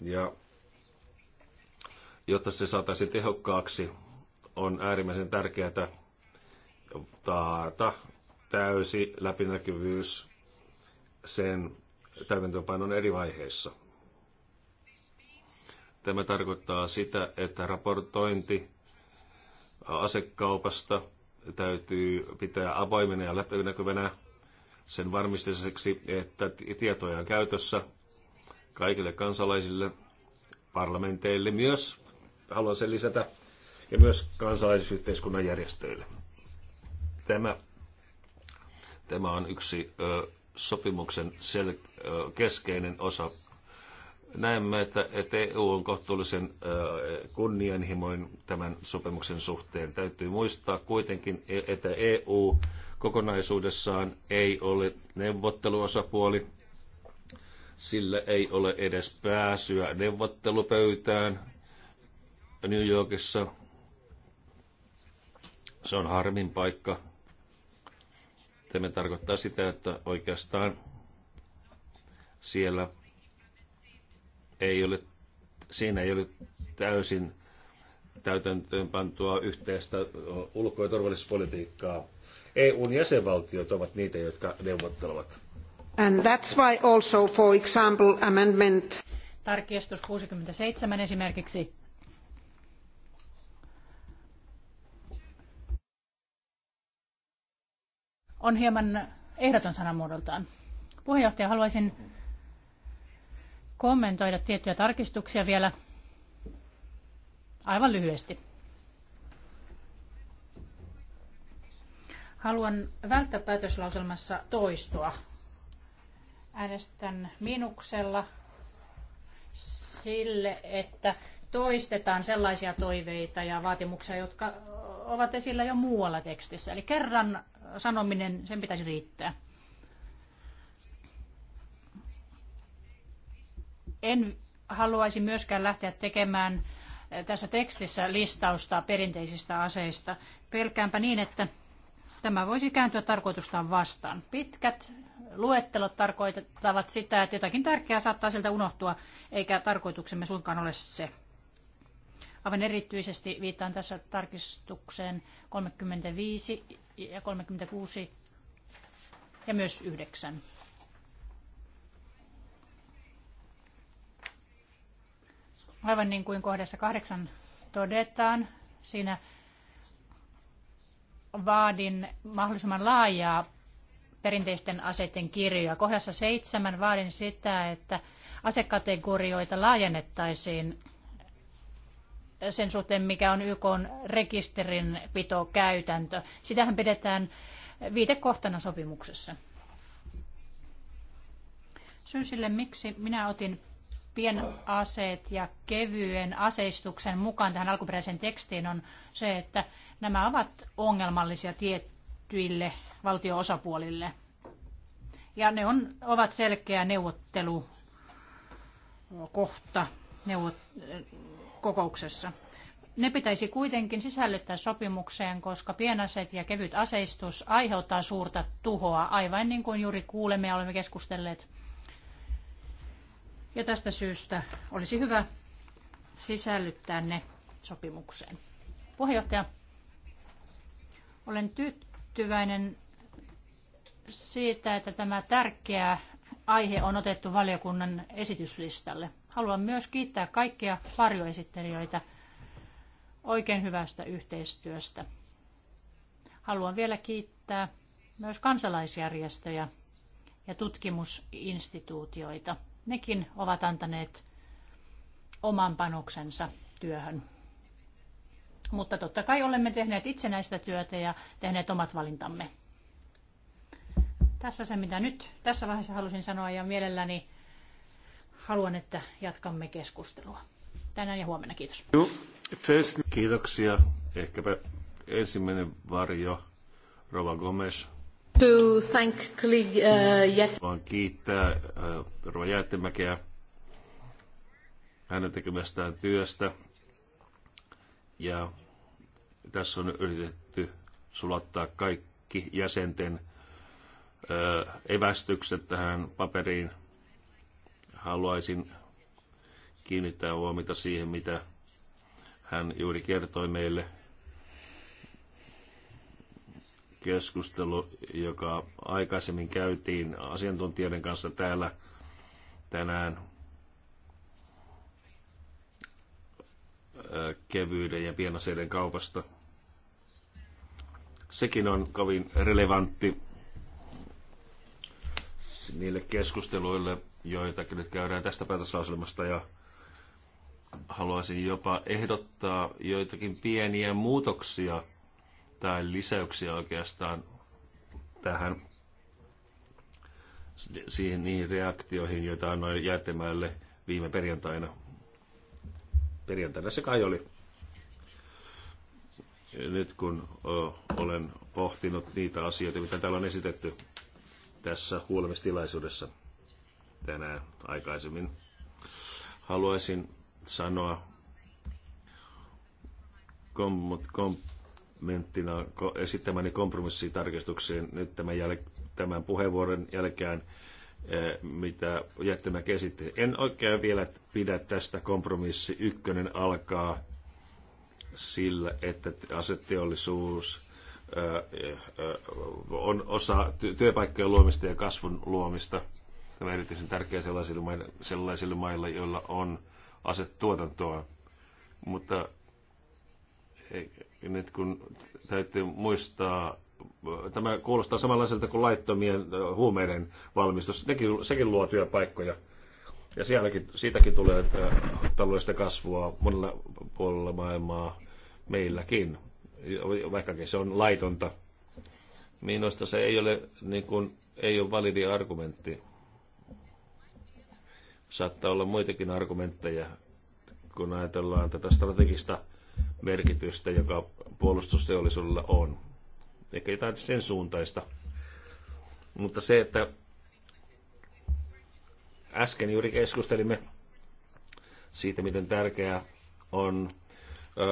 ja jotta se saataisiin tehokkaaksi, on äärimmäisen tärkeää taata täysi läpinäkyvyys sen täytäntöönpanon eri vaiheissa – Tämä tarkoittaa sitä, että raportointi asekaupasta täytyy pitää avoimena ja läpinäkyvänä sen varmistamiseksi, että tietoja on käytössä kaikille kansalaisille, parlamenteille myös, haluan sen lisätä, ja myös kansalaisyhteiskunnan järjestöille. Tämä, tämä on yksi ö, sopimuksen sel, ö, keskeinen osa näemme, että, että EU on kohtuullisen kunnianhimoin tämän sopimuksen suhteen. Täytyy muistaa kuitenkin, että EU kokonaisuudessaan ei ole neuvotteluosapuoli. Sillä ei ole edes pääsyä neuvottelupöytään New Yorkissa. Se on harmin paikka. Tämä tarkoittaa sitä, että oikeastaan siellä – ei ole, siinä ei ole täysin täytäntöönpantua yhteistä ulko- ja turvallisuuspolitiikkaa. EUn jäsenvaltiot ovat niitä, jotka neuvottelevat. And that's why also, for example, amendment. Tarkistus 67 esimerkiksi. On hieman ehdoton sanamuodoltaan. Puheenjohtaja, haluaisin kommentoida tiettyjä tarkistuksia vielä aivan lyhyesti. Haluan välttää päätöslauselmassa toistoa. Äänestän minuksella sille, että toistetaan sellaisia toiveita ja vaatimuksia, jotka ovat esillä jo muualla tekstissä. Eli kerran sanominen, sen pitäisi riittää. En haluaisi myöskään lähteä tekemään eh, tässä tekstissä listausta perinteisistä aseista. Pelkäänpä niin, että tämä voisi kääntyä tarkoitustaan vastaan. Pitkät luettelot tarkoittavat sitä, että jotakin tärkeää saattaa sieltä unohtua, eikä tarkoituksemme suinkaan ole se. Aivan erityisesti viittaan tässä tarkistukseen 35 ja 36 ja myös 9. Aivan niin kuin kohdassa kahdeksan todetaan, siinä vaadin mahdollisimman laajaa perinteisten aseiden kirjoja. Kohdassa seitsemän vaadin sitä, että asekategorioita laajennettaisiin sen suhteen, mikä on YK rekisterinpitokäytäntö. Sitähän pidetään viitekohtana sopimuksessa. Syy sille, miksi minä otin pienaseet ja kevyen aseistuksen mukaan tähän alkuperäiseen tekstiin on se, että nämä ovat ongelmallisia tiettyille valtioosapuolille. Ja ne on, ovat selkeä neuvottelukohta neuvot, kokouksessa. Ne pitäisi kuitenkin sisällyttää sopimukseen, koska pienaseet ja kevyt aseistus aiheuttaa suurta tuhoa, aivan niin kuin juuri kuulemme ja olemme keskustelleet ja tästä syystä olisi hyvä sisällyttää ne sopimukseen. Puheenjohtaja, olen tyytyväinen siitä, että tämä tärkeä aihe on otettu valiokunnan esityslistalle. Haluan myös kiittää kaikkia varjoesittelijöitä oikein hyvästä yhteistyöstä. Haluan vielä kiittää myös kansalaisjärjestöjä ja tutkimusinstituutioita – Nekin ovat antaneet oman panoksensa työhön. Mutta totta kai olemme tehneet itsenäistä työtä ja tehneet omat valintamme. Tässä se, mitä nyt tässä vaiheessa halusin sanoa ja mielelläni haluan, että jatkamme keskustelua. Tänään ja huomenna, kiitos. Kiitoksia. Ehkäpä ensimmäinen varjo, Rova Gomes. To thank colleague, uh, yes. kiittää uh, Rova Jäättimäkeä hänen tekemästään työstä. Ja tässä on yritetty sulattaa kaikki jäsenten uh, evästykset tähän paperiin. Haluaisin kiinnittää huomiota siihen, mitä hän juuri kertoi meille keskustelu, joka aikaisemmin käytiin asiantuntijoiden kanssa täällä tänään äh, kevyyden ja pienaseiden kaupasta. Sekin on kovin relevantti niille keskusteluille, joita nyt käydään tästä päätöslauselmasta ja haluaisin jopa ehdottaa joitakin pieniä muutoksia – tai lisäyksiä oikeastaan tähän siihen niihin reaktioihin, joita annoin jäätemälle viime perjantaina. Perjantaina se kai oli. Nyt kun olen pohtinut niitä asioita, mitä täällä on esitetty tässä huolemistilaisuudessa tänään aikaisemmin, haluaisin sanoa kom- kom- kommenttina esittämäni kompromissitarkistuksiin nyt tämän, jäl- tämän puheenvuoron jälkeen, eh, mitä jättämä esitti. En oikein vielä pidä tästä kompromissi. Ykkönen alkaa sillä, että aseteollisuus eh, eh, on osa työpaikkojen luomista ja kasvun luomista. Tämä on erityisen tärkeä sellaisille sellaisille maille joilla on asetuotantoa. Mutta nyt kun täytyy muistaa, tämä kuulostaa samanlaiselta kuin laittomien äh, huumeiden valmistus. Nekin, sekin luo työpaikkoja. Ja sielläkin, siitäkin tulee taloudellista kasvua monella puolella maailmaa meilläkin, vaikkakin se on laitonta. Minusta se ei ole, niin kuin, ei ole validi argumentti. Saattaa olla muitakin argumentteja, kun ajatellaan tätä strategista merkitystä, joka puolustusteollisuudella on. Ehkä jotain sen suuntaista. Mutta se, että äsken juuri keskustelimme siitä, miten tärkeää on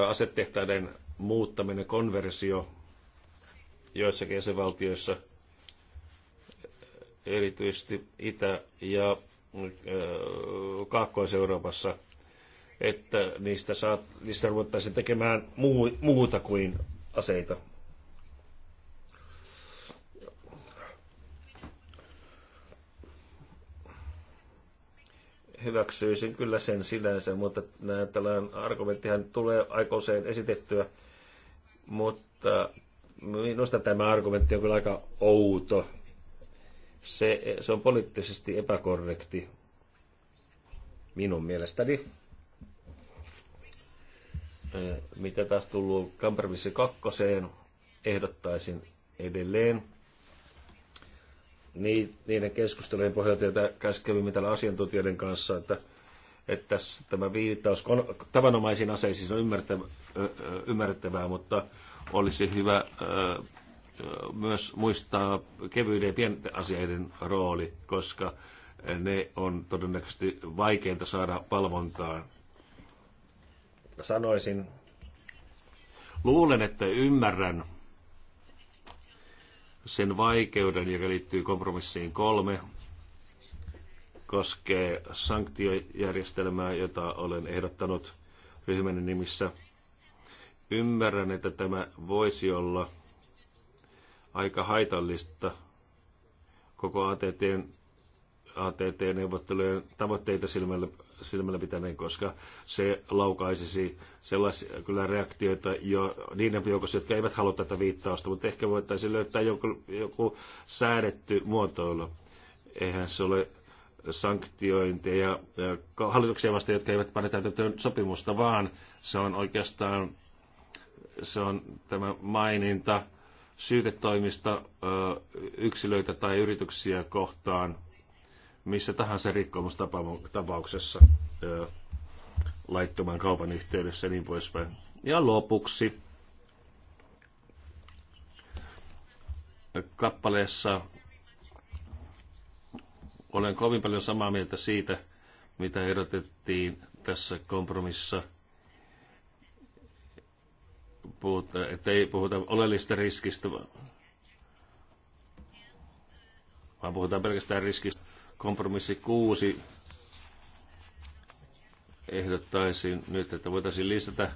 asetehtaiden muuttaminen, konversio joissakin jäsenvaltioissa, erityisesti Itä- ja Kaakkois-Euroopassa – että niistä, saat, niistä ruvettaisiin tekemään muu, muuta kuin aseita. Hyväksyisin kyllä sen sinänsä, mutta näin, tällainen argumenttihan tulee aikoiseen esitettyä, mutta minusta tämä argumentti on kyllä aika outo. Se, se on poliittisesti epäkorrekti minun mielestäni. Mitä taas tullut Kampervissi kakkoseen, ehdottaisin edelleen niiden keskustelujen pohjalta, joita käskevin mitä asiantuntijoiden kanssa, että, että tämä viittaus tavanomaisiin aseisiin on ymmärrettävää, mutta olisi hyvä myös muistaa kevyiden ja pienten asioiden rooli, koska ne on todennäköisesti vaikeinta saada palvontaan sanoisin. Luulen, että ymmärrän sen vaikeuden, joka liittyy kompromissiin kolme, koskee sanktiojärjestelmää, jota olen ehdottanut ryhmän nimissä. Ymmärrän, että tämä voisi olla aika haitallista koko ATTn ATT-neuvottelujen tavoitteita silmällä, silmällä pitäneen, koska se laukaisisi sellaisia kyllä reaktioita jo niiden joukossa, jotka eivät halua tätä viittausta, mutta ehkä voitaisiin löytää joku, joku säädetty muotoilu. Eihän se ole sanktiointeja hallituksia vastaan, jotka eivät pane täytäntöön sopimusta, vaan se on oikeastaan se on tämä maininta syytetoimista yksilöitä tai yrityksiä kohtaan – missä tahansa rikkomustapauksessa laittoman kaupan yhteydessä ja niin poispäin. Ja lopuksi kappaleessa olen kovin paljon samaa mieltä siitä, mitä erotettiin tässä kompromissa, puhuta, että ei puhuta oleellista riskistä, vaan puhutaan pelkästään riskistä. Kompromissi kuusi ehdottaisin nyt, että voitaisiin lisätä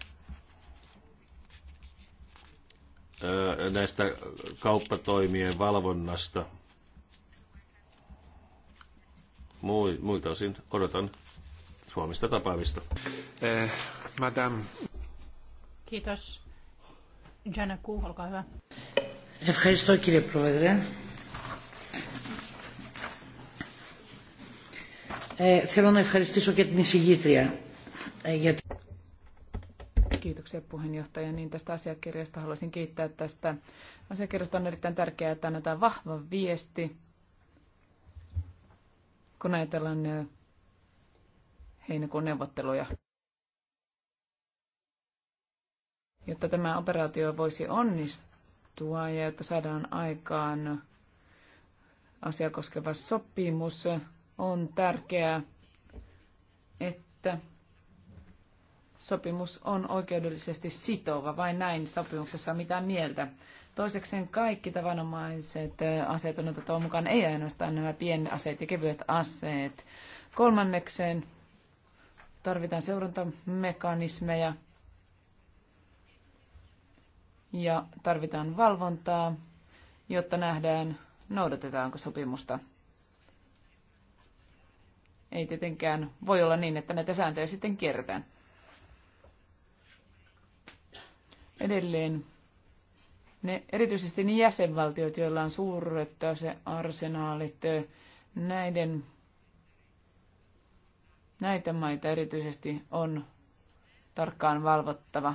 näistä kauppatoimien valvonnasta. Muita osin odotan Suomesta tapaamista. Eh, madame. Kiitos. Jana Kuu, olkaa hyvä. Ευχαριστώ κύριε Πρόεδρε. Ε, θέλω να ευχαριστήσω και την εισηγήτρια. Ε, για... Kiitoksia puheenjohtaja. Niin tästä asiakirjasta haluaisin kiittää tästä. Asiakirjasta on erittäin tärkeää, että annetaan vahva viesti, kun ajatellaan heinäkuun neuvotteluja. Jotta tämä operaatio voisi onnistua ja jotta saadaan aikaan asia koskeva sopimus, on tärkeää, että sopimus on oikeudellisesti sitova. Vain näin sopimuksessa on mitään mieltä. Toisekseen kaikki tavanomaiset eh, aseet on otettava mukaan, ei ainoastaan nämä aseet ja kevyet aseet. Kolmannekseen tarvitaan seurantamekanismeja ja tarvitaan valvontaa, jotta nähdään, noudatetaanko sopimusta ei tietenkään voi olla niin, että näitä sääntöjä sitten kierretään. Edelleen ne, erityisesti ne jäsenvaltiot, joilla on suuret se arsenaalit, näiden, näitä maita erityisesti on tarkkaan valvottava.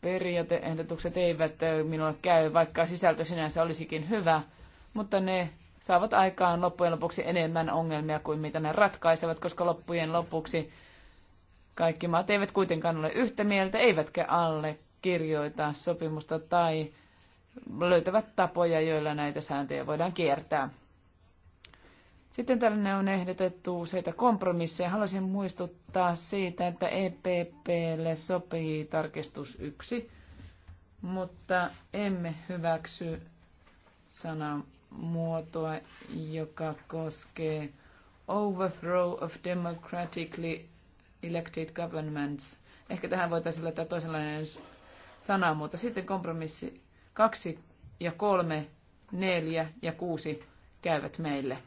Periaateehdotukset eivät minulle käy, vaikka sisältö sinänsä olisikin hyvä, mutta ne saavat aikaan loppujen lopuksi enemmän ongelmia kuin mitä ne ratkaisevat, koska loppujen lopuksi kaikki maat eivät kuitenkaan ole yhtä mieltä, eivätkä alle kirjoita sopimusta tai löytävät tapoja, joilla näitä sääntöjä voidaan kiertää. Sitten tällainen on ehdotettu useita kompromisseja. Haluaisin muistuttaa siitä, että EPPlle sopii tarkistus yksi, mutta emme hyväksy sanan muotoa, joka koskee overthrow of democratically elected governments. Ehkä tähän voitaisiin laittaa toisenlainen sana, mutta sitten kompromissi kaksi ja kolme, neljä ja kuusi käyvät meille.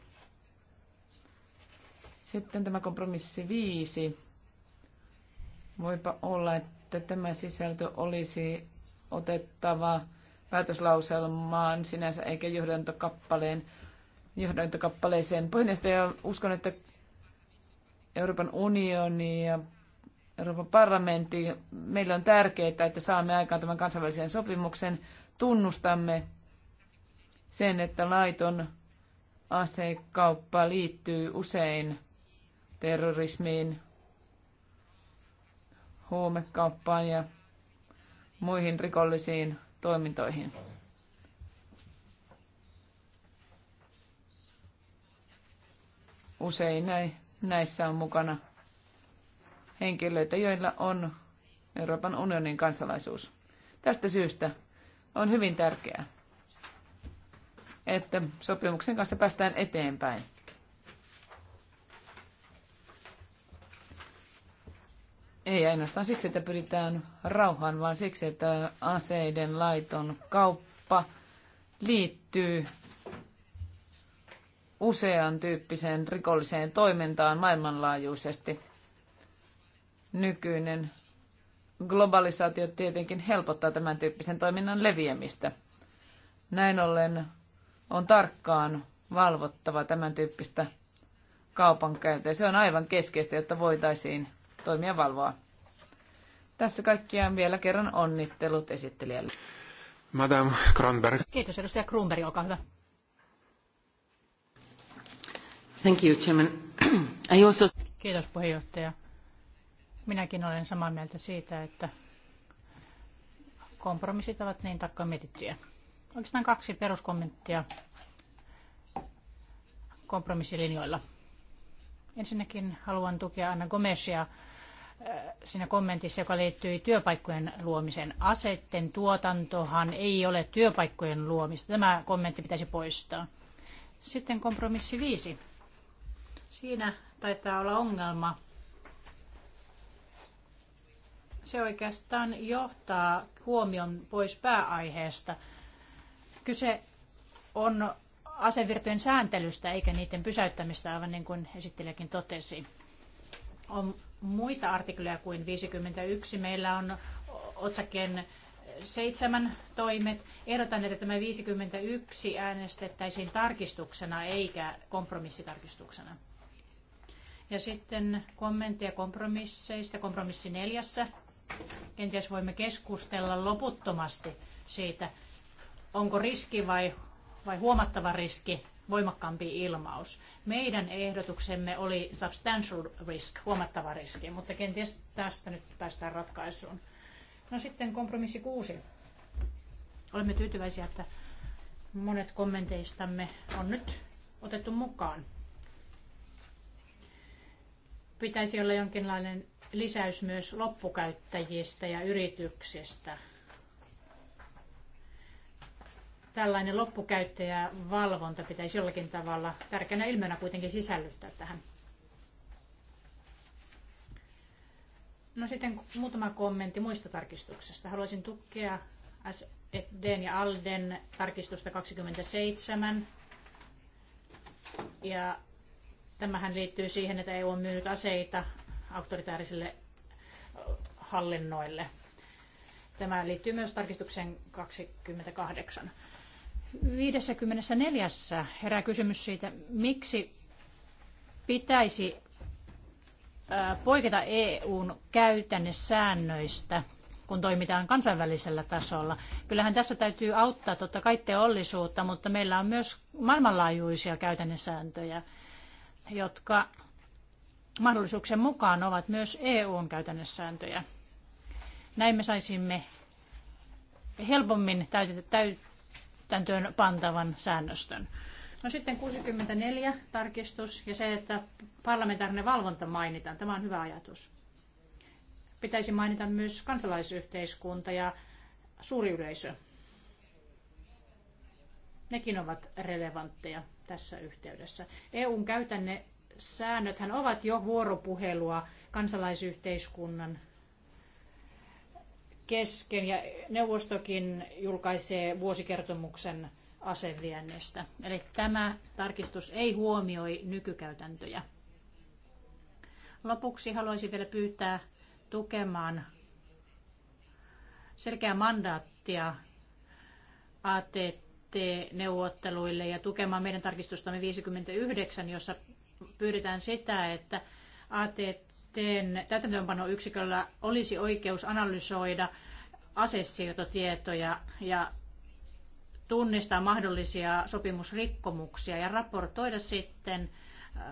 Sitten tämä kompromissi viisi. Voipa olla, että tämä sisältö olisi otettava päätöslauselmaan sinänsä eikä johdantokappaleen, johdantokappaleeseen. ja uskon, että Euroopan unioni ja Euroopan parlamentti, meillä on tärkeää, että saamme aikaan tämän kansainvälisen sopimuksen. Tunnustamme sen, että laiton asekauppa liittyy usein terrorismiin, huumekauppaan ja muihin rikollisiin toimintoihin. Usein näissä on mukana henkilöitä, joilla on Euroopan unionin kansalaisuus. Tästä syystä on hyvin tärkeää, että sopimuksen kanssa päästään eteenpäin. Ei ainoastaan siksi, että pyritään rauhaan, vaan siksi, että aseiden laiton kauppa liittyy usean tyyppiseen rikolliseen toimintaan maailmanlaajuisesti. Nykyinen globalisaatio tietenkin helpottaa tämän tyyppisen toiminnan leviämistä. Näin ollen on tarkkaan valvottava tämän tyyppistä kaupankäyntiä. Se on aivan keskeistä, jotta voitaisiin toimia valvoa. Tässä kaikkiaan vielä kerran onnittelut esittelijälle. Madame Kronberg. Kiitos, edustaja Kronberg, olkaa hyvä. Thank you, Chairman. I also... Kiitos, puheenjohtaja. Minäkin olen samaa mieltä siitä, että kompromissit ovat niin tarkkaan mietittyjä. Oikeastaan kaksi peruskommenttia kompromissilinjoilla. Ensinnäkin haluan tukea Anna Gomesia siinä kommentissa, joka liittyy työpaikkojen luomisen asetten tuotantohan ei ole työpaikkojen luomista. Tämä kommentti pitäisi poistaa. Sitten kompromissi viisi. Siinä taitaa olla ongelma. Se oikeastaan johtaa huomion pois pääaiheesta. Kyse on asevirtojen sääntelystä eikä niiden pysäyttämistä, aivan niin kuin esittelijäkin totesi. On muita artikloja kuin 51. Meillä on otsakkeen seitsemän toimet. Ehdotan, että tämä 51 äänestettäisiin tarkistuksena eikä kompromissitarkistuksena. Ja sitten kommentteja kompromisseista. Kompromissi neljässä. Kenties voimme keskustella loputtomasti siitä, onko riski vai, vai huomattava riski voimakkaampi ilmaus. Meidän ehdotuksemme oli substantial risk, huomattava riski, mutta kenties tästä nyt päästään ratkaisuun. No sitten kompromissi kuusi. Olemme tyytyväisiä, että monet kommenteistamme on nyt otettu mukaan. Pitäisi olla jonkinlainen lisäys myös loppukäyttäjistä ja yrityksistä. tällainen loppukäyttäjävalvonta pitäisi jollakin tavalla tärkeänä ilmiönä kuitenkin sisällyttää tähän. No sitten muutama kommentti muista tarkistuksesta. Haluaisin tukea SDn e ja ALDEn tarkistusta 27. Ja tämähän liittyy siihen, että EU on myynyt aseita autoritaarisille äh, hallinnoille. Tämä liittyy myös tarkistukseen 28. 54. herää kysymys siitä, miksi pitäisi poiketa EUn käytännesäännöistä, kun toimitaan kansainvälisellä tasolla. Kyllähän tässä täytyy auttaa totta kai teollisuutta, mutta meillä on myös maailmanlaajuisia käytännesääntöjä, jotka mahdollisuuksien mukaan ovat myös EUn käytännesääntöjä. Näin me saisimme helpommin täytettyä työn pantavan säännöstön. No sitten 64 tarkistus ja se, että parlamentaarinen valvonta mainitaan. Tämä on hyvä ajatus. Pitäisi mainita myös kansalaisyhteiskunta ja suuri yleisö. Nekin ovat relevantteja tässä yhteydessä. EUn käytännön säännöthän ovat jo vuoropuhelua kansalaisyhteiskunnan kesken ja neuvostokin julkaisee vuosikertomuksen aseviennistä. Eli tämä tarkistus ei huomioi nykykäytäntöjä. Lopuksi haluaisin vielä pyytää tukemaan selkeää mandaattia ATT-neuvotteluille ja tukemaan meidän tarkistustamme 59, jossa pyydetään sitä, että ATT miten täytäntöönpanoyksiköllä olisi oikeus analysoida asessiirtotietoja ja tunnistaa mahdollisia sopimusrikkomuksia ja raportoida sitten äh,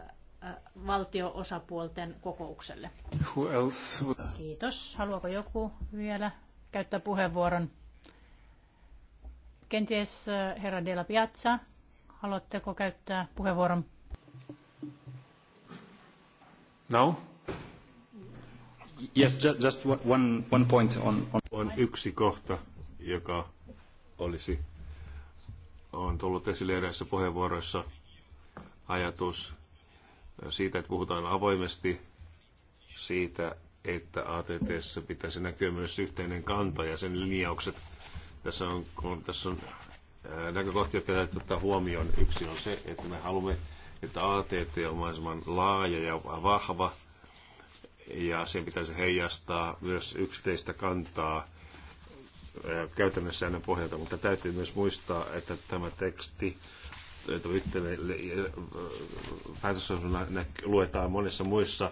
äh, valtioosapuolten kokoukselle. Who else? Kiitos. Haluaako joku vielä käyttää puheenvuoron? Kenties äh, herra Della Piazza, haluatteko käyttää puheenvuoron? No. Yes, just, one, point on, on... yksi kohta, joka olisi, on tullut esille eräissä puheenvuoroissa ajatus siitä, että puhutaan avoimesti siitä, että ATTssä pitäisi näkyä myös yhteinen kanta ja sen linjaukset. Tässä on, kun tässä on näkökohtia, jotka täytyy ottaa huomioon. Yksi on se, että me haluamme, että ATT on mahdollisimman laaja ja vahva – ja sen pitäisi heijastaa myös yksiteistä kantaa käytännössä säännön pohjalta, mutta täytyy myös muistaa, että tämä teksti päätösosana luetaan monissa muissa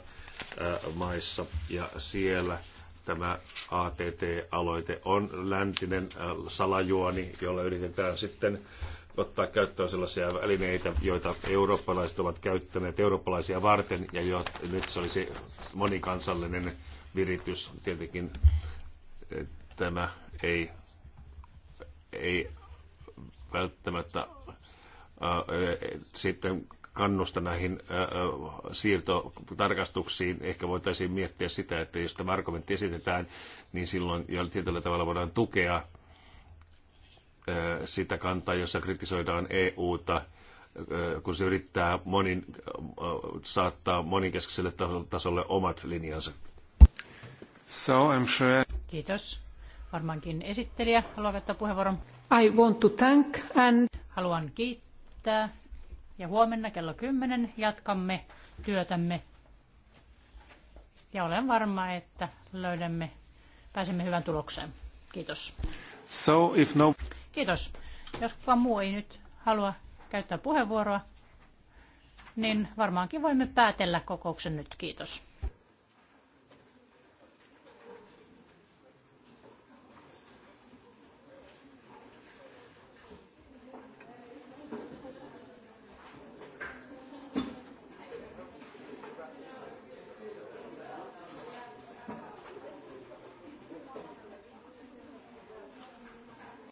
maissa ja siellä tämä ATT-aloite on läntinen salajuoni, jolla yritetään sitten ottaa käyttöön sellaisia välineitä, joita eurooppalaiset ovat käyttäneet eurooppalaisia varten, ja jo, nyt se olisi monikansallinen viritys. Tietenkin eh, tämä ei, ei välttämättä ää, eh, eh, sitten kannusta näihin ää, siirtotarkastuksiin. Ehkä voitaisiin miettiä sitä, että jos tämä argumentti esitetään, niin silloin jo tietyllä tavalla voidaan tukea sitä kantaa, jossa kritisoidaan EUta, kun se yrittää monin, saattaa moninkeskiselle tasolle omat linjansa. So, I'm sure. Kiitos. Varmaankin esittelijä haluaa käyttää puheenvuoron. I want to thank and... Haluan kiittää. Ja huomenna kello 10 jatkamme työtämme. Ja olen varma, että löydämme, pääsemme hyvän tulokseen. Kiitos. So if no... Kiitos. Jos kukaan muu ei nyt halua käyttää puheenvuoroa, niin varmaankin voimme päätellä kokouksen nyt. Kiitos.